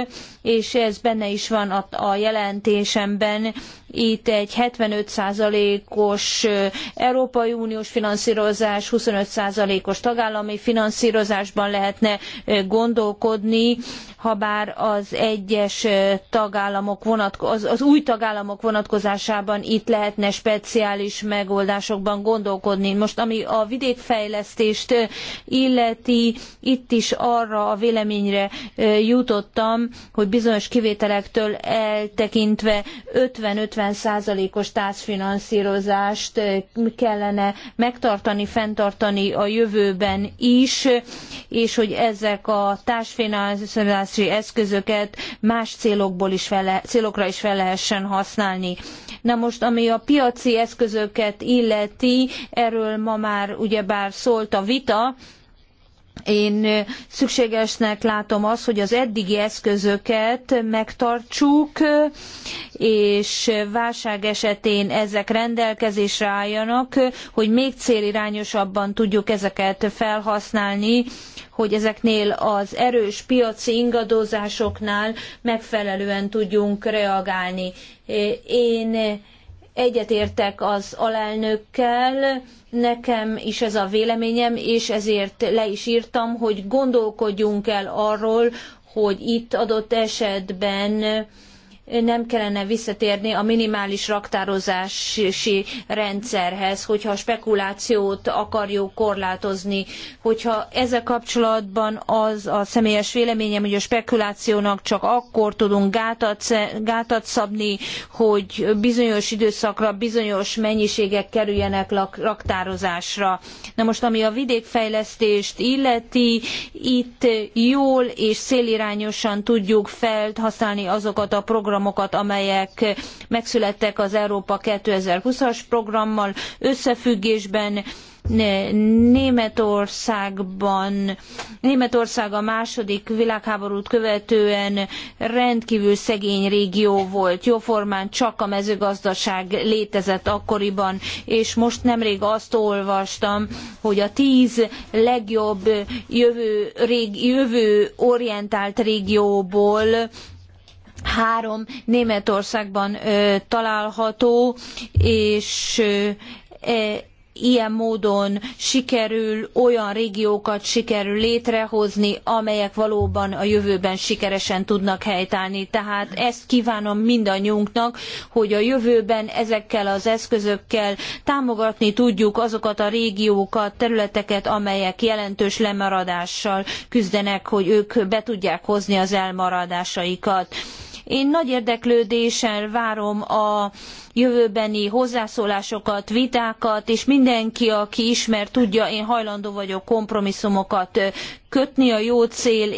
és ez benne is van a, jelentésemben. Itt egy 75%-os Európai Uniós finanszírozás, 25%-os tagállami finanszírozásban lehetne gondolkodni, habár az egyes tagállamok vonatko- az, az új tagállamok vonatkozásában itt lehetne speciális megoldásokban gondolkodni. Most ami a vidékfejlesztést illeti, itt is arra a véleményre jutottam, hogy bizonyos kivételektől eltekintve 50-50 százalékos társfinanszírozást eh, kellene megtartani, fenntartani a jövőben is, és hogy ezek a társfinanszírozási eszközöket más célokból is fele, célokra is fel lehessen használni. Na most, ami a piaci eszközöket illeti, erről ma már ugyebár szólt a vita, én szükségesnek látom azt, hogy az eddigi eszközöket megtartsuk, és válság esetén ezek rendelkezésre álljanak, hogy még célirányosabban tudjuk ezeket felhasználni, hogy ezeknél az erős piaci ingadozásoknál megfelelően tudjunk reagálni. Én Egyetértek az alelnökkel, nekem is ez a véleményem, és ezért le is írtam, hogy gondolkodjunk el arról, hogy itt adott esetben nem kellene visszatérni a minimális raktározási rendszerhez, hogyha a spekulációt akarjuk korlátozni, hogyha ezzel kapcsolatban az a személyes véleményem, hogy a spekulációnak csak akkor tudunk gátat, gátat szabni, hogy bizonyos időszakra bizonyos mennyiségek kerüljenek raktározásra. Na most, ami a vidékfejlesztést illeti, itt jól és célirányosan tudjuk felhasználni azokat a programokat, programokat, amelyek megszülettek az Európa 2020-as programmal összefüggésben. Németországban, Németország a második világháborút követően rendkívül szegény régió volt, jóformán csak a mezőgazdaság létezett akkoriban, és most nemrég azt olvastam, hogy a tíz legjobb jövő, rég, jövő orientált régióból három Németországban található, és e, ilyen módon sikerül olyan régiókat sikerül létrehozni, amelyek valóban a jövőben sikeresen tudnak helytállni. Tehát ezt kívánom mindannyiunknak, hogy a jövőben ezekkel az eszközökkel támogatni tudjuk azokat a régiókat, területeket, amelyek jelentős lemaradással küzdenek, hogy ők be tudják hozni az elmaradásaikat. Én nagy érdeklődéssel várom a jövőbeni hozzászólásokat, vitákat, és mindenki, aki ismer, tudja, én hajlandó vagyok kompromisszumokat kötni a jó cél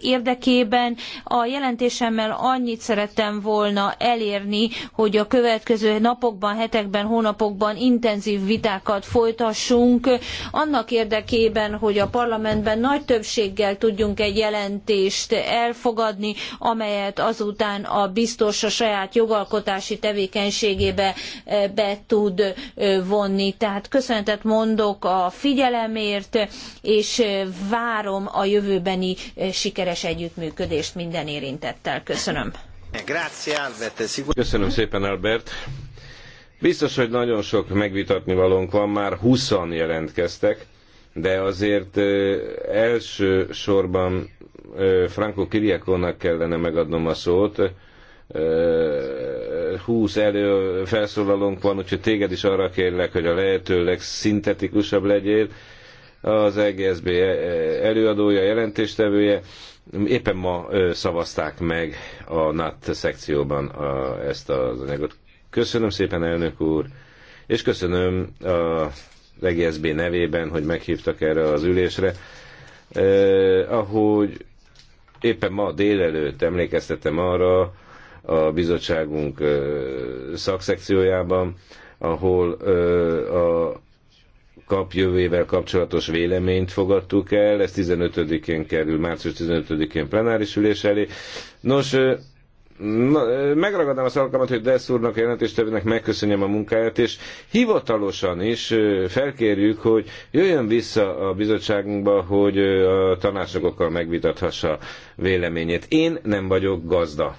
érdekében. A jelentésemmel annyit szerettem volna elérni, hogy a következő napokban, hetekben, hónapokban intenzív vitákat folytassunk, annak érdekében, hogy a parlamentben nagy többséggel tudjunk egy jelentést elfogadni, amelyet azután a biztos a saját jogalkotási tevékenység tevékenységébe eh, be tud eh, vonni. Tehát köszönetet mondok a figyelemért, és eh, várom a jövőbeni sikeres együttműködést minden érintettel. Köszönöm. Köszönöm szépen, Albert. Biztos, hogy nagyon sok megvitatni valónk van, már 20 jelentkeztek, de azért első sorban Franco Kiriakónak kellene megadnom a szót, 20 elő felszólalónk van, úgyhogy téged is arra kérlek, hogy a lehető legszintetikusabb legyél. Az EGSB előadója, jelentéstevője. Éppen ma szavazták meg a NAT szekcióban a, ezt az anyagot. Köszönöm szépen, elnök úr, és köszönöm a EGSB nevében, hogy meghívtak erre az ülésre. Eh, ahogy éppen ma délelőtt emlékeztetem arra, a bizottságunk szakszekciójában, ahol a kap jövővel kapcsolatos véleményt fogadtuk el, ez 15-én kerül, március 15-én plenáris ülés elé. Nos, megragadnám az alkalmat, hogy Dessz úrnak, a jelentéstevőnek megköszönjem a munkáját, és hivatalosan is felkérjük, hogy jöjjön vissza a bizottságunkba, hogy a tanácsokkal megvitathassa véleményét. Én nem vagyok gazda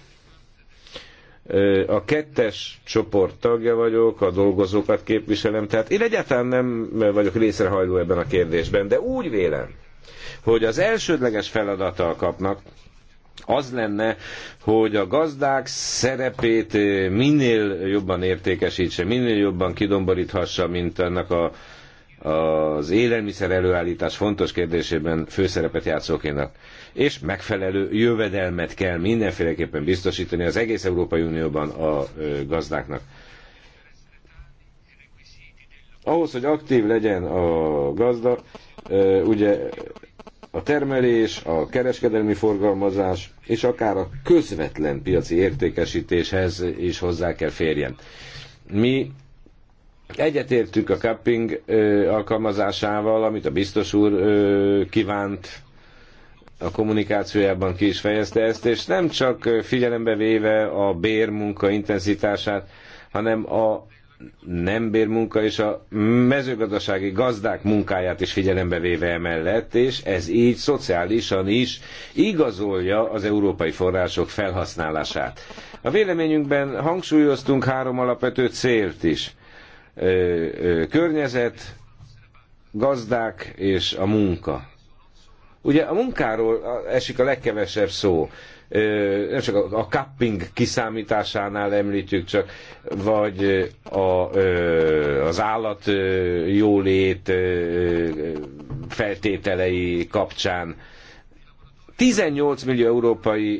a kettes csoport tagja vagyok, a dolgozókat képviselem, tehát én egyáltalán nem vagyok részrehajló ebben a kérdésben, de úgy vélem, hogy az elsődleges a kapnak, az lenne, hogy a gazdák szerepét minél jobban értékesítse, minél jobban kidomboríthassa, mint ennek a az élelmiszer előállítás fontos kérdésében főszerepet játszókénak. És megfelelő jövedelmet kell mindenféleképpen biztosítani az egész Európai Unióban a gazdáknak. Ahhoz, hogy aktív legyen a gazda, ugye a termelés, a kereskedelmi forgalmazás és akár a közvetlen piaci értékesítéshez is hozzá kell férjen. Mi Egyetértünk a cupping alkalmazásával, amit a biztos úr kívánt a kommunikációjában ki is fejezte ezt, és nem csak figyelembe véve a bérmunka intenzitását, hanem a nem bérmunka és a mezőgazdasági gazdák munkáját is figyelembe véve emellett, és ez így szociálisan is igazolja az európai források felhasználását. A véleményünkben hangsúlyoztunk három alapvető célt is környezet, gazdák és a munka. Ugye a munkáról esik a legkevesebb szó. Nem csak a capping kiszámításánál említjük csak, vagy a, az állat jólét feltételei kapcsán. 18 millió európai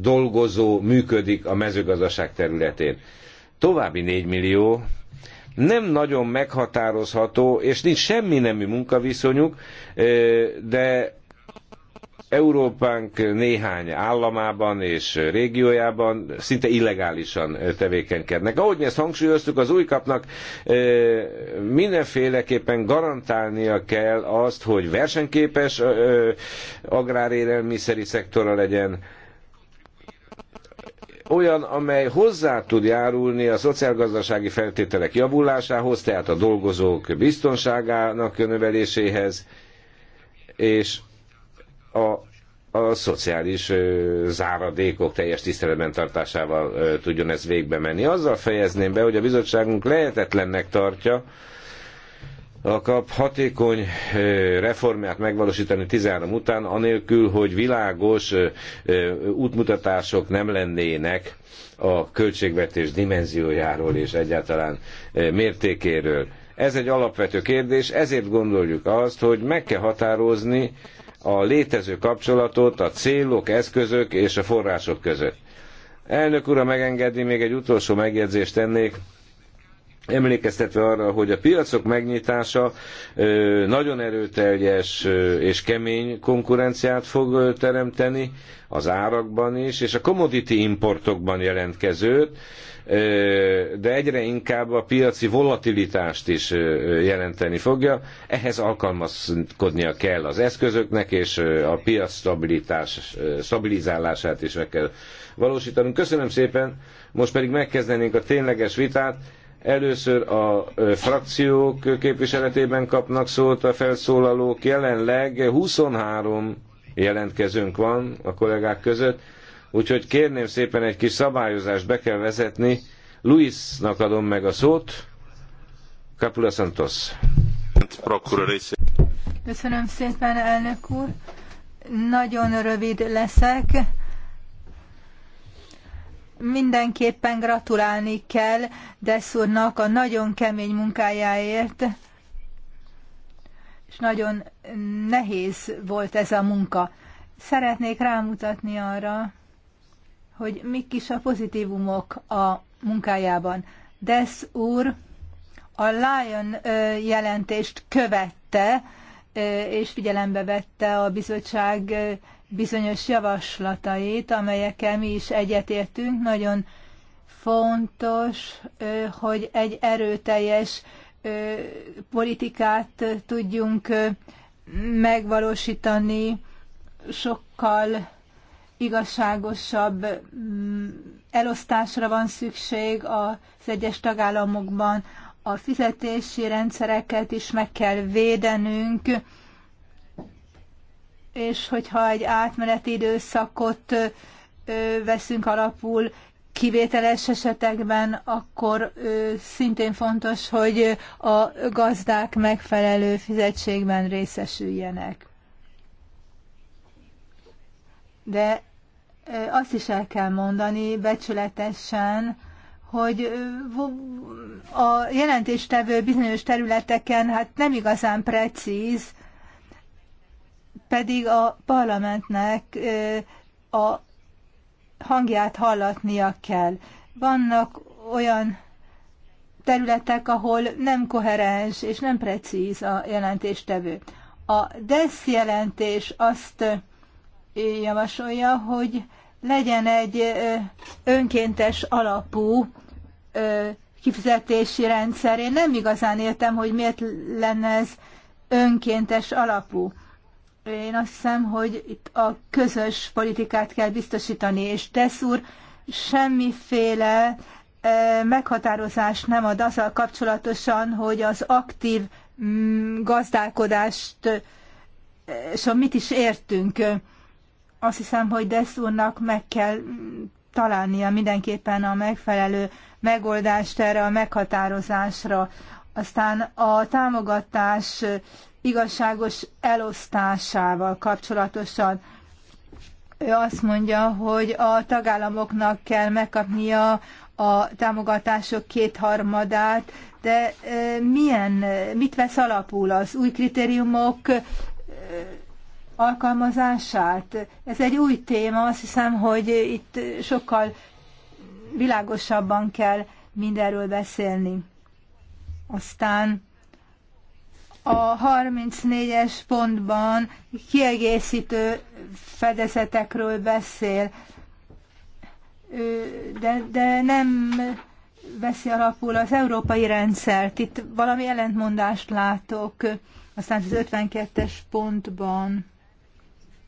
dolgozó működik a mezőgazdaság területén. További 4 millió nem nagyon meghatározható, és nincs semmi nemű munkaviszonyuk, de Európánk néhány államában és régiójában szinte illegálisan tevékenykednek. Ahogy mi ezt hangsúlyoztuk, az új kapnak mindenféleképpen garantálnia kell azt, hogy versenyképes agrárélelmiszeri szektora legyen, olyan, amely hozzá tud járulni a szociálgazdasági feltételek javulásához, tehát a dolgozók biztonságának növeléséhez, és a a szociális ö, záradékok teljes tiszteletben tartásával ö, tudjon ez végbe menni. Azzal fejezném be, hogy a bizottságunk lehetetlennek tartja, a kap hatékony reformját megvalósítani 13 után, anélkül, hogy világos útmutatások nem lennének a költségvetés dimenziójáról és egyáltalán mértékéről. Ez egy alapvető kérdés, ezért gondoljuk azt, hogy meg kell határozni a létező kapcsolatot a célok, eszközök és a források között. Elnök ura megengedi, még egy utolsó megjegyzést tennék emlékeztetve arra, hogy a piacok megnyitása nagyon erőteljes és kemény konkurenciát fog teremteni az árakban is, és a commodity importokban jelentkezőt, de egyre inkább a piaci volatilitást is jelenteni fogja. Ehhez alkalmazkodnia kell az eszközöknek, és a piac stabilitás, stabilizálását is meg kell valósítanunk. Köszönöm szépen, most pedig megkezdenénk a tényleges vitát. Először a frakciók képviseletében kapnak szót a felszólalók. Jelenleg 23 jelentkezőnk van a kollégák között, úgyhogy kérném szépen egy kis szabályozást be kell vezetni. Luisnak adom meg a szót. Capula Santos. Köszönöm szépen, elnök úr. Nagyon rövid leszek mindenképpen gratulálni kell Deszurnak a nagyon kemény munkájáért, és nagyon nehéz volt ez a munka. Szeretnék rámutatni arra, hogy mik is a pozitívumok a munkájában. Desz úr a Lion jelentést követte, és figyelembe vette a bizottság bizonyos javaslatait, amelyekkel mi is egyetértünk. Nagyon fontos, hogy egy erőteljes politikát tudjunk megvalósítani, sokkal igazságosabb mm, elosztásra van szükség az egyes tagállamokban, a fizetési rendszereket is meg kell védenünk, és hogyha egy átmeneti időszakot veszünk alapul, kivételes esetekben, akkor szintén fontos, hogy a gazdák megfelelő fizetségben részesüljenek. De azt is el kell mondani becsületesen, hogy a jelentéstevő bizonyos területeken hát nem igazán precíz, pedig a parlamentnek a hangját hallatnia kell. Vannak olyan területek, ahol nem koherens és nem precíz a jelentéstevő. A DESZ jelentés azt javasolja, hogy legyen egy önkéntes alapú kifizetési rendszer. Én nem igazán értem, hogy miért lenne ez önkéntes alapú. Én azt hiszem, hogy itt a közös politikát kell biztosítani, és Tesz úr semmiféle e, meghatározást nem ad azzal kapcsolatosan, hogy az aktív mm, gazdálkodást, e, és mit is értünk. Azt hiszem, hogy Desz úrnak meg kell mm, találnia mindenképpen a megfelelő megoldást erre a meghatározásra. Aztán a támogatás igazságos elosztásával kapcsolatosan. Ő azt mondja, hogy a tagállamoknak kell megkapnia a támogatások kétharmadát, de milyen, mit vesz alapul az új kritériumok alkalmazását? Ez egy új téma, azt hiszem, hogy itt sokkal világosabban kell mindenről beszélni. Aztán a 34-es pontban kiegészítő fedezetekről beszél, de, de nem veszi alapul az európai rendszert. Itt valami ellentmondást látok, aztán az 52-es pontban,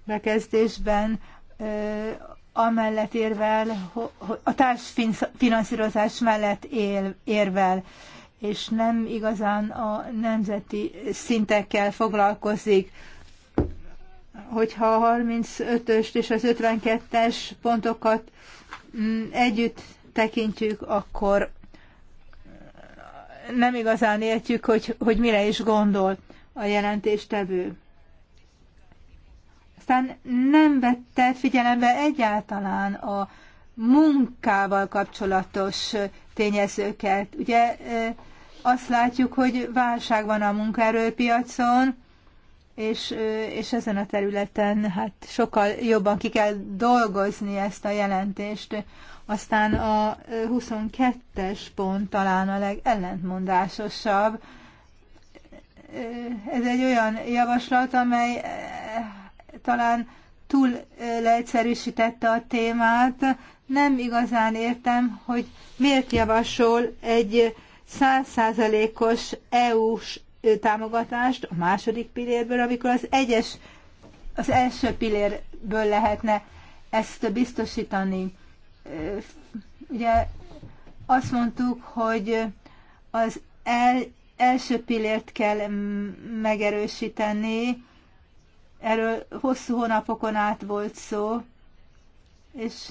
bekezdésben amellett érvel, a társfinanszírozás mellett él, érvel és nem igazán a nemzeti szintekkel foglalkozik. Hogyha a 35-öst és az 52-es pontokat mm, együtt tekintjük, akkor nem igazán értjük, hogy, hogy mire is gondol a jelentéstevő. Aztán nem vette figyelembe egyáltalán a munkával kapcsolatos tényezőket. Ugye azt látjuk, hogy válság van a munkaerőpiacon, és, és ezen a területen hát sokkal jobban ki kell dolgozni ezt a jelentést. Aztán a 22-es pont talán a legellentmondásosabb. Ez egy olyan javaslat, amely talán túl leegyszerűsítette a témát. Nem igazán értem, hogy miért javasol egy százszázalékos EU-s támogatást a második pillérből, amikor az egyes, az első pillérből lehetne ezt biztosítani. Ugye azt mondtuk, hogy az el, első pillért kell megerősíteni, erről hosszú hónapokon át volt szó, és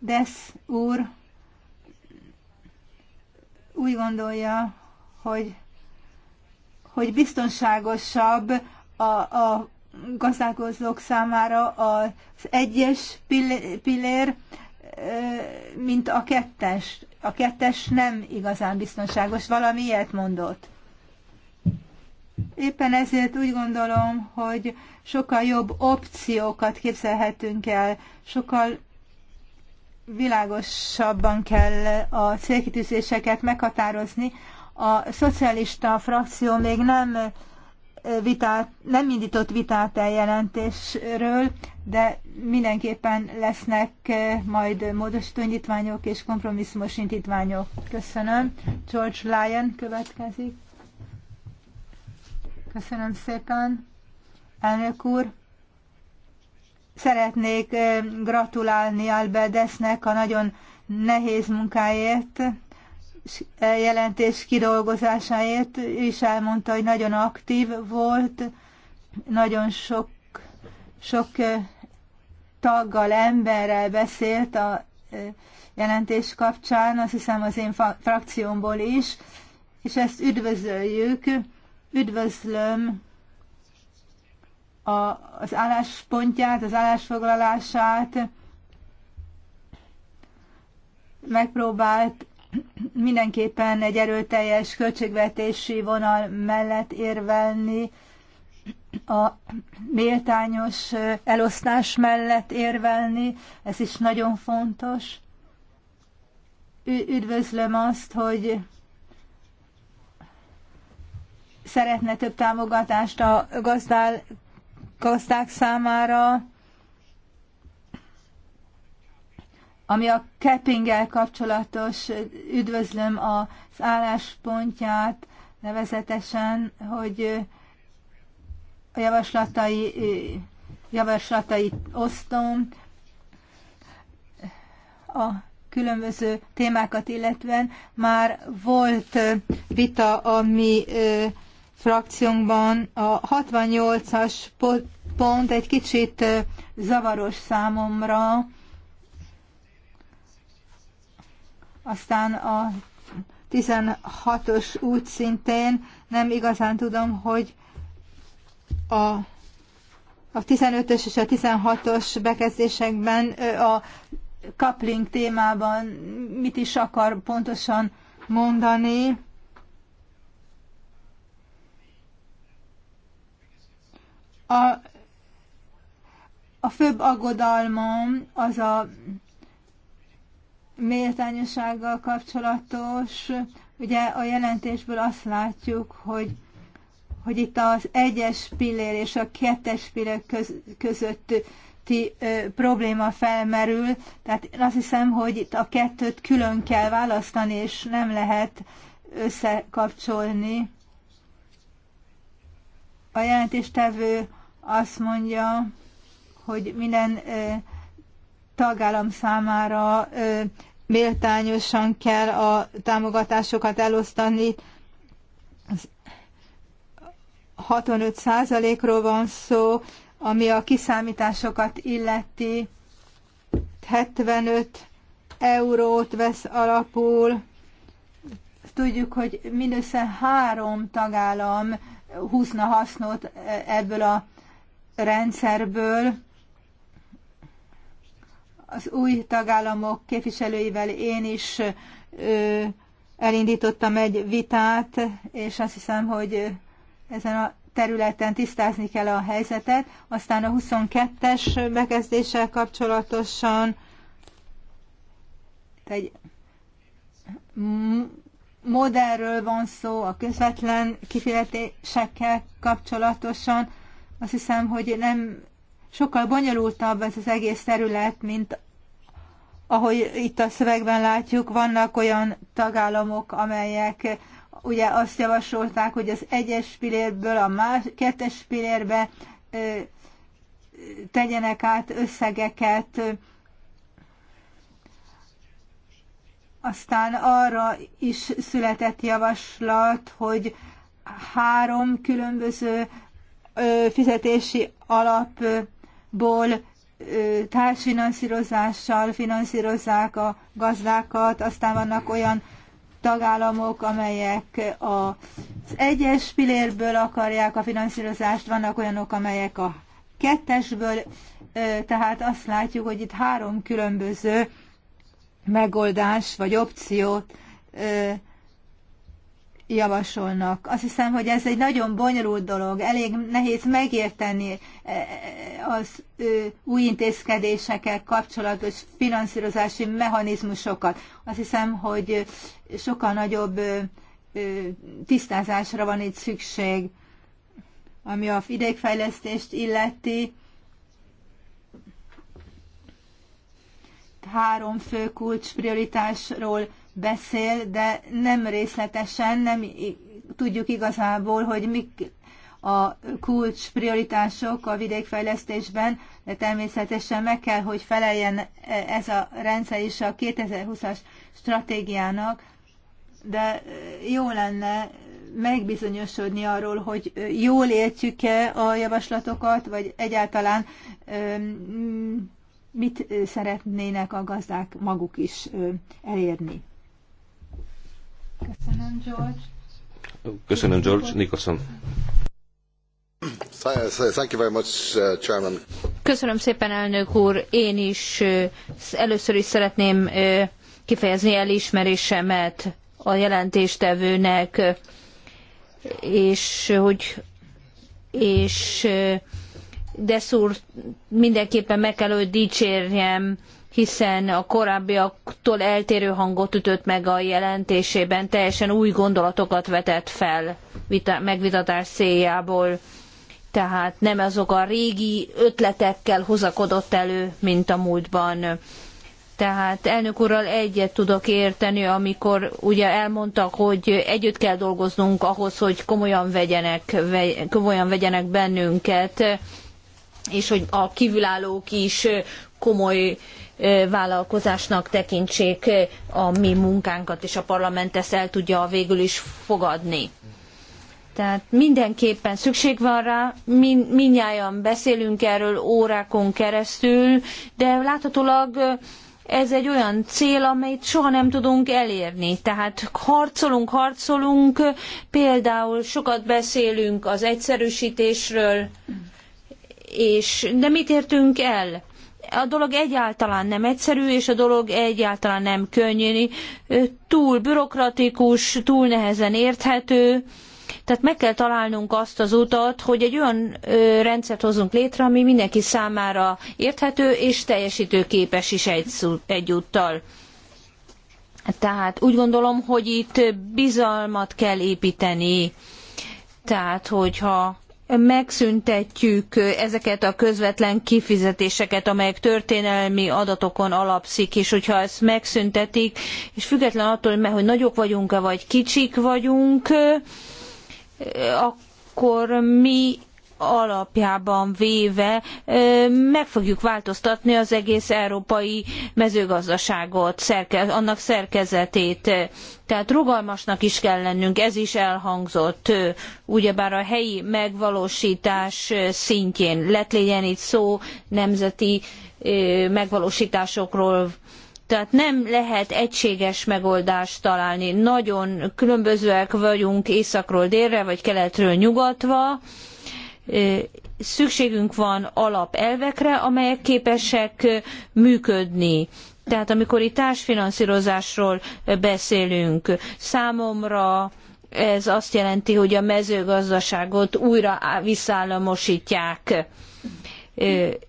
Desz úr úgy gondolja, hogy, hogy biztonságosabb a, a gazdálkozók számára az egyes pillér, mint a kettes. A kettes nem igazán biztonságos, valami ilyet mondott. Éppen ezért úgy gondolom, hogy sokkal jobb opciókat képzelhetünk el, sokkal világosabban kell a célkitűzéseket meghatározni. A szocialista frakció még nem vitát, nem indított vitát eljelentésről, de mindenképpen lesznek majd módosító indítványok és kompromisszumos indítványok. Köszönöm. George Lyon következik. Köszönöm szépen. Elnök úr. Szeretnék gratulálni Albedesnek a nagyon nehéz munkáért, jelentés kidolgozásáért. Ő is elmondta, hogy nagyon aktív volt, nagyon sok, sok taggal, emberrel beszélt a jelentés kapcsán, azt hiszem az én frakciómból is, és ezt üdvözöljük. Üdvözlöm a, az álláspontját, az állásfoglalását, megpróbált mindenképpen egy erőteljes költségvetési vonal mellett érvelni, a méltányos elosztás mellett érvelni, ez is nagyon fontos. Üdvözlöm azt, hogy szeretne több támogatást a gazdál, gazdák számára, ami a cappinggel kapcsolatos, üdvözlöm az álláspontját, nevezetesen, hogy a javaslatai, javaslatait osztom, a különböző témákat illetve már volt vita, ami frakciónkban a 68-as pont egy kicsit zavaros számomra, aztán a 16-os út szintén nem igazán tudom, hogy a, a 15-ös és a 16-os bekezdésekben a coupling témában mit is akar pontosan mondani. A, a főbb aggodalmam az a méltányossággal kapcsolatos. Ugye a jelentésből azt látjuk, hogy hogy itt az egyes pillér és a kettes pillér köz, közötti ö, probléma felmerül. Tehát én azt hiszem, hogy itt a kettőt külön kell választani, és nem lehet összekapcsolni. A jelentéstevő azt mondja, hogy minden tagállam számára méltányosan kell a támogatásokat elosztani. 65%-ról van szó, ami a kiszámításokat illeti. 75 eurót vesz alapul. Tudjuk, hogy mindössze három tagállam húzna hasznot ebből a rendszerből az új tagállamok képviselőivel én is elindítottam egy vitát, és azt hiszem, hogy ezen a területen tisztázni kell a helyzetet. Aztán a 22-es bekezdéssel kapcsolatosan egy modellről van szó a közvetlen kifizetésekkel kapcsolatosan. Azt hiszem, hogy nem sokkal bonyolultabb ez az egész terület, mint ahogy itt a szövegben látjuk, vannak olyan tagállamok, amelyek ugye azt javasolták, hogy az egyes pillérből a más, kettes pillérbe ö, tegyenek át összegeket, aztán arra is született javaslat, hogy három különböző fizetési alapból társfinanszírozással finanszírozzák a gazdákat, aztán vannak olyan tagállamok, amelyek az egyes pillérből akarják a finanszírozást, vannak olyanok, amelyek a kettesből, tehát azt látjuk, hogy itt három különböző megoldás vagy opciót javasolnak. Azt hiszem, hogy ez egy nagyon bonyolult dolog, elég nehéz megérteni e, e, az új intézkedésekkel kapcsolatos finanszírozási mechanizmusokat. Azt hiszem, hogy sokkal nagyobb tisztázásra van itt szükség, ami a vidékfejlesztést illeti. Három fő kulcs prioritásról beszél, de nem részletesen, nem tudjuk igazából, hogy mik a kulcs prioritások a vidékfejlesztésben, de természetesen meg kell, hogy feleljen e- ez a rendszer is a 2020-as stratégiának, de e, jó lenne megbizonyosodni arról, hogy e, jól értjük-e a javaslatokat, vagy egyáltalán mit szeretnének a gazdák maguk is elérni. Köszönöm, George. Köszönöm, George. Nicholson. Uh, Köszönöm szépen, elnök úr. Én is először is szeretném kifejezni elismerésemet a jelentéstevőnek, és hogy és de szúr mindenképpen meg kell, hogy dicsérjem hiszen a korábbiaktól eltérő hangot ütött meg a jelentésében, teljesen új gondolatokat vetett fel megvitatás céljából. Tehát nem azok a régi ötletekkel hozakodott elő, mint a múltban. Tehát elnök úrral egyet tudok érteni, amikor ugye elmondta, hogy együtt kell dolgoznunk ahhoz, hogy komolyan vegyenek, komolyan vegyenek bennünket, és hogy a kívülállók is komoly vállalkozásnak tekintsék a mi munkánkat, és a parlament ezt el tudja végül is fogadni. Tehát mindenképpen szükség van rá, min, minnyáján beszélünk erről órákon keresztül, de láthatólag ez egy olyan cél, amelyet soha nem tudunk elérni. Tehát harcolunk, harcolunk, például sokat beszélünk az egyszerűsítésről, és de mit értünk el? A dolog egyáltalán nem egyszerű, és a dolog egyáltalán nem könnyű. Túl bürokratikus, túl nehezen érthető. Tehát meg kell találnunk azt az utat, hogy egy olyan ö, rendszert hozzunk létre, ami mindenki számára érthető és teljesítőképes is egy, egyúttal. Tehát úgy gondolom, hogy itt bizalmat kell építeni. Tehát, hogyha megszüntetjük ezeket a közvetlen kifizetéseket, amelyek történelmi adatokon alapszik, és hogyha ezt megszüntetik, és független attól, hogy nagyok vagyunk-e, vagy kicsik vagyunk, akkor mi alapjában véve meg fogjuk változtatni az egész európai mezőgazdaságot, annak szerkezetét. Tehát rugalmasnak is kell lennünk, ez is elhangzott, ugyebár a helyi megvalósítás szintjén. Lett legyen itt szó nemzeti megvalósításokról, tehát nem lehet egységes megoldást találni. Nagyon különbözőek vagyunk északról délre, vagy keletről nyugatra szükségünk van alapelvekre, amelyek képesek működni. Tehát amikor itt társfinanszírozásról beszélünk, számomra ez azt jelenti, hogy a mezőgazdaságot újra visszállamosítják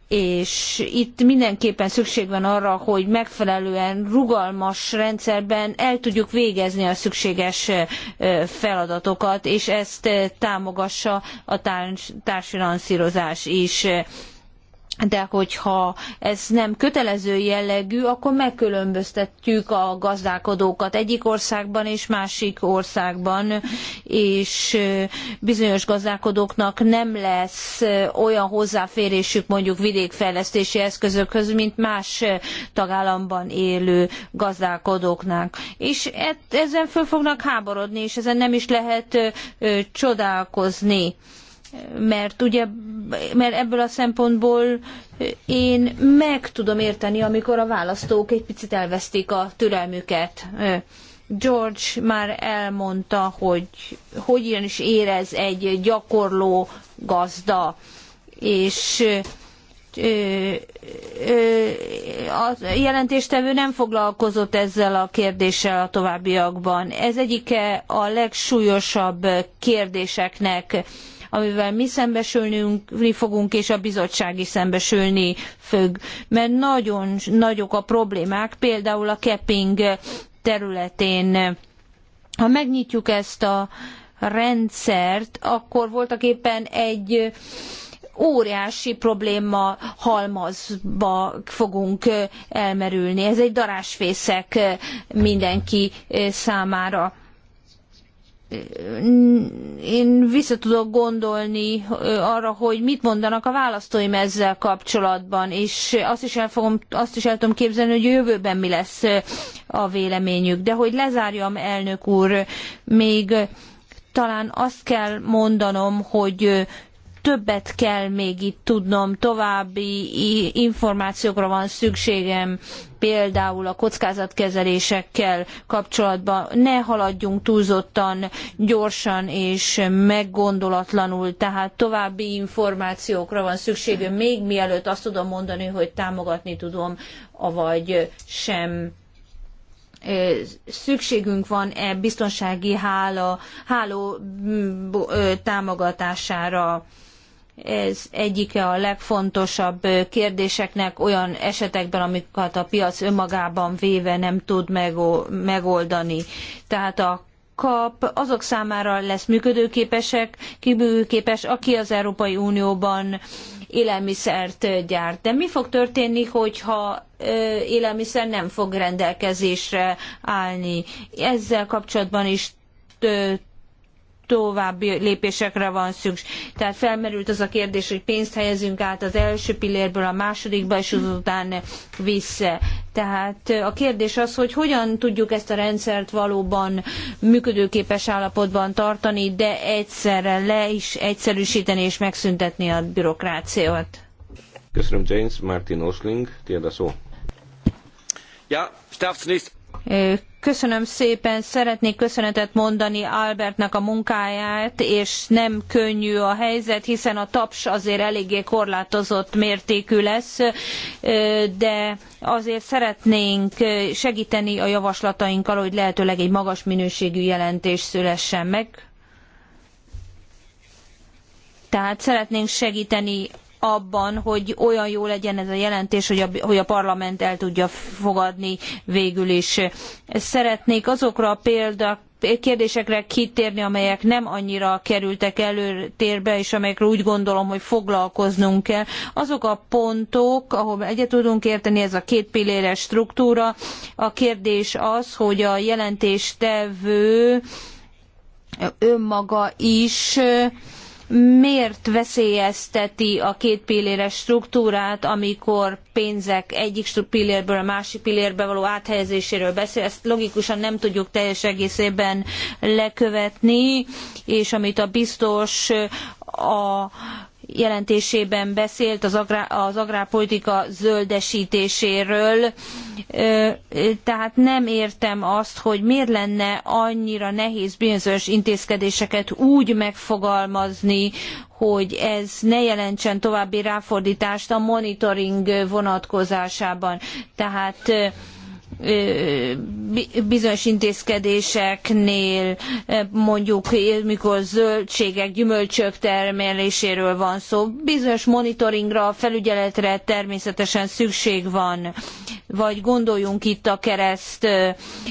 és itt mindenképpen szükség van arra, hogy megfelelően rugalmas rendszerben el tudjuk végezni a szükséges feladatokat, és ezt támogassa a társfinanszírozás is de hogyha ez nem kötelező jellegű, akkor megkülönböztetjük a gazdálkodókat egyik országban és másik országban, és bizonyos gazdálkodóknak nem lesz olyan hozzáférésük mondjuk vidékfejlesztési eszközökhöz, mint más tagállamban élő gazdálkodóknak. És ezen föl fognak háborodni, és ezen nem is lehet csodálkozni mert ugye mert ebből a szempontból én meg tudom érteni, amikor a választók egy picit elveszték a türelmüket. George már elmondta, hogy hogyan is érez egy gyakorló gazda, és a jelentéstevő nem foglalkozott ezzel a kérdéssel a továbbiakban. Ez egyike a legsúlyosabb kérdéseknek amivel mi szembesülni fogunk, és a bizottság is szembesülni fog. Mert nagyon nagyok a problémák, például a capping területén. Ha megnyitjuk ezt a rendszert, akkor voltak éppen egy óriási probléma halmazba fogunk elmerülni. Ez egy darásfészek mindenki számára én vissza tudok gondolni arra, hogy mit mondanak a választóim ezzel kapcsolatban, és azt is el, fogom, azt is el tudom képzelni, hogy a jövőben mi lesz a véleményük. De hogy lezárjam, elnök úr, még talán azt kell mondanom, hogy többet kell még itt tudnom, további információkra van szükségem, például a kockázatkezelésekkel kapcsolatban. Ne haladjunk túlzottan gyorsan és meggondolatlanul, tehát további információkra van szükségem, még mielőtt azt tudom mondani, hogy támogatni tudom, avagy sem szükségünk van-e biztonsági hála, háló mm, támogatására ez egyike a legfontosabb kérdéseknek olyan esetekben, amiket a piac önmagában véve nem tud megoldani. Tehát a kap azok számára lesz működőképesek, képes, aki az Európai Unióban élelmiszert gyárt. De mi fog történni, hogyha élelmiszer nem fog rendelkezésre állni? Ezzel kapcsolatban is további lépésekre van szükség. Tehát felmerült az a kérdés, hogy pénzt helyezünk át az első pillérből a másodikba, és azután vissza. Tehát a kérdés az, hogy hogyan tudjuk ezt a rendszert valóban működőképes állapotban tartani, de egyszerre le is egyszerűsíteni és megszüntetni a bürokráciát. Köszönöm James, Martin Osling, tiéd a szó. Ja, Köszönöm szépen, szeretnék köszönetet mondani Albertnek a munkáját, és nem könnyű a helyzet, hiszen a taps azért eléggé korlátozott mértékű lesz, de azért szeretnénk segíteni a javaslatainkkal, hogy lehetőleg egy magas minőségű jelentés szülessen meg. Tehát szeretnénk segíteni abban, hogy olyan jó legyen ez a jelentés, hogy a, hogy a parlament el tudja fogadni végül is. Szeretnék azokra a példa, kérdésekre kitérni, amelyek nem annyira kerültek előtérbe, és amelyekről úgy gondolom, hogy foglalkoznunk kell. Azok a pontok, ahol egyet tudunk érteni, ez a két pilléres struktúra. A kérdés az, hogy a jelentéstevő önmaga is miért veszélyezteti a két pilléres struktúrát, amikor pénzek egyik pillérből a másik pillérbe való áthelyezéséről beszél. Ezt logikusan nem tudjuk teljes egészében lekövetni, és amit a biztos a jelentésében beszélt az, agrár, az agrárpolitika zöldesítéséről, tehát nem értem azt, hogy miért lenne annyira nehéz bizonyos intézkedéseket úgy megfogalmazni, hogy ez ne jelentsen további ráfordítást a monitoring vonatkozásában. Tehát bizonyos intézkedéseknél, mondjuk mikor zöldségek, gyümölcsök termeléséről van szó, bizonyos monitoringra, felügyeletre természetesen szükség van, vagy gondoljunk itt a kereszt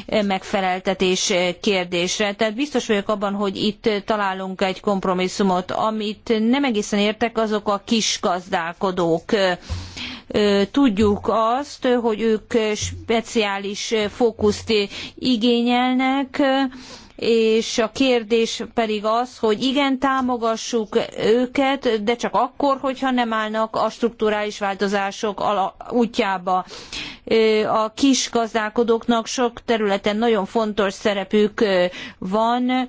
megfeleltetés kérdésre. Tehát biztos vagyok abban, hogy itt találunk egy kompromisszumot, amit nem egészen értek azok a kis gazdálkodók Tudjuk azt, hogy ők speciális fókuszt igényelnek, és a kérdés pedig az, hogy igen, támogassuk őket, de csak akkor, hogyha nem állnak a strukturális változások útjába. A kis gazdálkodóknak sok területen nagyon fontos szerepük van,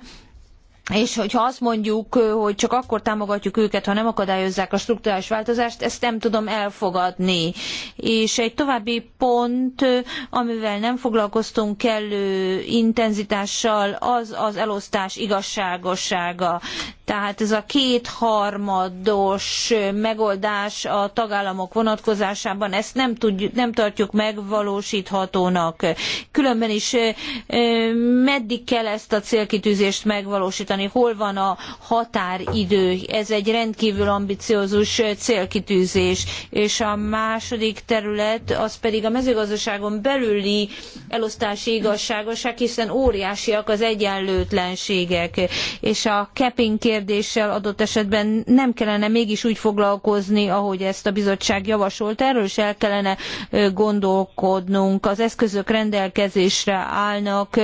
és hogyha azt mondjuk, hogy csak akkor támogatjuk őket, ha nem akadályozzák a strukturális változást, ezt nem tudom elfogadni. És egy további pont, amivel nem foglalkoztunk kellő intenzitással, az az elosztás igazságossága. Tehát ez a kétharmados megoldás a tagállamok vonatkozásában, ezt nem, tudjuk, nem tartjuk megvalósíthatónak. Különben is meddig kell ezt a célkitűzést megvalósítani, hol van a határidő. Ez egy rendkívül ambiciózus célkitűzés. És a második terület az pedig a mezőgazdaságon belüli elosztási igazságosság, hiszen óriásiak az egyenlőtlenségek. És a capping kérdés kérdéssel adott esetben nem kellene mégis úgy foglalkozni, ahogy ezt a bizottság javasolt. Erről is el kellene gondolkodnunk. Az eszközök rendelkezésre állnak,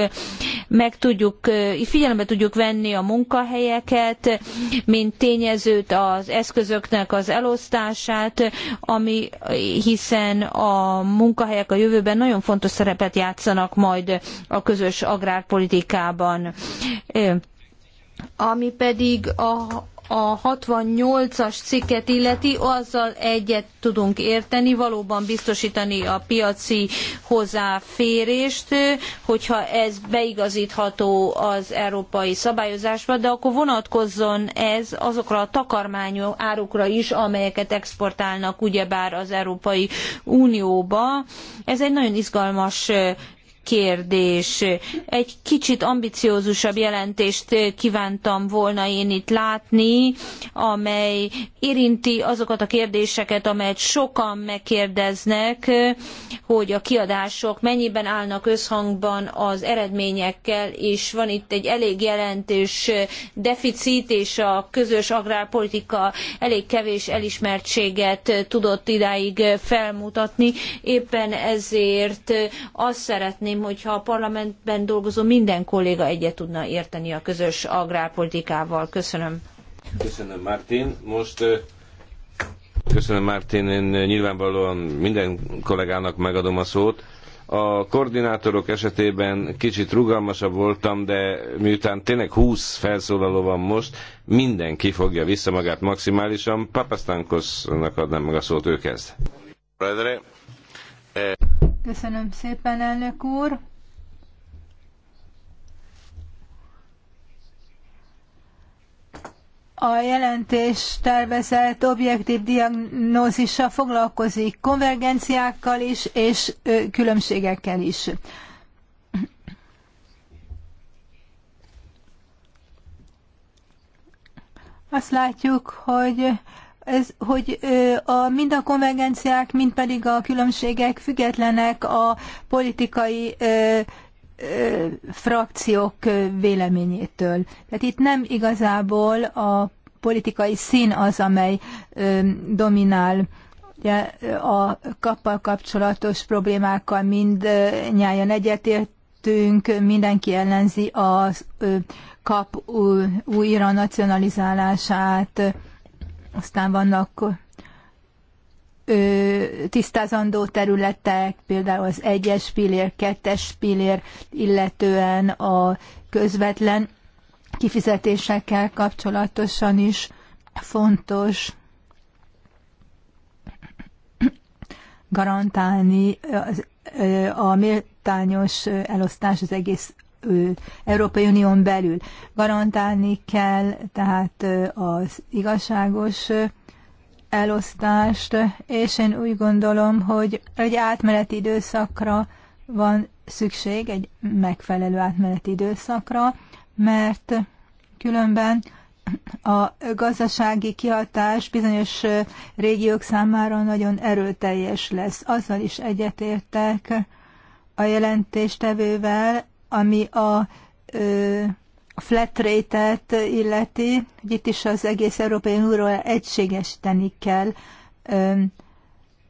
meg tudjuk, figyelembe tudjuk venni a munkahelyeket, mint tényezőt az eszközöknek az elosztását, ami hiszen a munkahelyek a jövőben nagyon fontos szerepet játszanak majd a közös agrárpolitikában. Ami pedig a, a 68-as cikket illeti, azzal egyet tudunk érteni, valóban biztosítani a piaci hozzáférést, hogyha ez beigazítható az európai szabályozásba, de akkor vonatkozzon ez azokra a takarmányú árukra is, amelyeket exportálnak ugyebár az Európai Unióba. Ez egy nagyon izgalmas kérdés. Egy kicsit ambiciózusabb jelentést eh, kívántam volna én itt látni, amely érinti azokat a kérdéseket, amelyet sokan megkérdeznek, eh, hogy a kiadások mennyiben állnak összhangban az eredményekkel, és van itt egy elég jelentős eh, deficit, és a közös agrárpolitika elég kevés elismertséget tudott idáig felmutatni. Éppen ezért azt szeretném, szeretném, hogyha a parlamentben dolgozó minden kolléga egyet tudna érteni a közös agrárpolitikával. Köszönöm. Köszönöm, Martin. Most Köszönöm, martin Én nyilvánvalóan minden kollégának megadom a szót. A koordinátorok esetében kicsit rugalmasabb voltam, de miután tényleg 20 felszólaló van most, mindenki fogja vissza magát maximálisan. Papasztánkosznak adnám meg a szót, ő kezd. Köszönöm szépen, elnök úr. a jelentés tervezett objektív diagnózisa foglalkozik, konvergenciákkal is, és különbségekkel is. Azt látjuk, hogy ez, hogy a, mind a konvergenciák, mind pedig a különbségek függetlenek a politikai ö, ö, frakciók véleményétől. Tehát itt nem igazából a politikai szín az, amely ö, dominál ugye, a kappal kapcsolatos problémákkal mind nyájan egyetértünk, mindenki ellenzi a kap újra nacionalizálását, aztán vannak ö, tisztázandó területek, például az egyes pillér, kettes pillér, illetően a közvetlen kifizetésekkel kapcsolatosan is fontos garantálni az, a méltányos elosztás az egész Európai Unión belül. Garantálni kell tehát az igazságos elosztást, és én úgy gondolom, hogy egy átmeneti időszakra van szükség, egy megfelelő átmeneti időszakra, mert különben a gazdasági kihatás bizonyos régiók számára nagyon erőteljes lesz. Azzal is egyetértek a jelentéstevővel, ami a flat rate-et illeti, hogy itt is az egész Európai Unióról egységesíteni kell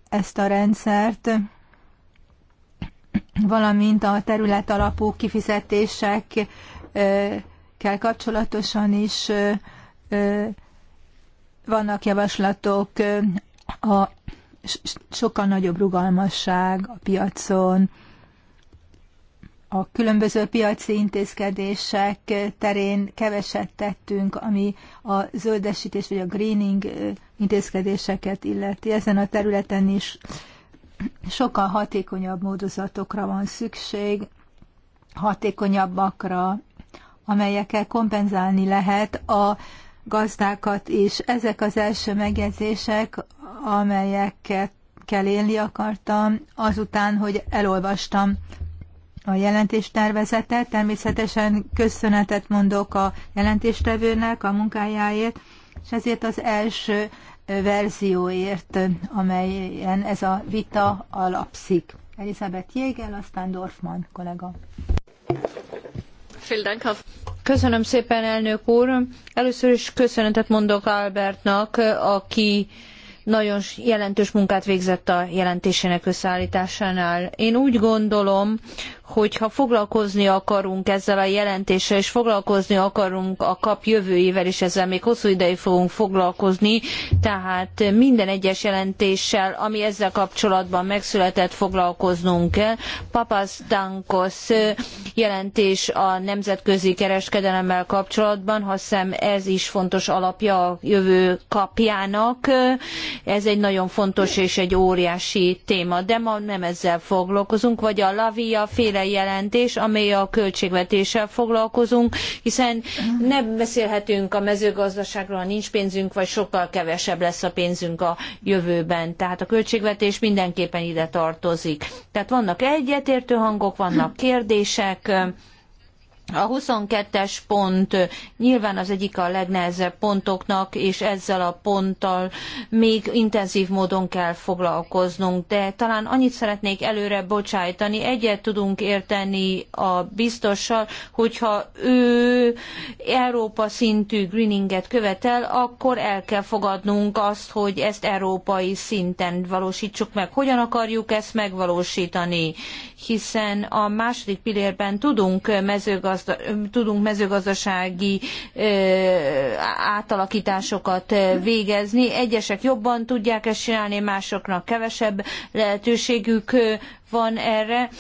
ezt a rendszert, valamint a terület alapú kifizetésekkel kapcsolatosan is vannak javaslatok a sokkal nagyobb rugalmasság a piacon, a különböző piaci intézkedések terén keveset tettünk, ami a zöldesítés vagy a greening intézkedéseket illeti. Ezen a területen is sokkal hatékonyabb módozatokra van szükség, hatékonyabbakra, amelyekkel kompenzálni lehet a gazdákat is. Ezek az első megjegyzések, amelyeket kell élni akartam, azután, hogy elolvastam a jelentéstervezetet. Természetesen köszönetet mondok a jelentéstevőnek a munkájáért, és ezért az első verzióért, amelyen ez a vita alapszik. Elizabeth Jégel, aztán Dorfman kollega. Köszönöm szépen, elnök úr. Először is köszönetet mondok Albertnak, aki nagyon jelentős munkát végzett a jelentésének összeállításánál. Én úgy gondolom, hogyha foglalkozni akarunk ezzel a jelentéssel, és foglalkozni akarunk a kap jövőjével, és ezzel még hosszú ideig fogunk foglalkozni, tehát minden egyes jelentéssel, ami ezzel kapcsolatban megszületett, foglalkoznunk kell. Papasztankos jelentés a nemzetközi kereskedelemmel kapcsolatban, azt hiszem ez is fontos alapja a jövő kapjának. Ez egy nagyon fontos és egy óriási téma, de ma nem ezzel foglalkozunk, vagy a Lavia féle minden jelentés, amely a költségvetéssel foglalkozunk, hiszen nem beszélhetünk a mezőgazdaságról, ha nincs pénzünk, vagy sokkal kevesebb lesz a pénzünk a jövőben. Tehát a költségvetés mindenképpen ide tartozik. Tehát vannak egyetértő hangok, vannak kérdések, a 22-es pont nyilván az egyik a legnehezebb pontoknak, és ezzel a ponttal még intenzív módon kell foglalkoznunk, de talán annyit szeretnék előre bocsájtani, egyet tudunk érteni a biztossal, hogyha ő Európa szintű greeninget követel, akkor el kell fogadnunk azt, hogy ezt európai szinten valósítsuk meg. Hogyan akarjuk ezt megvalósítani? Hiszen a második pillérben tudunk mezőgazdasági tudunk mezőgazdasági átalakításokat végezni. Egyesek jobban tudják ezt csinálni, másoknak kevesebb lehetőségük van erre,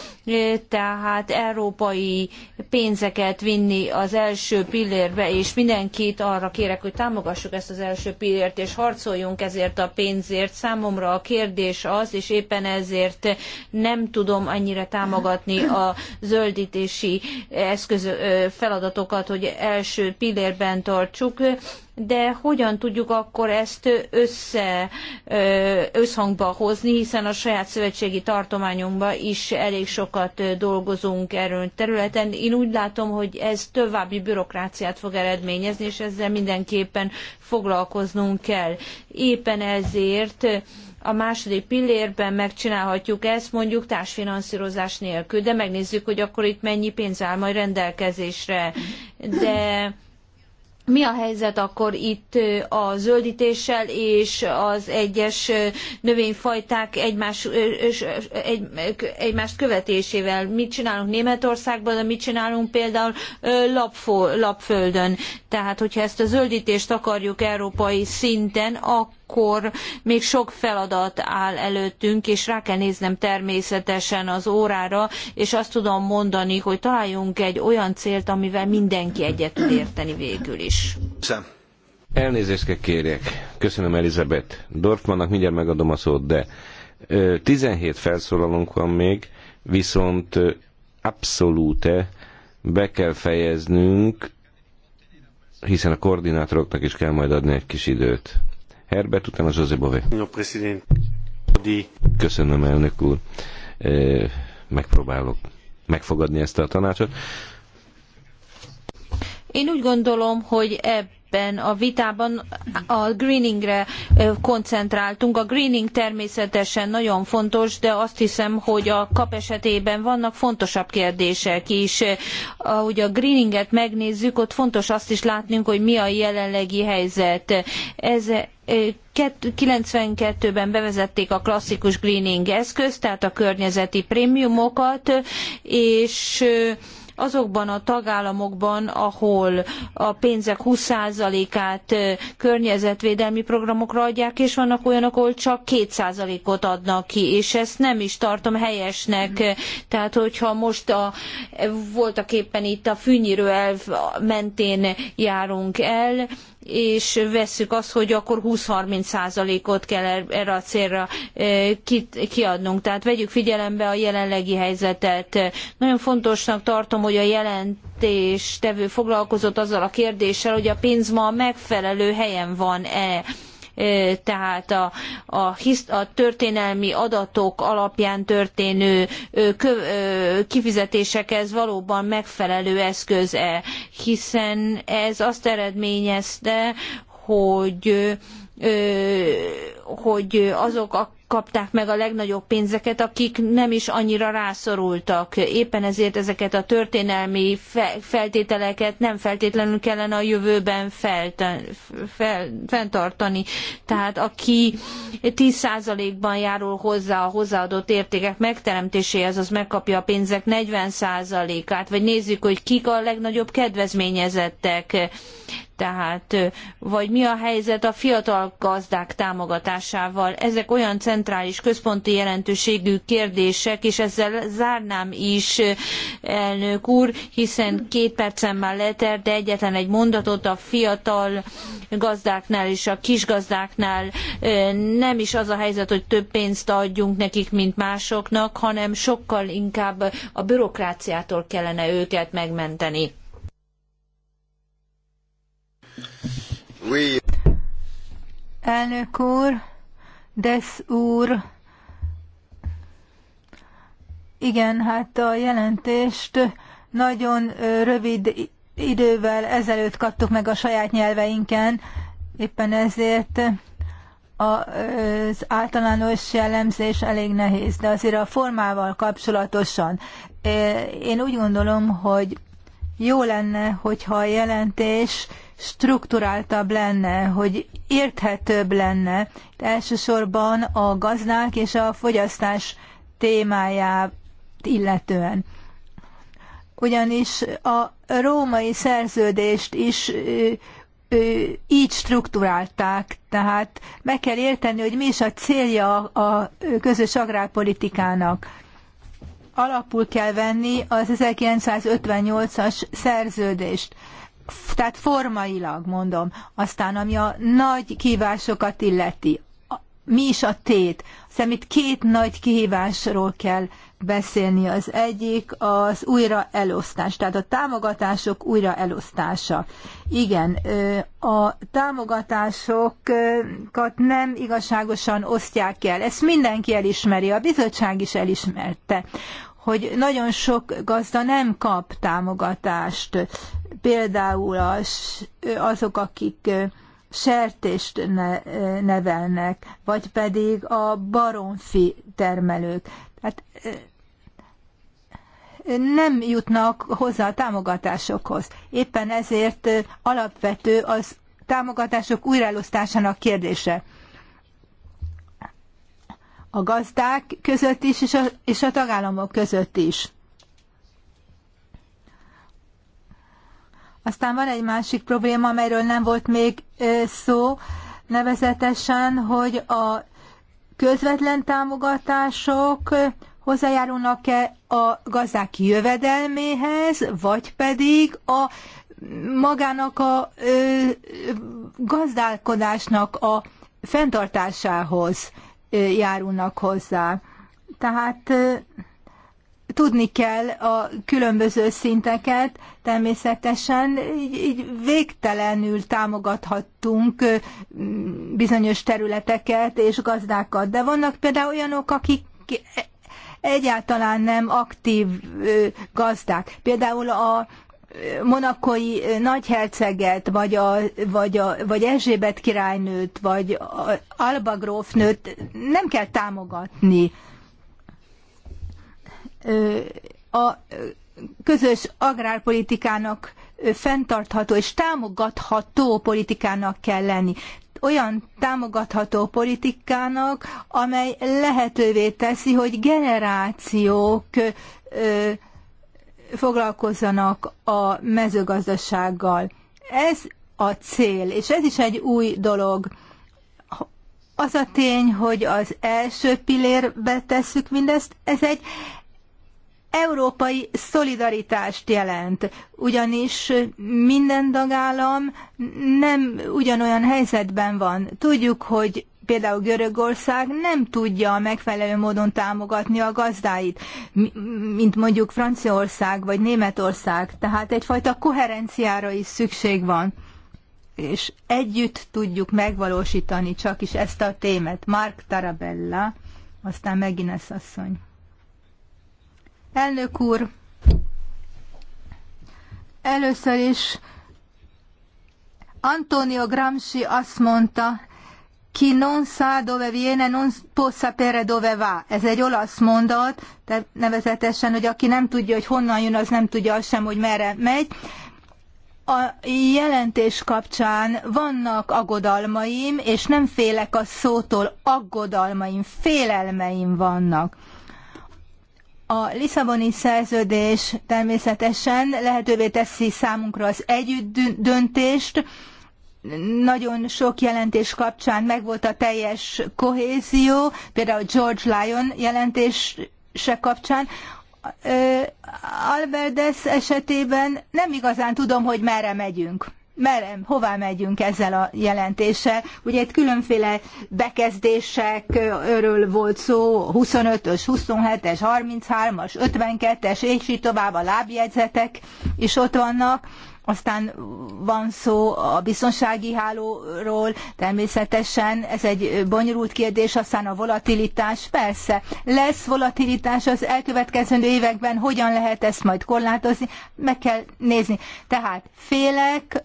tehát európai pénzeket vinni az első pillérbe, és mindenkit arra kérek, hogy támogassuk ezt az első pillért, és harcoljunk ezért a pénzért. Számomra a kérdés az, és éppen ezért nem tudom annyira támogatni a zöldítési eszköz feladatokat, hogy első pillérben tartsuk, de hogyan tudjuk akkor ezt össze, összhangba hozni, hiszen a saját szövetségi tartományunkban is elég sokat dolgozunk erről területen. Én úgy látom, hogy ez további bürokráciát fog eredményezni, és ezzel mindenképpen foglalkoznunk kell. Éppen ezért a második pillérben megcsinálhatjuk ezt mondjuk társfinanszírozás nélkül, de megnézzük, hogy akkor itt mennyi pénz áll majd rendelkezésre. De mi a helyzet akkor itt a zöldítéssel és az egyes növényfajták egymás, egy, egymást követésével? Mit csinálunk Németországban, de mit csinálunk például lapfó, lapföldön? Tehát, hogyha ezt a zöldítést akarjuk európai szinten, akkor akkor még sok feladat áll előttünk, és rá kell néznem természetesen az órára, és azt tudom mondani, hogy találjunk egy olyan célt, amivel mindenki egyet tud érteni végül is. Szem. Elnézést kell kérjek. Köszönöm Elizabeth. Dorfmannak mindjárt megadom a szót, de 17 felszólalónk van még, viszont abszolút be kell fejeznünk, hiszen a koordinátoroknak is kell majd adni egy kis időt. Herbert, utána José Bové. Köszönöm, elnök úr. E, megpróbálok megfogadni ezt a tanácsot. Én úgy gondolom, hogy ebb ebben a vitában a greeningre e, koncentráltunk. A greening természetesen nagyon fontos, de azt hiszem, hogy a kap esetében vannak fontosabb kérdések is. E, ahogy a greeninget megnézzük, ott fontos azt is látnunk, hogy mi a jelenlegi helyzet. Ez 92-ben bevezették a klasszikus greening eszközt, tehát a környezeti prémiumokat, és azokban a tagállamokban, ahol a pénzek 20%-át környezetvédelmi programokra adják, és vannak olyanok, ahol csak 2%-ot adnak ki, és ezt nem is tartom helyesnek. Mm. Tehát, hogyha most a, voltak éppen itt a fűnyírő elv mentén járunk el, és vesszük azt, hogy akkor 20-30 százalékot kell er- erre a célra kiadnunk. Tehát vegyük figyelembe a jelenlegi helyzetet. Nagyon fontosnak tartom, hogy a jelentéstevő foglalkozott azzal a kérdéssel, hogy a pénz ma megfelelő helyen van-e tehát a, a, hisz, a történelmi adatok alapján történő kö, kifizetésekhez valóban megfelelő eszköz-e, hiszen ez azt eredményezte, hogy hogy azok a kapták meg a legnagyobb pénzeket, akik nem is annyira rászorultak. Éppen ezért ezeket a történelmi feltételeket nem feltétlenül kellene a jövőben felten, fel, fenntartani. Tehát aki 10%-ban járul hozzá a hozzáadott értékek megteremtéséhez, az megkapja a pénzek 40%-át, vagy nézzük, hogy kik a legnagyobb kedvezményezettek. Tehát, vagy mi a helyzet a fiatal gazdák támogatásával? Ezek olyan centrális, központi jelentőségű kérdések, és ezzel zárnám is, elnök úr, hiszen két percen már leter, de egyetlen egy mondatot a fiatal gazdáknál és a kisgazdáknál nem is az a helyzet, hogy több pénzt adjunk nekik, mint másoknak, hanem sokkal inkább a bürokráciától kellene őket megmenteni. Elnök úr, Desz úr, igen, hát a jelentést nagyon rövid idővel ezelőtt kaptuk meg a saját nyelveinken, éppen ezért az általános jellemzés elég nehéz, de azért a formával kapcsolatosan én úgy gondolom, hogy jó lenne, hogyha a jelentés strukturáltabb lenne, hogy érthetőbb lenne. De elsősorban a gazdák és a fogyasztás témáját illetően. Ugyanis a római szerződést is így struktúrálták, tehát meg kell érteni, hogy mi is a célja a közös agrárpolitikának. Alapul kell venni az 1958-as szerződést tehát formailag mondom. Aztán, ami a nagy kívásokat illeti, mi is a tét? Hiszem itt két nagy kihívásról kell beszélni. Az egyik az újraelosztás, tehát a támogatások újraelosztása. Igen, a támogatásokat nem igazságosan osztják el. Ezt mindenki elismeri, a bizottság is elismerte hogy nagyon sok gazda nem kap támogatást például az, azok, akik sertést nevelnek, vagy pedig a baromfi termelők. Tehát nem jutnak hozzá a támogatásokhoz. Éppen ezért alapvető az támogatások újraelosztásának kérdése. A gazdák között is, és a, és a tagállamok között is. Aztán van egy másik probléma, amelyről nem volt még szó, nevezetesen, hogy a közvetlen támogatások hozzájárulnak-e a gazdák jövedelméhez, vagy pedig a magának a ö, gazdálkodásnak a fenntartásához ö, járulnak hozzá. Tehát ö, tudni kell a különböző szinteket, természetesen így, így végtelenül támogathattunk bizonyos területeket és gazdákat, de vannak például olyanok, akik egyáltalán nem aktív gazdák. Például a monakói nagyherceget, vagy, a, vagy, a, vagy Erzsébet királynőt, vagy Alba grófnőt nem kell támogatni a közös agrárpolitikának fenntartható és támogatható politikának kell lenni. Olyan támogatható politikának, amely lehetővé teszi, hogy generációk foglalkozzanak a mezőgazdasággal. Ez a cél, és ez is egy új dolog. Az a tény, hogy az első pillérbe tesszük mindezt, ez egy európai szolidaritást jelent, ugyanis minden tagállam nem ugyanolyan helyzetben van. Tudjuk, hogy például Görögország nem tudja megfelelő módon támogatni a gazdáit, mint mondjuk Franciaország vagy Németország. Tehát egyfajta koherenciára is szükség van és együtt tudjuk megvalósítani csak is ezt a témát. Mark Tarabella, aztán megint asszony. Elnök úr, először is Antonio Gramsci azt mondta, ki non sa dove viene non può sapere dove va. Ez egy olasz mondat, tehát nevezetesen, hogy aki nem tudja, hogy honnan jön, az nem tudja azt sem, hogy merre megy. A jelentés kapcsán vannak aggodalmaim, és nem félek a szótól aggodalmaim, félelmeim vannak. A Lisszaboni szerződés természetesen lehetővé teszi számunkra az együttdöntést, nagyon sok jelentés kapcsán megvolt a teljes kohézió, például George Lyon jelentése kapcsán. Albertes esetében nem igazán tudom, hogy merre megyünk merem, hová megyünk ezzel a jelentéssel. Ugye itt különféle bekezdésekről volt szó, 25-ös, 27-es, 33-as, 52-es, és így tovább a lábjegyzetek is ott vannak. Aztán van szó a biztonsági hálóról, természetesen ez egy bonyolult kérdés, aztán a volatilitás, persze, lesz volatilitás az elkövetkezendő években, hogyan lehet ezt majd korlátozni, meg kell nézni. Tehát félek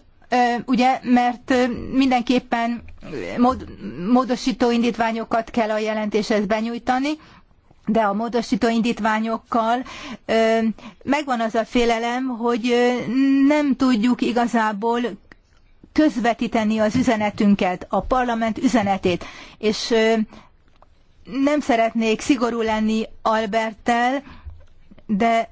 ugye, mert mindenképpen mód, módosító indítványokat kell a jelentéshez benyújtani, de a módosító indítványokkal megvan az a félelem, hogy nem tudjuk igazából közvetíteni az üzenetünket, a parlament üzenetét. És nem szeretnék szigorú lenni Alberttel, de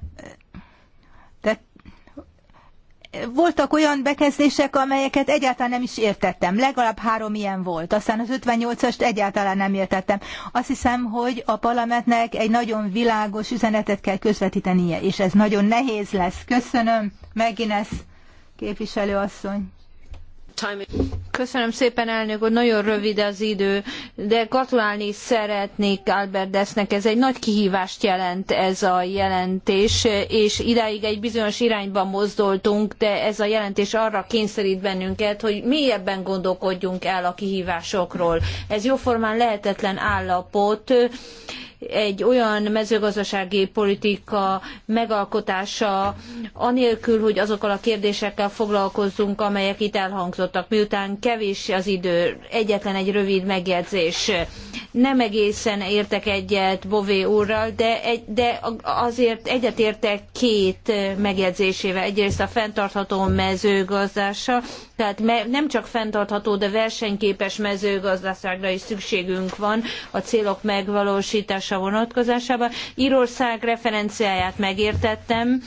voltak olyan bekezdések, amelyeket egyáltalán nem is értettem. Legalább három ilyen volt. Aztán az 58-ast egyáltalán nem értettem. Azt hiszem, hogy a parlamentnek egy nagyon világos üzenetet kell közvetítenie, és ez nagyon nehéz lesz. Köszönöm, Megines képviselőasszony. Köszönöm szépen, elnök nagyon rövid az idő, de gratulálni szeretnék Albert deßnek Ez egy nagy kihívást jelent ez a jelentés, és idáig egy bizonyos irányba mozdultunk, de ez a jelentés arra kényszerít bennünket, hogy mélyebben gondolkodjunk el a kihívásokról. Ez jóformán lehetetlen állapot, egy olyan mezőgazdasági politika megalkotása, anélkül, hogy azokkal a kérdésekkel foglalkozzunk, amelyek itt elhangzottak. Miután kevés az idő, egyetlen egy rövid megjegyzés. Nem egészen értek egyet Bové úrral, de, egy, de azért egyetértek két megjegyzésével. Egyrészt a fenntartható mezőgazdással, tehát nem csak fenntartható, de versenyképes mezőgazdaságra is szükségünk van a célok megvalósítására vonatkozásában. Írország referenciáját megértettem,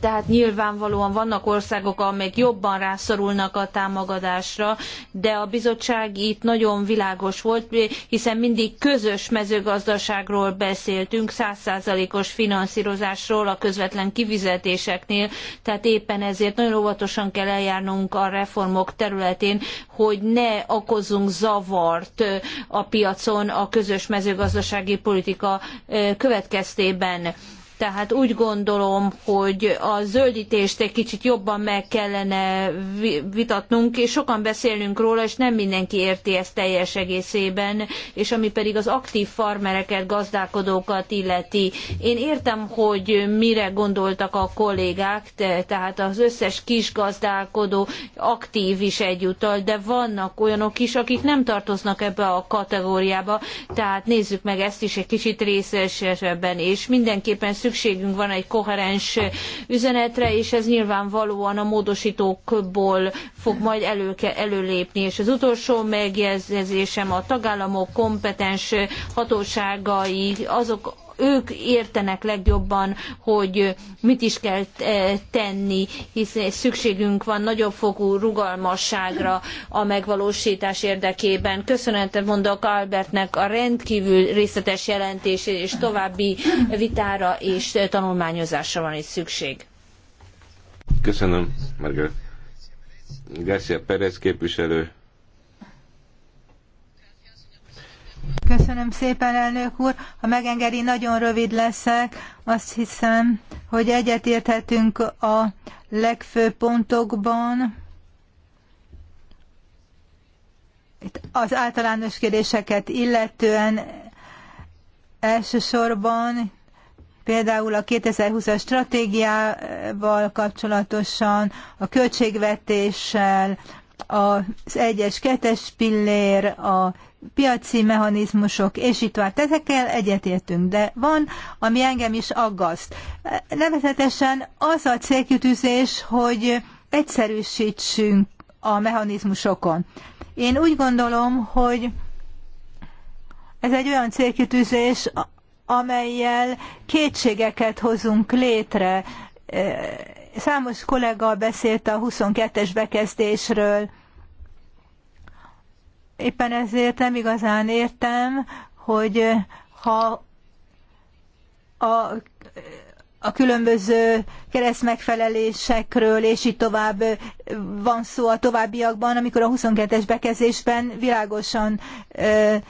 tehát nyilvánvalóan vannak országok, amelyek jobban rászorulnak a támogatásra, de a bizottság itt nagyon világos volt, hiszen mindig közös mezőgazdaságról beszéltünk, százszázalékos finanszírozásról a közvetlen kivizetéseknél, tehát éppen ezért nagyon óvatosan kell eljárnunk a reformok területén, hogy ne okozzunk zavart a piacon a közös mezőgazdasági politika következtében tehát úgy gondolom, hogy a zöldítést egy kicsit jobban meg kellene vitatnunk, és sokan beszélünk róla, és nem mindenki érti ezt teljes egészében, és ami pedig az aktív farmereket, gazdálkodókat illeti. Én értem, hogy mire gondoltak a kollégák, tehát az összes kis gazdálkodó aktív is egyúttal, de vannak olyanok is, akik nem tartoznak ebbe a kategóriába, tehát nézzük meg ezt is egy kicsit részesebben, és mindenképpen szükséges szükségünk van egy koherens üzenetre, és ez nyilvánvalóan a módosítókból fog majd elő, előlépni. És az utolsó megjegyzésem a tagállamok kompetens hatóságai, azok ők értenek legjobban, hogy mit is kell eh, tenni, hiszen szükségünk van nagyobb fokú rugalmasságra a megvalósítás érdekében. Köszönetet mondok Albertnek a rendkívül részletes jelentését és további vitára és tanulmányozásra van itt szükség. Köszönöm, Margaret. Garcia Perez képviselő Köszönöm szépen, elnök úr. Ha megengedi, nagyon rövid leszek. Azt hiszem, hogy egyetérthetünk a legfőbb pontokban. Itt az általános kérdéseket illetően elsősorban például a 2020-as stratégiával kapcsolatosan, a költségvetéssel, az egyes kettes pillér, a piaci mechanizmusok, és itt vált. Ezekkel egyetértünk, de van, ami engem is aggaszt. Nevezetesen az a célkütűzés, hogy egyszerűsítsünk a mechanizmusokon. Én úgy gondolom, hogy ez egy olyan célkütűzés, amelyel kétségeket hozunk létre. Számos kollega beszélt a 22-es bekezdésről, Éppen ezért nem igazán értem, hogy eh, ha a, a különböző keresztmegfelelésekről, és így tovább eh, van szó a továbbiakban, amikor a 22-es bekezésben világosan ö, eh,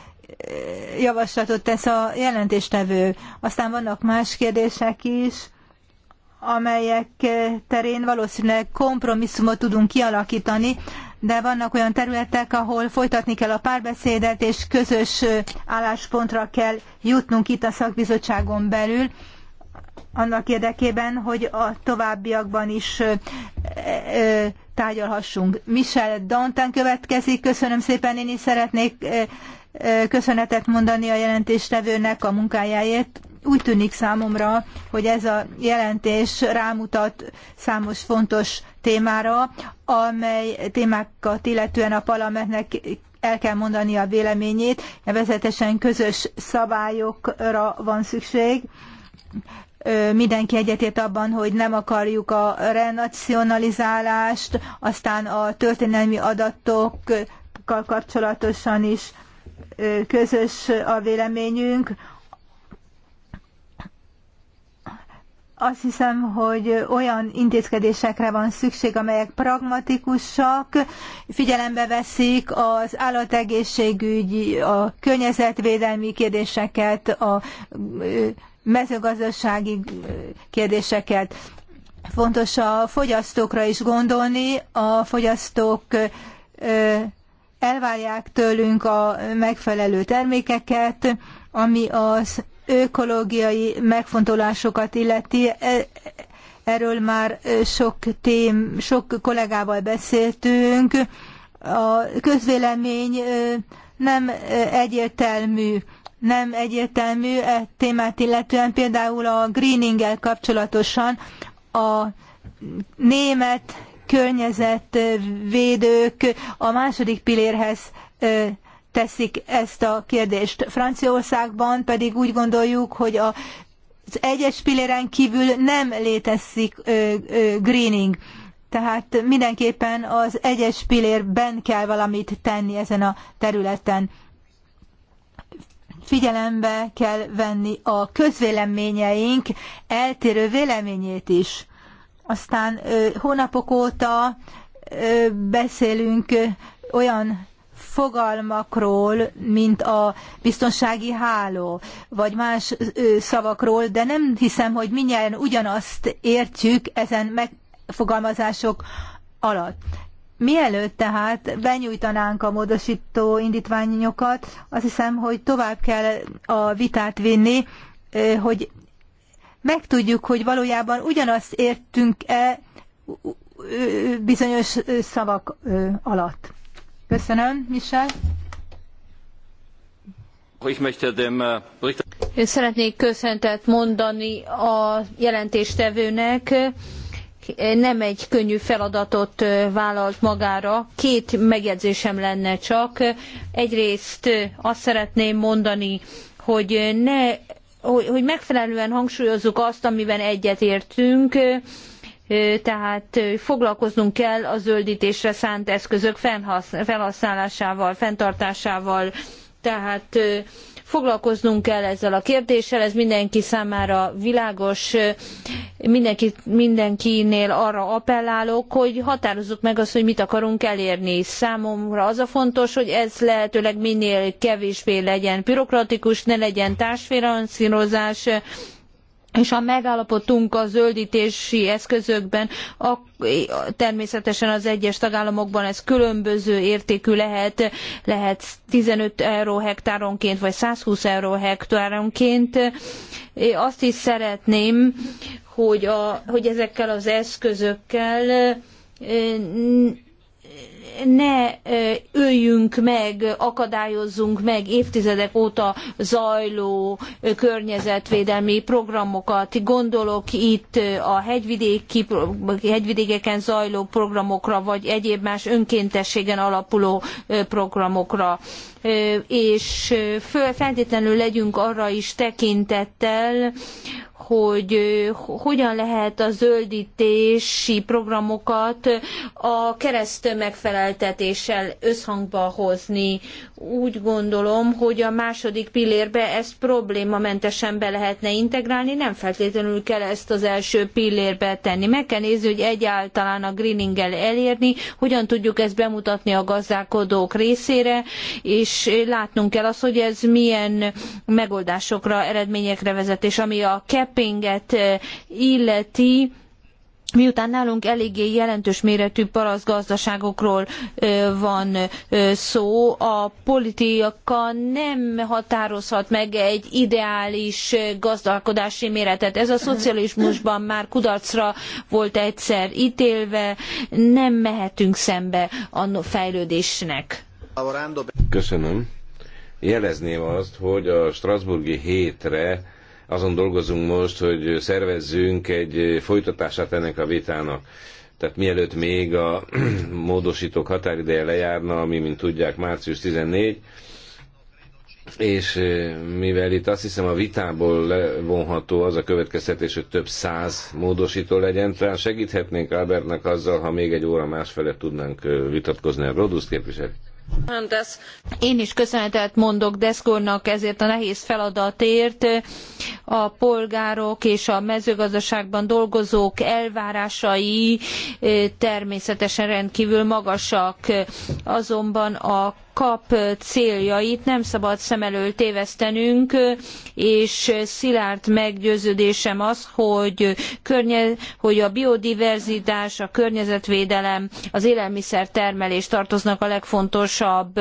javaslatot tesz a jelentéstevő. Aztán vannak más kérdések is, amelyek terén valószínűleg kompromisszumot tudunk kialakítani, de vannak olyan területek, ahol folytatni kell a párbeszédet, és közös álláspontra kell jutnunk itt a szakbizottságon belül, annak érdekében, hogy a továbbiakban is tárgyalhassunk. Michel Dantan következik, köszönöm szépen, én is szeretnék köszönetet mondani a jelentéstevőnek a munkájáért. Úgy tűnik számomra, hogy ez a jelentés rámutat számos fontos témára, amely témákat illetően a parlamentnek el kell mondani a véleményét, nevezetesen közös szabályokra van szükség. Mindenki egyetért abban, hogy nem akarjuk a renacionalizálást, aztán a történelmi adatokkal kapcsolatosan is közös a véleményünk. azt hiszem, hogy olyan intézkedésekre van szükség, amelyek pragmatikusak, figyelembe veszik az állategészségügyi, a környezetvédelmi kérdéseket, a mezőgazdasági kérdéseket. Fontos a fogyasztókra is gondolni, a fogyasztók elvárják tőlünk a megfelelő termékeket, ami az ökológiai megfontolásokat illeti, e, erről már sok, tém, sok kollégával beszéltünk, a közvélemény nem egyértelmű, nem egyértelmű e témát illetően, például a greeninggel kapcsolatosan a német környezetvédők a második pillérhez teszik ezt a kérdést. Franciaországban pedig úgy gondoljuk, hogy a az egyes pilléren kívül nem létezik ö, ö, greening. Tehát mindenképpen az egyes pillérben kell valamit tenni ezen a területen. Figyelembe kell venni a közvéleményeink eltérő véleményét is. Aztán ö, hónapok óta ö, beszélünk ö, olyan fogalmakról, mint a biztonsági háló, vagy más szavakról, de nem hiszem, hogy minnyáján ugyanazt értjük ezen megfogalmazások alatt. Mielőtt tehát benyújtanánk a módosító indítványokat, azt hiszem, hogy tovább kell a vitát vinni, hogy megtudjuk, hogy valójában ugyanazt értünk-e bizonyos szavak alatt. Köszönöm, Michel. Äh, Én szeretnék köszöntet mondani a jelentéstevőnek. Nem egy könnyű feladatot vállalt magára. Két megjegyzésem lenne csak. Egyrészt azt szeretném mondani, hogy ne hogy megfelelően hangsúlyozzuk azt, amiben egyetértünk, tehát foglalkoznunk kell a zöldítésre szánt eszközök felhasználásával, fenntartásával, tehát foglalkoznunk kell ezzel a kérdéssel, ez mindenki számára világos, mindenki, mindenkinél arra appellálok, hogy határozzuk meg azt, hogy mit akarunk elérni. Számomra az a fontos, hogy ez lehetőleg minél kevésbé legyen bürokratikus, ne legyen társfinanszírozás, és ha megállapodtunk a zöldtési eszközökben, természetesen az egyes tagállamokban ez különböző értékű lehet, lehet 15 euró hektáronként, vagy 120 euró hektáronként. Én azt is szeretném, hogy, a, hogy ezekkel az eszközökkel ne öljünk meg, akadályozzunk meg évtizedek óta zajló környezetvédelmi programokat. Gondolok itt a hegyvidéki, hegyvidékeken zajló programokra, vagy egyéb más önkéntességen alapuló programokra és feltétlenül legyünk arra is tekintettel, hogy hogyan lehet a zöldítési programokat a kereszt megfeleltetéssel összhangba hozni. Úgy gondolom, hogy a második pillérbe ezt problémamentesen be lehetne integrálni, nem feltétlenül kell ezt az első pillérbe tenni. Meg kell nézni, hogy egyáltalán a greeninggel elérni, hogyan tudjuk ezt bemutatni a gazdálkodók részére, és látnunk kell azt, hogy ez milyen megoldásokra, eredményekre vezet, és ami a CAP cappinget illeti, Miután nálunk eléggé jelentős méretű parasztgazdaságokról van szó, a politika nem határozhat meg egy ideális gazdálkodási méretet. Ez a szocializmusban már kudarcra volt egyszer ítélve, nem mehetünk szembe a fejlődésnek. Köszönöm. Jelezném azt, hogy a Strasburgi hétre azon dolgozunk most, hogy szervezzünk egy folytatását ennek a vitának. Tehát mielőtt még a módosítók határideje lejárna, ami, mint tudják, március 14, és eh, mivel itt azt hiszem a vitából levonható az a következtetés, hogy több száz módosító legyen, talán segíthetnénk Albertnek azzal, ha még egy óra másfele tudnánk eh, vitatkozni a Rodusz képviselőt. Én is köszönetet mondok úrnak ezért a nehéz feladatért. A polgárok és a mezőgazdaságban dolgozók elvárásai eh, természetesen rendkívül magasak, azonban a kap céljait nem szabad szem elől tévesztenünk, és szilárd meggyőződésem az, hogy, környe, hogy a biodiverzitás, a környezetvédelem, az élelmiszertermelés tartoznak a legfontosabb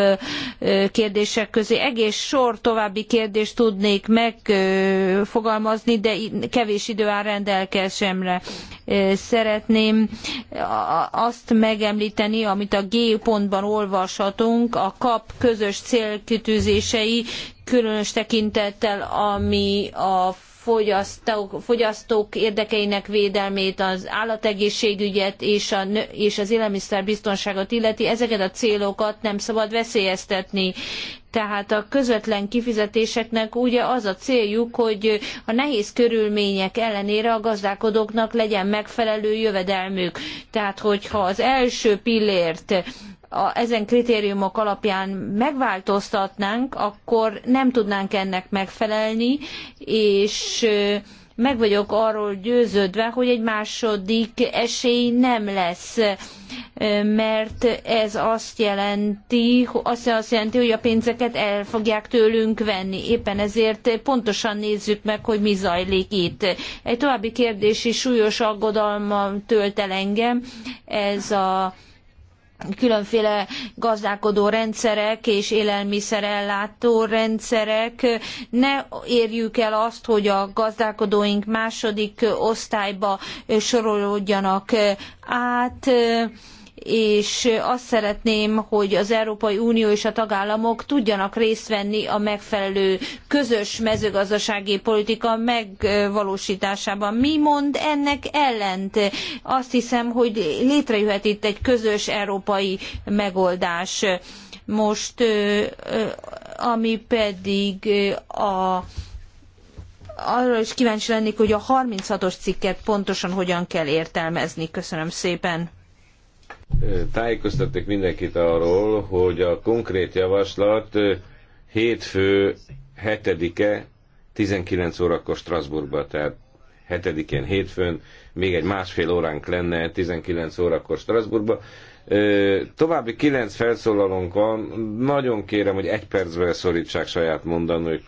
kérdések közé. Egész sor további kérdést tudnék megfogalmazni, de kevés idő áll rendelkezésemre szeretném azt megemlíteni, amit a G pontban olvashatunk, a kap közös célkitűzései, különös tekintettel, ami a fogyasztók, fogyasztók érdekeinek védelmét, az állategészségügyet és, a, és az élelmiszerbiztonságot illeti, ezeket a célokat nem szabad veszélyeztetni. Tehát a közvetlen kifizetéseknek ugye az a céljuk, hogy a nehéz körülmények ellenére a gazdálkodóknak legyen megfelelő jövedelmük. Tehát, hogyha az első pillért a, ezen kritériumok alapján megváltoztatnánk, akkor nem tudnánk ennek megfelelni, és meg vagyok arról győződve, hogy egy második esély nem lesz, mert ez azt jelenti, azt, azt jelenti, hogy a pénzeket el fogják tőlünk venni. Éppen ezért pontosan nézzük meg, hogy mi zajlik itt. Egy további kérdés is súlyos aggodalma tölt el engem, ez a különféle gazdálkodó rendszerek és élelmiszerellátó rendszerek. Ne érjük el azt, hogy a gazdálkodóink második osztályba sorolódjanak át és azt szeretném, hogy az Európai Unió és a tagállamok tudjanak részt venni a megfelelő közös mezőgazdasági politika megvalósításában. Mi mond ennek ellent? Azt hiszem, hogy létrejöhet itt egy közös európai megoldás. Most, ami pedig a arra is kíváncsi lennék, hogy a 36-os cikket pontosan hogyan kell értelmezni. Köszönöm szépen tájékoztatok mindenkit arról, hogy a konkrét javaslat hétfő 7-e 19 órakor Strasbourgba, tehát 7-én hétfőn, még egy másfél óránk lenne 19 órakor Strasbourgba. További kilenc felszólalónk van, nagyon kérem, hogy egy percben szorítsák saját mondanóik.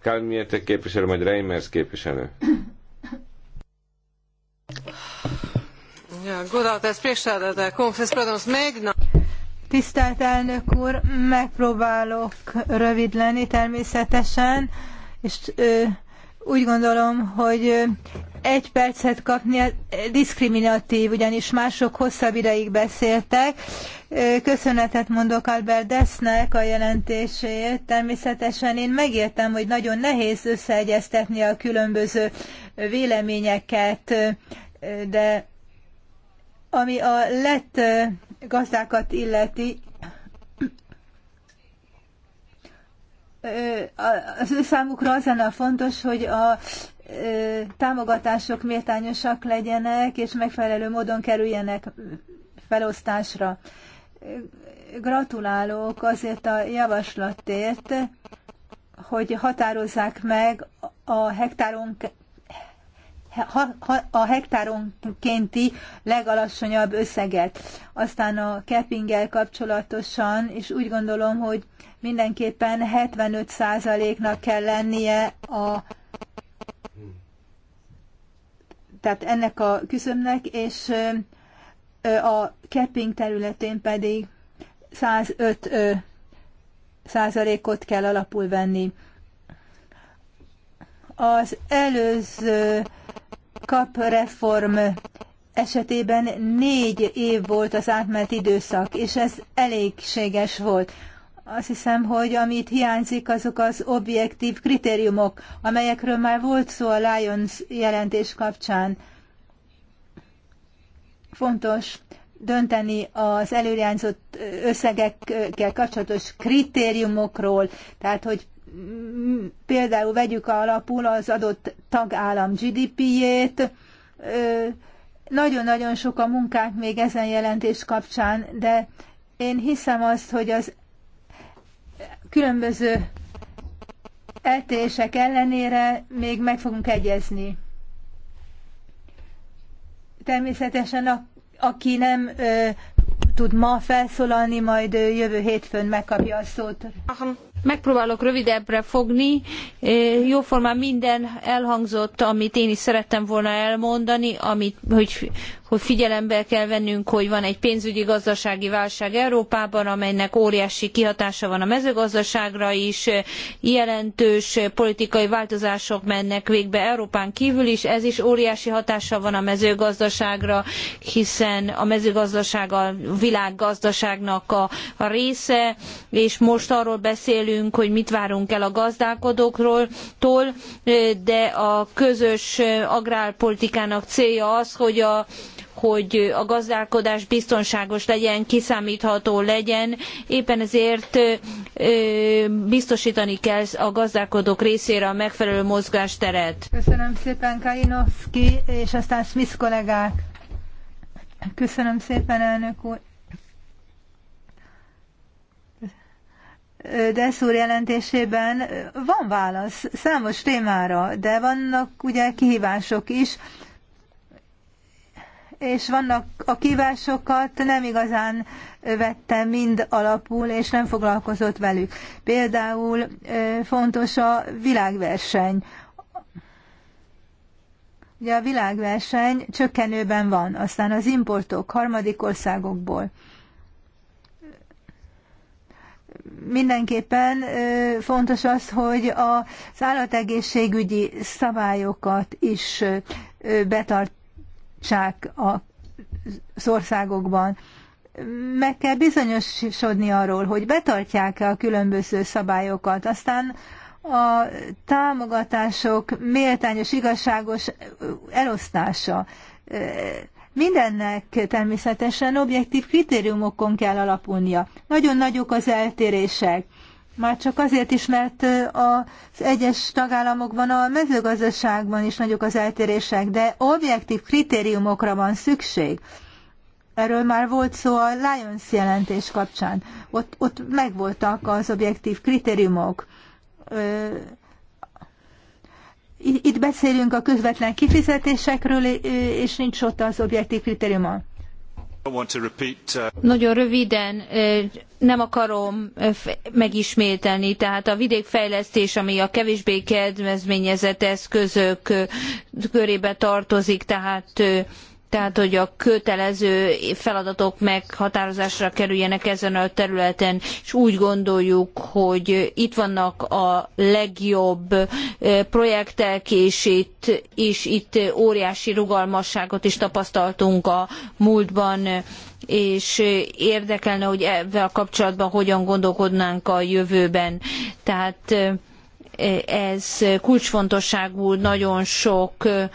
Kálmiértek képviselő, vagy Reimers képviselő? Tisztelt elnök úr, megpróbálok rövid lenni természetesen, és ö, úgy gondolom, hogy egy percet kapni diszkriminatív, ugyanis mások hosszabb ideig beszéltek. Köszönetet mondok Albert Desznek a jelentéséért. Természetesen én megértem, hogy nagyon nehéz összeegyeztetni a különböző véleményeket, de ami a lett gazdákat illeti, az ő számukra az lenne fontos, hogy a támogatások méltányosak legyenek, és megfelelő módon kerüljenek felosztásra. Gratulálok azért a javaslatért, hogy határozzák meg a hektáron a hektáronkénti legalacsonyabb összeget. Aztán a cappinggel kapcsolatosan, és úgy gondolom, hogy mindenképpen 75%-nak kell lennie a tehát ennek a küszömnek, és a capping területén pedig 105 százalékot kell alapul venni. Az előző kap reform esetében négy év volt az átmeneti időszak, és ez elégséges volt. Azt hiszem, hogy amit hiányzik, azok az objektív kritériumok, amelyekről már volt szó a Lions jelentés kapcsán. Fontos dönteni az előirányzott összegekkel kapcsolatos kritériumokról, tehát hogy például vegyük alapul az adott tagállam GDP-jét, nagyon-nagyon sok a munkánk még ezen jelentés kapcsán, de én hiszem azt, hogy az különböző eltések ellenére még meg fogunk egyezni. Természetesen a, aki nem ö, tud ma felszólalni, majd ö, jövő hétfőn megkapja a szót. Megpróbálok rövidebbre fogni. Jóformán minden elhangzott, amit én is szerettem volna elmondani, amit, hogy hogy figyelembe kell vennünk, hogy van egy pénzügyi gazdasági válság Európában, amelynek óriási kihatása van a mezőgazdaságra is, jelentős politikai változások mennek végbe Európán kívül is, ez is óriási hatása van a mezőgazdaságra, hiszen a mezőgazdaság a világgazdaságnak a része, és most arról beszélünk, hogy mit várunk el a gazdálkodóktól, de a közös agrárpolitikának célja az, hogy a hogy a gazdálkodás biztonságos legyen, kiszámítható legyen. Éppen ezért biztosítani kell a gazdálkodók részére a megfelelő mozgásteret. Köszönöm szépen Kalinowski, és aztán Smith kollégák. Köszönöm szépen, elnök úr. Deszúr jelentésében van válasz számos témára, de vannak ugye kihívások is, és vannak a kívásokat nem igazán vette mind alapul, és nem foglalkozott velük. Például fontos a világverseny. Ugye a világverseny csökkenőben van, aztán az importok harmadik országokból. Mindenképpen fontos az, hogy az állategészségügyi szabályokat is betart bizottság a országokban. Meg kell bizonyosodni arról, hogy betartják-e a különböző szabályokat. Aztán a támogatások méltányos, igazságos elosztása. Mindennek természetesen objektív kritériumokon kell alapulnia. Nagyon nagyok az eltérések. Már csak azért is, mert az egyes tagállamokban, a mezőgazdaságban is nagyok az eltérések, de objektív kritériumokra van szükség. Erről már volt szó a Lions jelentés kapcsán. Ott, ott megvoltak az objektív kritériumok. Itt beszélünk a közvetlen kifizetésekről, és nincs ott az objektív kritériuma. Uh, Nagyon röviden, nem akarom megismételni, tehát a vidékfejlesztés, ami a kevésbé kedvezményezett eszközök körébe tartozik, tehát tehát hogy a kötelező feladatok meghatározásra kerüljenek ezen a területen, és úgy gondoljuk, hogy itt vannak a legjobb eh, projektek, és itt, és itt óriási rugalmasságot is tapasztaltunk a múltban, és érdekelne, hogy ebben kapcsolatban hogyan gondolkodnánk a jövőben. Tehát eh, ez kulcsfontosságú nagyon sok eh,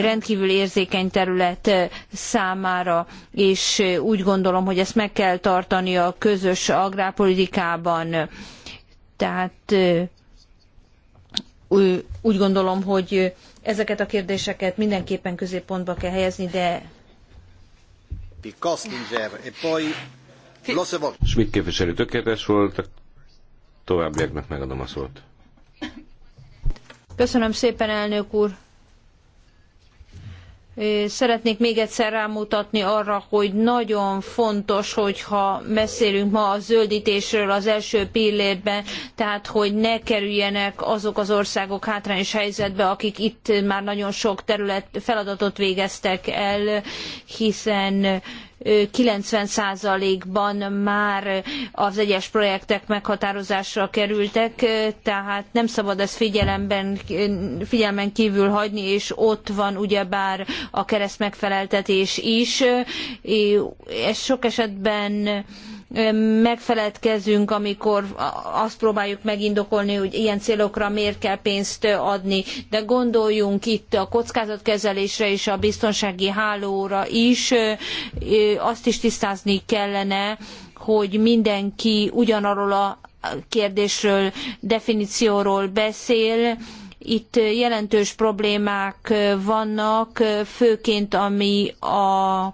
rendkívül érzékeny terület számára, és úgy gondolom, hogy ezt meg kell tartani a közös agrárpolitikában. Tehát úgy gondolom, hogy ezeket a kérdéseket mindenképpen középpontba kell helyezni, de... E Schmidt képviselő tökéletes volt, továbbiaknak megadom a szót. Köszönöm szépen, elnök úr! Szeretnék még egyszer rámutatni arra, hogy nagyon fontos, hogyha beszélünk ma a zöldítésről az első pillérben, tehát hogy ne kerüljenek azok az országok hátrányos helyzetbe, akik itt már nagyon sok terület feladatot végeztek el, hiszen 90%-ban már az egyes projektek meghatározásra kerültek, tehát nem szabad ezt figyelemben, figyelmen kívül hagyni, és ott van ugyebár a kereszt megfeleltetés is. És sok esetben megfeledkezünk, amikor azt próbáljuk megindokolni, hogy ilyen célokra miért kell pénzt adni, de gondoljunk itt a kockázatkezelésre és a biztonsági hálóra is, azt is tisztázni kellene, hogy mindenki ugyanarról a kérdésről, definícióról beszél, itt jelentős problémák vannak, főként ami a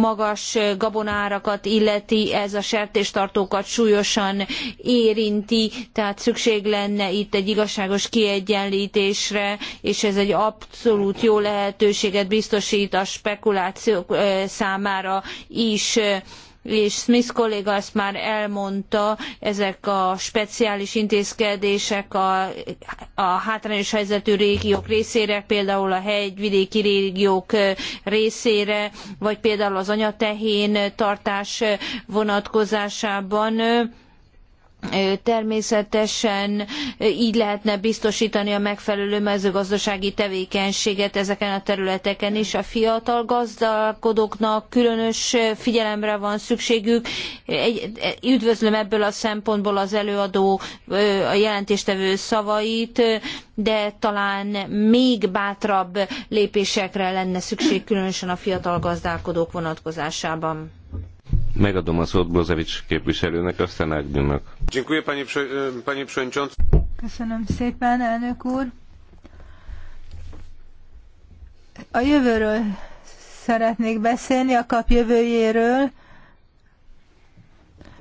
magas gabonárakat illeti, ez a sertéstartókat súlyosan érinti, tehát szükség lenne itt egy igazságos kiegyenlítésre, és ez egy abszolút jó lehetőséget biztosít a spekulációk számára is és Smith kolléga ezt már elmondta, ezek a speciális intézkedések a, a hátrányos helyzetű régiók részére, például a hegyvidéki régiók részére, vagy például az anyatehén tartás vonatkozásában Természetesen így lehetne biztosítani a megfelelő mezőgazdasági tevékenységet ezeken a területeken is. A fiatal gazdálkodóknak különös figyelemre van szükségük. E, üdvözlöm ebből a szempontból az előadó, a jelentéstevő szavait, de talán még bátrabb lépésekre lenne szükség, különösen a fiatal gazdálkodók vonatkozásában. Megadom a szót Bozevics képviselőnek, aztán Ágnyúnak. E, Köszönöm szépen, elnök úr. A jövőről szeretnék beszélni, a kap jövőjéről.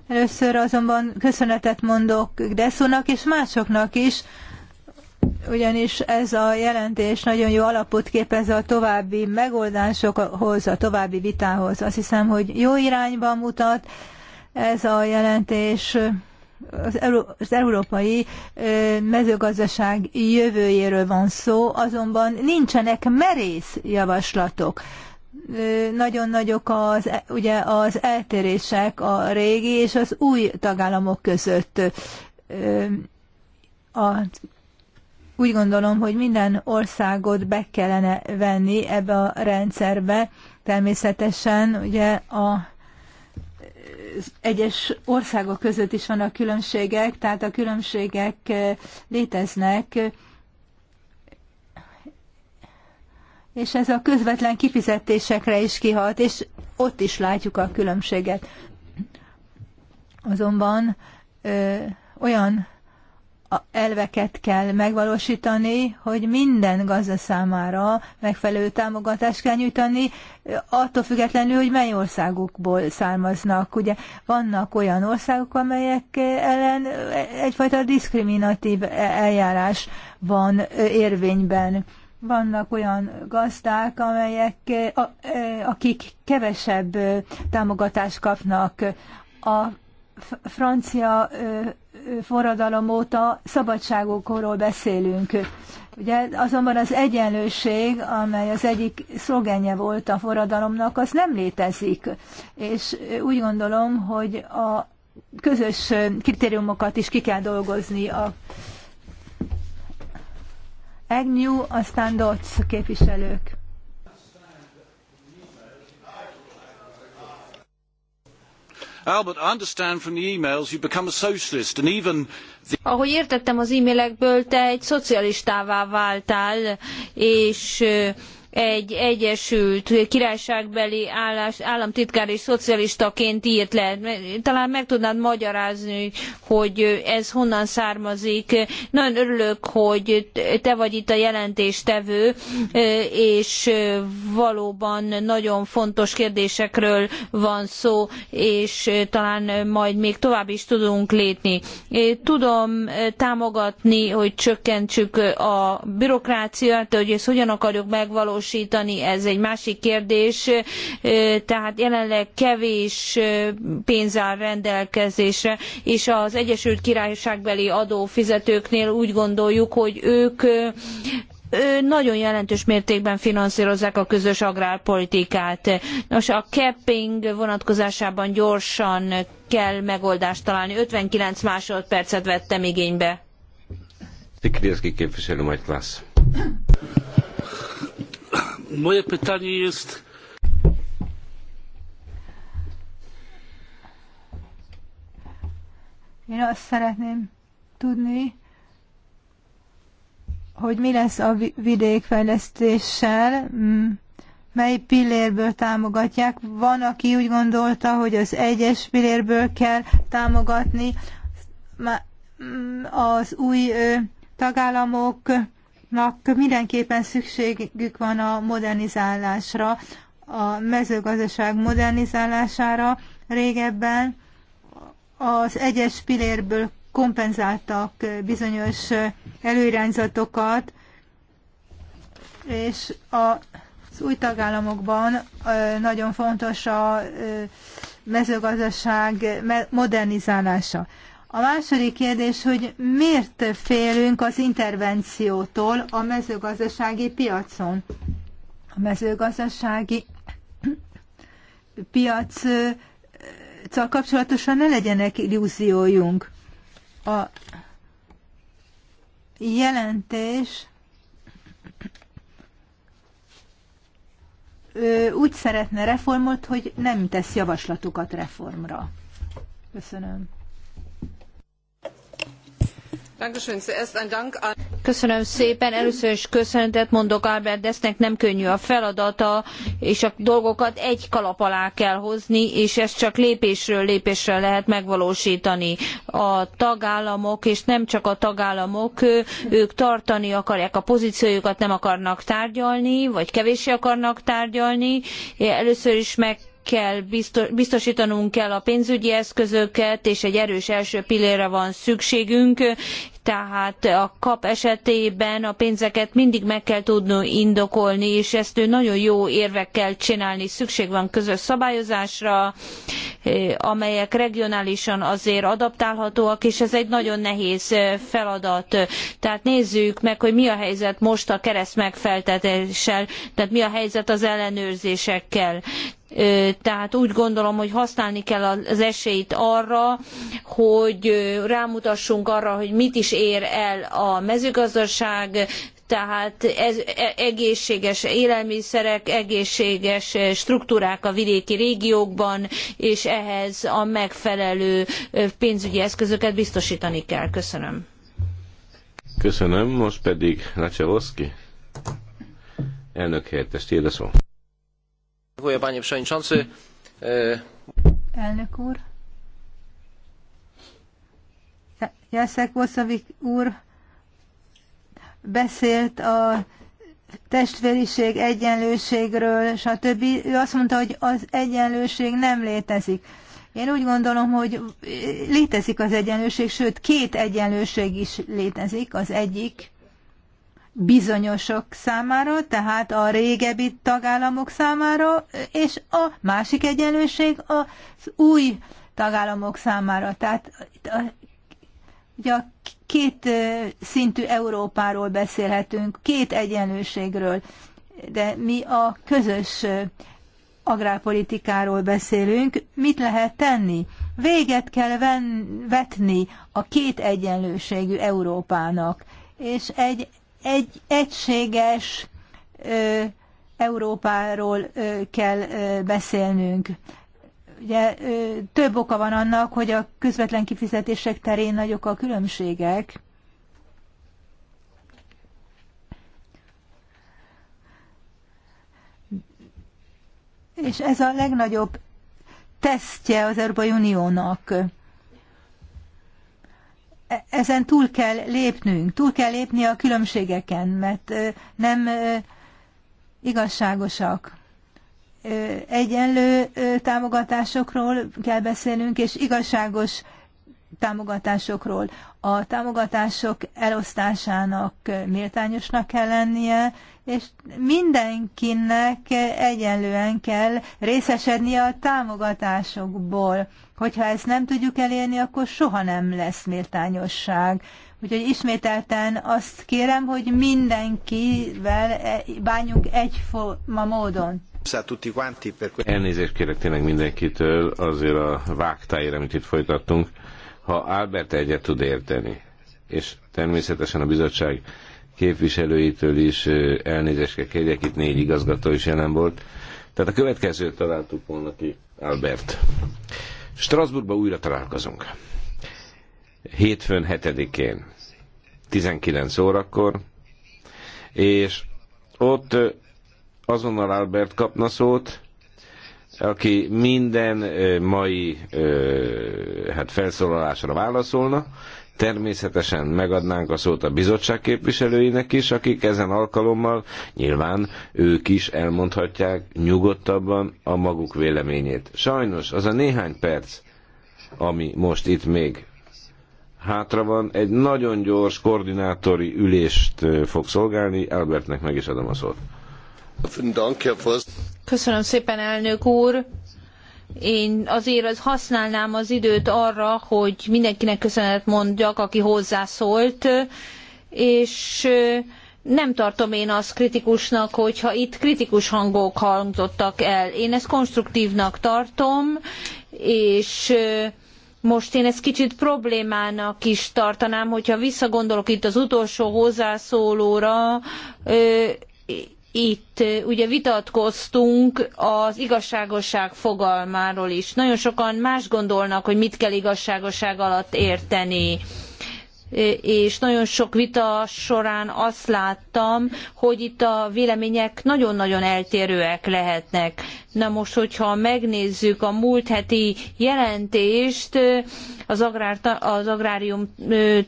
Először azonban köszönetet mondok Deszónak és másoknak is, ugyanis ez a jelentés nagyon jó alapot képez a további megoldásokhoz, a további vitához. Azt hiszem, hogy jó irányba mutat ez a jelentés az, Euró- az európai mezőgazdaság jövőjéről van szó, azonban nincsenek merész javaslatok. Nagyon nagyok az, ugye az eltérések a régi és az új tagállamok között. A úgy gondolom, hogy minden országot be kellene venni ebbe a rendszerbe. Természetesen ugye a egyes országok között is vannak különbségek, tehát a különbségek eh, léteznek, és ez a közvetlen kifizetésekre is kihat, és ott is látjuk a különbséget. Azonban ö, olyan elveket kell megvalósítani, hogy minden gazda számára megfelelő támogatást kell nyújtani, attól függetlenül, hogy mely országokból származnak. Ugye vannak olyan országok, amelyek ellen egyfajta diszkriminatív eljárás van érvényben. Vannak olyan gazdák, amelyek, akik kevesebb támogatást kapnak. A francia forradalom óta szabadságokról beszélünk. Ugye azonban az egyenlőség, amely az egyik szlogenje volt a forradalomnak, az nem létezik. És úgy gondolom, hogy a közös kritériumokat is ki kell dolgozni a Agnew, aztán Dodds képviselők. Albert, I understand from the emails you've become a socialist and even the... Ahogy értettem az e-mailekből, te egy szocialistává váltál, és egy egyesült királyságbeli állás, államtitkár és szocialistaként írt le. Talán meg tudnád magyarázni, hogy ez honnan származik. Nagyon örülök, hogy te vagy itt a jelentéstevő, és valóban nagyon fontos kérdésekről van szó, és talán majd még tovább is tudunk lépni. Tudom támogatni, hogy csökkentsük a bürokráciát, hogy ezt hogyan akarjuk megvalósítani, megvalósítani, ez egy másik kérdés, tehát jelenleg kevés pénz áll rendelkezésre, és az Egyesült Királyságbeli adófizetőknél úgy gondoljuk, hogy ők nagyon jelentős mértékben finanszírozzák a közös agrárpolitikát. Nos, a capping vonatkozásában gyorsan kell megoldást találni. 59 másodpercet vettem igénybe. Szikrieszki képviselő, majd klassz. Moje pytanie jest... Én azt szeretném tudni, hogy mi lesz a vidékfejlesztéssel, mely pillérből támogatják. Van, aki úgy gondolta, hogy az egyes pillérből kell támogatni, az új tagállamok mindenképpen szükségük van a modernizálásra, a mezőgazdaság modernizálására régebben az egyes pilérből kompenzáltak bizonyos előirányzatokat, és az új tagállamokban nagyon fontos a mezőgazdaság modernizálása. A második kérdés, hogy miért félünk az intervenciótól a mezőgazdasági piacon? A mezőgazdasági piac kapcsolatosan ne legyenek illúziójunk. A jelentés úgy szeretne reformot, hogy nem tesz javaslatokat reformra. Köszönöm. Köszönöm szépen. Először is köszönetet mondok Albert Desznek, nem könnyű a feladata, és a dolgokat egy kalap alá kell hozni, és ezt csak lépésről lépésre lehet megvalósítani. A tagállamok, és nem csak a tagállamok, ők tartani akarják a pozíciójukat, nem akarnak tárgyalni, vagy kevéssé akarnak tárgyalni. Először is meg kell, biztostanunk biztosítanunk kell a pénzügyi eszközöket, és egy erős első pillérre van szükségünk, tehát a kap esetében a pénzeket mindig meg kell tudni indokolni, és ezt ő nagyon jó érvekkel csinálni. Szükség van közös szabályozásra, amelyek regionálisan azért adaptálhatóak, és ez egy nagyon nehéz feladat. Tehát nézzük meg, hogy mi a helyzet most a kereszt megfeltetéssel, tehát mi a helyzet az ellenőrzésekkel tehát úgy gondolom, hogy használni kell az esélyt arra, hogy rámutassunk arra, hogy mit is ér el a mezőgazdaság, tehát ez e, egészséges élelmiszerek, egészséges struktúrák a vidéki régiókban, és ehhez a megfelelő pénzügyi eszközöket biztosítani kell. Köszönöm. Köszönöm, most pedig Lacsevoszki. Elnök helyettes, tiéd a panie przewodniczący. E, Elnök úr. Jacek Voszavik úr beszélt a testvériség, egyenlőségről, stb. Ő azt mondta, hogy az egyenlőség nem létezik. Én úgy gondolom, hogy létezik az egyenlőség, sőt, két egyenlőség is létezik. Az egyik bizonyosok számára, tehát a régebbi tagállamok számára, és a másik egyenlőség az új tagállamok számára. Tehát a, ugye a két szintű Európáról beszélhetünk, két egyenlőségről, de mi a közös agrárpolitikáról beszélünk, mit lehet tenni? Véget kell ven, vetni a két egyenlőségű Európának, és egy egy egységes Európáról kell beszélnünk. Ugye több oka van annak, hogy a közvetlen kifizetések terén nagyok a különbségek. És ez a legnagyobb tesztje az Európai Uniónak ezen túl kell lépnünk, túl kell lépni a különbségeken, mert nem igazságosak. Egyenlő támogatásokról kell beszélnünk, és igazságos támogatásokról. A támogatások elosztásának méltányosnak kell lennie, és mindenkinek egyenlően kell részesednie a támogatásokból. Hogyha ezt nem tudjuk elérni, akkor soha nem lesz méltányosság. Úgyhogy ismételten azt kérem, hogy mindenkivel e, bánjunk egyforma módon. Elnézést kérek tényleg mindenkitől azért a vágtáért, amit itt folytattunk. Ha Albert egyet tud érteni, és természetesen a bizottság képviselőitől is elnézést kell kérjek, itt négy igazgató is jelen volt. Tehát a következőt találtuk volna ki, Albert. Strasbourgba újra találkozunk. Hétfőn 7-én, 19 órakor, és ott azonnal Albert kapna szót, aki minden mai hát felszólalásra válaszolna. Természetesen megadnánk a szót a bizottság képviselőinek is, akik ezen alkalommal nyilván ők is elmondhatják nyugodtabban a maguk véleményét. Sajnos az a néhány perc, ami most itt még hátra van, egy nagyon gyors koordinátori ülést fog szolgálni. Albertnek meg is adom a szót. Köszönöm szépen, elnök úr! Én azért az használnám az időt arra, hogy mindenkinek köszönetet mondjak, aki hozzászólt, és nem tartom én azt kritikusnak, hogyha itt kritikus hangok hangzottak el. Én ezt konstruktívnak tartom, és most én ezt kicsit problémának is tartanám, hogyha visszagondolok itt az utolsó hozzászólóra, itt ugye vitatkoztunk az igazságosság fogalmáról is. Nagyon sokan más gondolnak, hogy mit kell igazságosság alatt érteni és nagyon sok vita során azt láttam, hogy itt a vélemények nagyon-nagyon eltérőek lehetnek. Na most, hogyha megnézzük a múlt heti jelentést az, agrár, az agrárium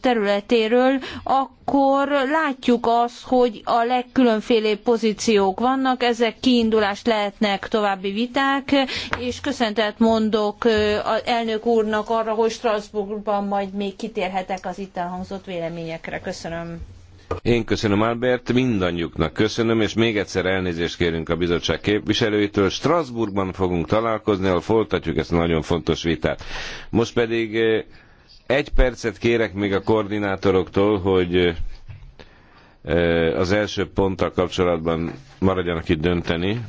területéről, akkor látjuk azt, hogy a legkülönfélébb pozíciók vannak, ezek kiindulást lehetnek további viták, és köszöntet mondok az elnök úrnak arra, hogy Strasbourgban majd még kitérhetek az itt elhangzott véleményekre. Köszönöm. Én köszönöm, Albert, mindannyiuknak köszönöm, és még egyszer elnézést kérünk a bizottság képviselőitől. Strasbourgban fogunk találkozni, ahol folytatjuk ezt a nagyon fontos vitát. Most pedig eh, egy percet kérek még a koordinátoroktól, hogy eh, az első ponttal kapcsolatban maradjanak itt dönteni.